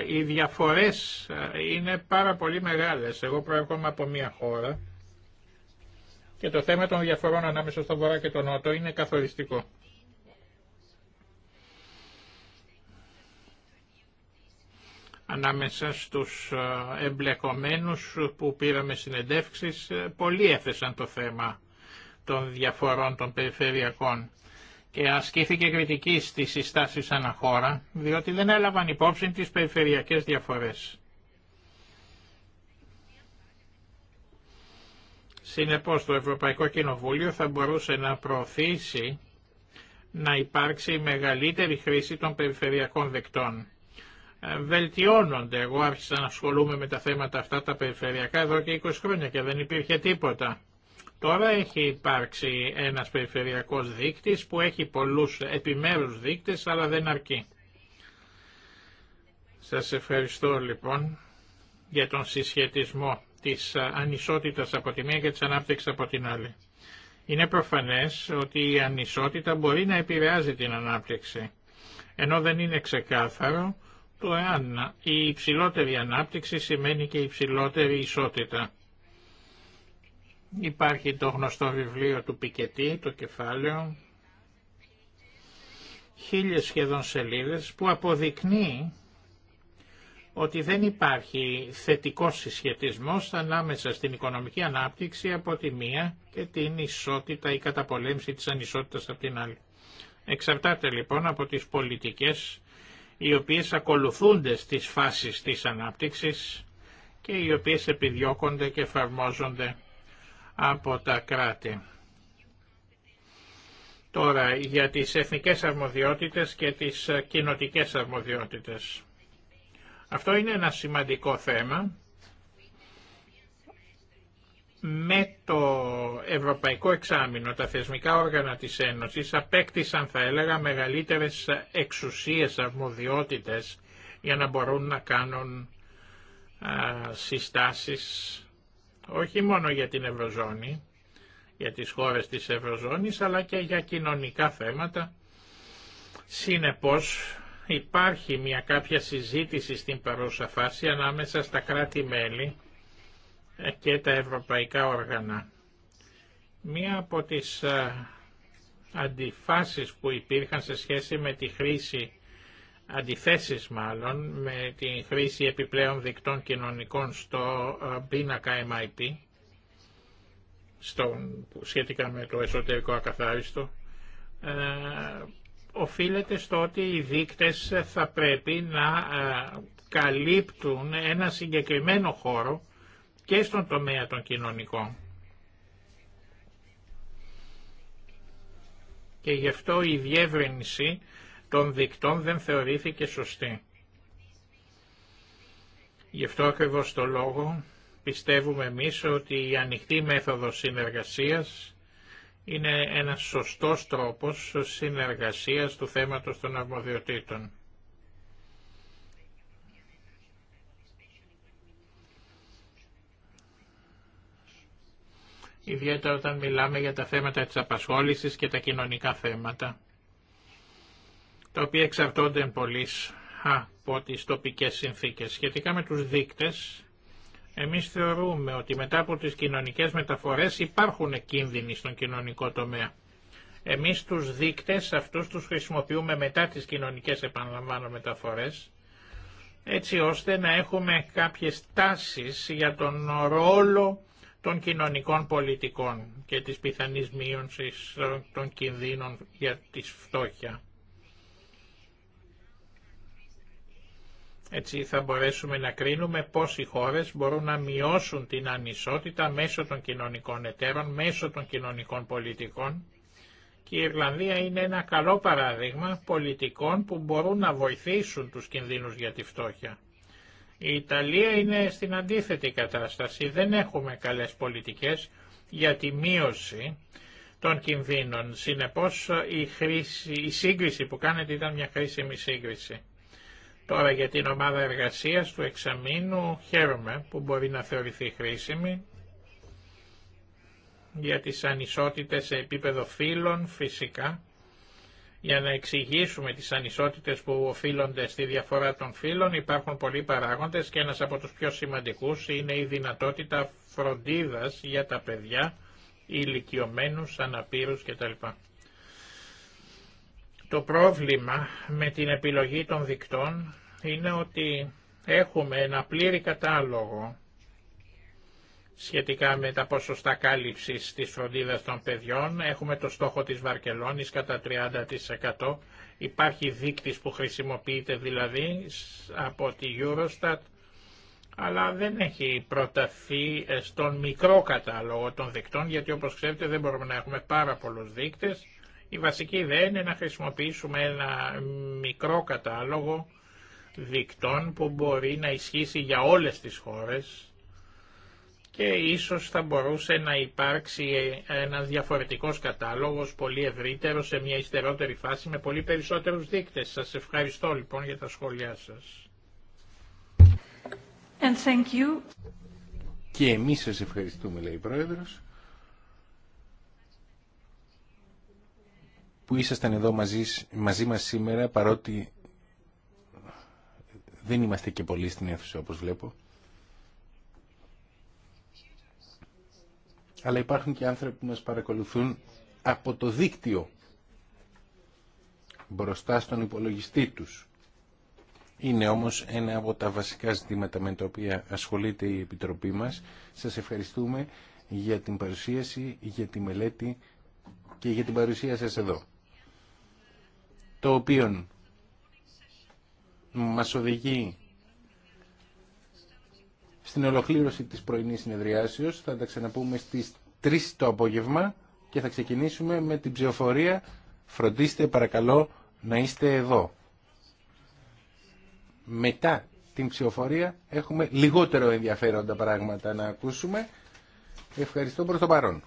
Speaker 2: οι διαφορές είναι πάρα πολύ μεγάλες. Εγώ προέρχομαι από μια χώρα και το θέμα των διαφορών ανάμεσα στον Βορρά και τον Νότο είναι καθοριστικό. ανάμεσα στους ε, εμπλεκομένους που πήραμε συνεντεύξεις, ε, πολλοί έθεσαν το θέμα των διαφορών των περιφερειακών και ασκήθηκε κριτική στις συστάσεις αναχώρα, διότι δεν έλαβαν υπόψη τις περιφερειακές διαφορές. Συνεπώς το Ευρωπαϊκό Κοινοβούλιο θα μπορούσε να προωθήσει να υπάρξει μεγαλύτερη χρήση των περιφερειακών δεκτών. Ε, βελτιώνονται. Εγώ άρχισα να ασχολούμαι με τα θέματα αυτά τα περιφερειακά εδώ και 20 χρόνια και δεν υπήρχε τίποτα. Τώρα έχει υπάρξει ένας περιφερειακός δείκτης που έχει πολλούς επιμέρους δείκτες αλλά δεν αρκεί. Σας ευχαριστώ λοιπόν για τον συσχετισμό της ανισότητας από τη μία και της ανάπτυξης από την άλλη. Είναι προφανές ότι η ανισότητα μπορεί να επηρεάζει την ανάπτυξη. Ενώ δεν είναι ξεκάθαρο το εάν η υψηλότερη ανάπτυξη σημαίνει και υψηλότερη ισότητα. Υπάρχει το γνωστό βιβλίο του Πικετή, το κεφάλαιο, χίλιες σχεδόν σελίδες, που αποδεικνύει ότι δεν υπάρχει θετικός συσχετισμός ανάμεσα στην οικονομική ανάπτυξη από τη μία και την ισότητα ή καταπολέμηση της ανισότητας από την άλλη. Εξαρτάται λοιπόν από τις πολιτικές οι οποίες ακολουθούνται στις φάσεις της ανάπτυξης και οι οποίες επιδιώκονται και εφαρμόζονται από τα κράτη. Τώρα για τις εθνικές αρμοδιότητες και τις κοινοτικές αρμοδιότητες. Αυτό είναι ένα σημαντικό θέμα με το Ευρωπαϊκό Εξάμεινο τα θεσμικά όργανα της Ένωσης απέκτησαν θα έλεγα μεγαλύτερες εξουσίες, αρμοδιότητες για να μπορούν να κάνουν α, συστάσεις όχι μόνο για την Ευρωζώνη, για τις χώρες της Ευρωζώνης αλλά και για κοινωνικά θέματα. Συνεπώς υπάρχει μια κάποια συζήτηση στην παρούσα φάση ανάμεσα στα κράτη-μέλη και τα ευρωπαϊκά όργανα. Μία από τις ε, αντιφάσεις που υπήρχαν σε σχέση με τη χρήση, αντιθέσεις μάλλον, με τη χρήση επιπλέον δικτών κοινωνικών στο ε, πίνακα MIP, στο, σχετικά με το εσωτερικό ακαθάριστο, ε, οφείλεται στο ότι οι δείκτες θα πρέπει να ε, καλύπτουν ένα συγκεκριμένο χώρο και στον τομέα των κοινωνικών. Και γι' αυτό η διεύρυνση των δικτών δεν θεωρήθηκε σωστή. Γι' αυτό ακριβώς το λόγο πιστεύουμε εμείς ότι η ανοιχτή μέθοδος συνεργασίας είναι ένας σωστός τρόπος συνεργασίας του θέματος των αρμοδιοτήτων. ιδιαίτερα όταν μιλάμε για τα θέματα της απασχόλησης και τα κοινωνικά θέματα, τα οποία εξαρτώνται πολύ από τις τοπικές συνθήκες. Σχετικά με τους δείκτες, εμείς θεωρούμε ότι μετά από τις κοινωνικές μεταφορές υπάρχουν κίνδυνοι στον κοινωνικό τομέα. Εμείς τους δείκτες αυτούς τους χρησιμοποιούμε μετά τις κοινωνικές επαναλαμβάνω μεταφορές, έτσι ώστε να έχουμε κάποιες τάσεις για τον ρόλο των κοινωνικών πολιτικών και της πιθανής μείωσης ε, των κινδύνων για τη φτώχεια. Έτσι θα μπορέσουμε να κρίνουμε πώς οι χώρες μπορούν να μειώσουν την ανισότητα μέσω των κοινωνικών εταίρων, μέσω των κοινωνικών πολιτικών και η Ιρλανδία είναι ένα καλό παράδειγμα πολιτικών που μπορούν να βοηθήσουν τους κινδύνους για τη φτώχεια. Η Ιταλία είναι στην αντίθετη κατάσταση. Δεν έχουμε καλές πολιτικές για τη μείωση των κινδύνων. Συνεπώς η, χρήση, η σύγκριση που κάνετε ήταν μια χρήσιμη σύγκριση. Τώρα για την ομάδα εργασίας του εξαμήνου χαίρομαι που μπορεί να θεωρηθεί χρήσιμη για τις ανισότητες σε επίπεδο φύλων φυσικά για να εξηγήσουμε τις ανισότητες που οφείλονται στη διαφορά των φύλων υπάρχουν πολλοί παράγοντες και ένας από τους πιο σημαντικούς είναι η δυνατότητα φροντίδας για τα παιδιά, ηλικιωμένους, αναπήρους κτλ. Το πρόβλημα με την επιλογή των δικτών είναι ότι έχουμε ένα πλήρη κατάλογο σχετικά με τα ποσοστά κάλυψης της φροντίδας των παιδιών. Έχουμε το στόχο της Βαρκελόνης κατά 30%. Υπάρχει δείκτης που χρησιμοποιείται δηλαδή από τη Eurostat, αλλά δεν έχει προταθεί ε, στον μικρό κατάλογο των δικτών, γιατί όπως ξέρετε δεν μπορούμε να έχουμε πάρα πολλούς δείκτες. Η βασική ιδέα είναι να χρησιμοποιήσουμε ένα μικρό κατάλογο δικτών που μπορεί να ισχύσει για όλες τις χώρες και ίσως θα μπορούσε να υπάρξει ε, ένας διαφορετικός κατάλογος πολύ ευρύτερο σε μια ιστερότερη φάση με πολύ περισσότερους δείκτες. Σας ευχαριστώ λοιπόν για τα σχόλιά σας.
Speaker 1: And thank you.
Speaker 4: Και εμείς σας ευχαριστούμε λέει η Πρόεδρος που ήσασταν εδώ μαζί, μαζί μας σήμερα παρότι δεν είμαστε και πολλοί στην αίθουσα όπως βλέπω. αλλά υπάρχουν και άνθρωποι που μας παρακολουθούν από το δίκτυο μπροστά στον υπολογιστή τους. Είναι όμως ένα από τα βασικά ζητήματα με τα οποία ασχολείται η Επιτροπή μας. Σας ευχαριστούμε για την παρουσίαση, για τη μελέτη και για την παρουσία σας εδώ. Το οποίο μας οδηγεί στην ολοκλήρωση της πρωινής συνεδριάσεως. Θα τα ξαναπούμε στις 3 το απόγευμα και θα ξεκινήσουμε με την ψηφοφορία. Φροντίστε παρακαλώ να είστε εδώ. Μετά την ψηφοφορία έχουμε λιγότερο ενδιαφέροντα πράγματα να ακούσουμε. Ευχαριστώ προς το παρόν.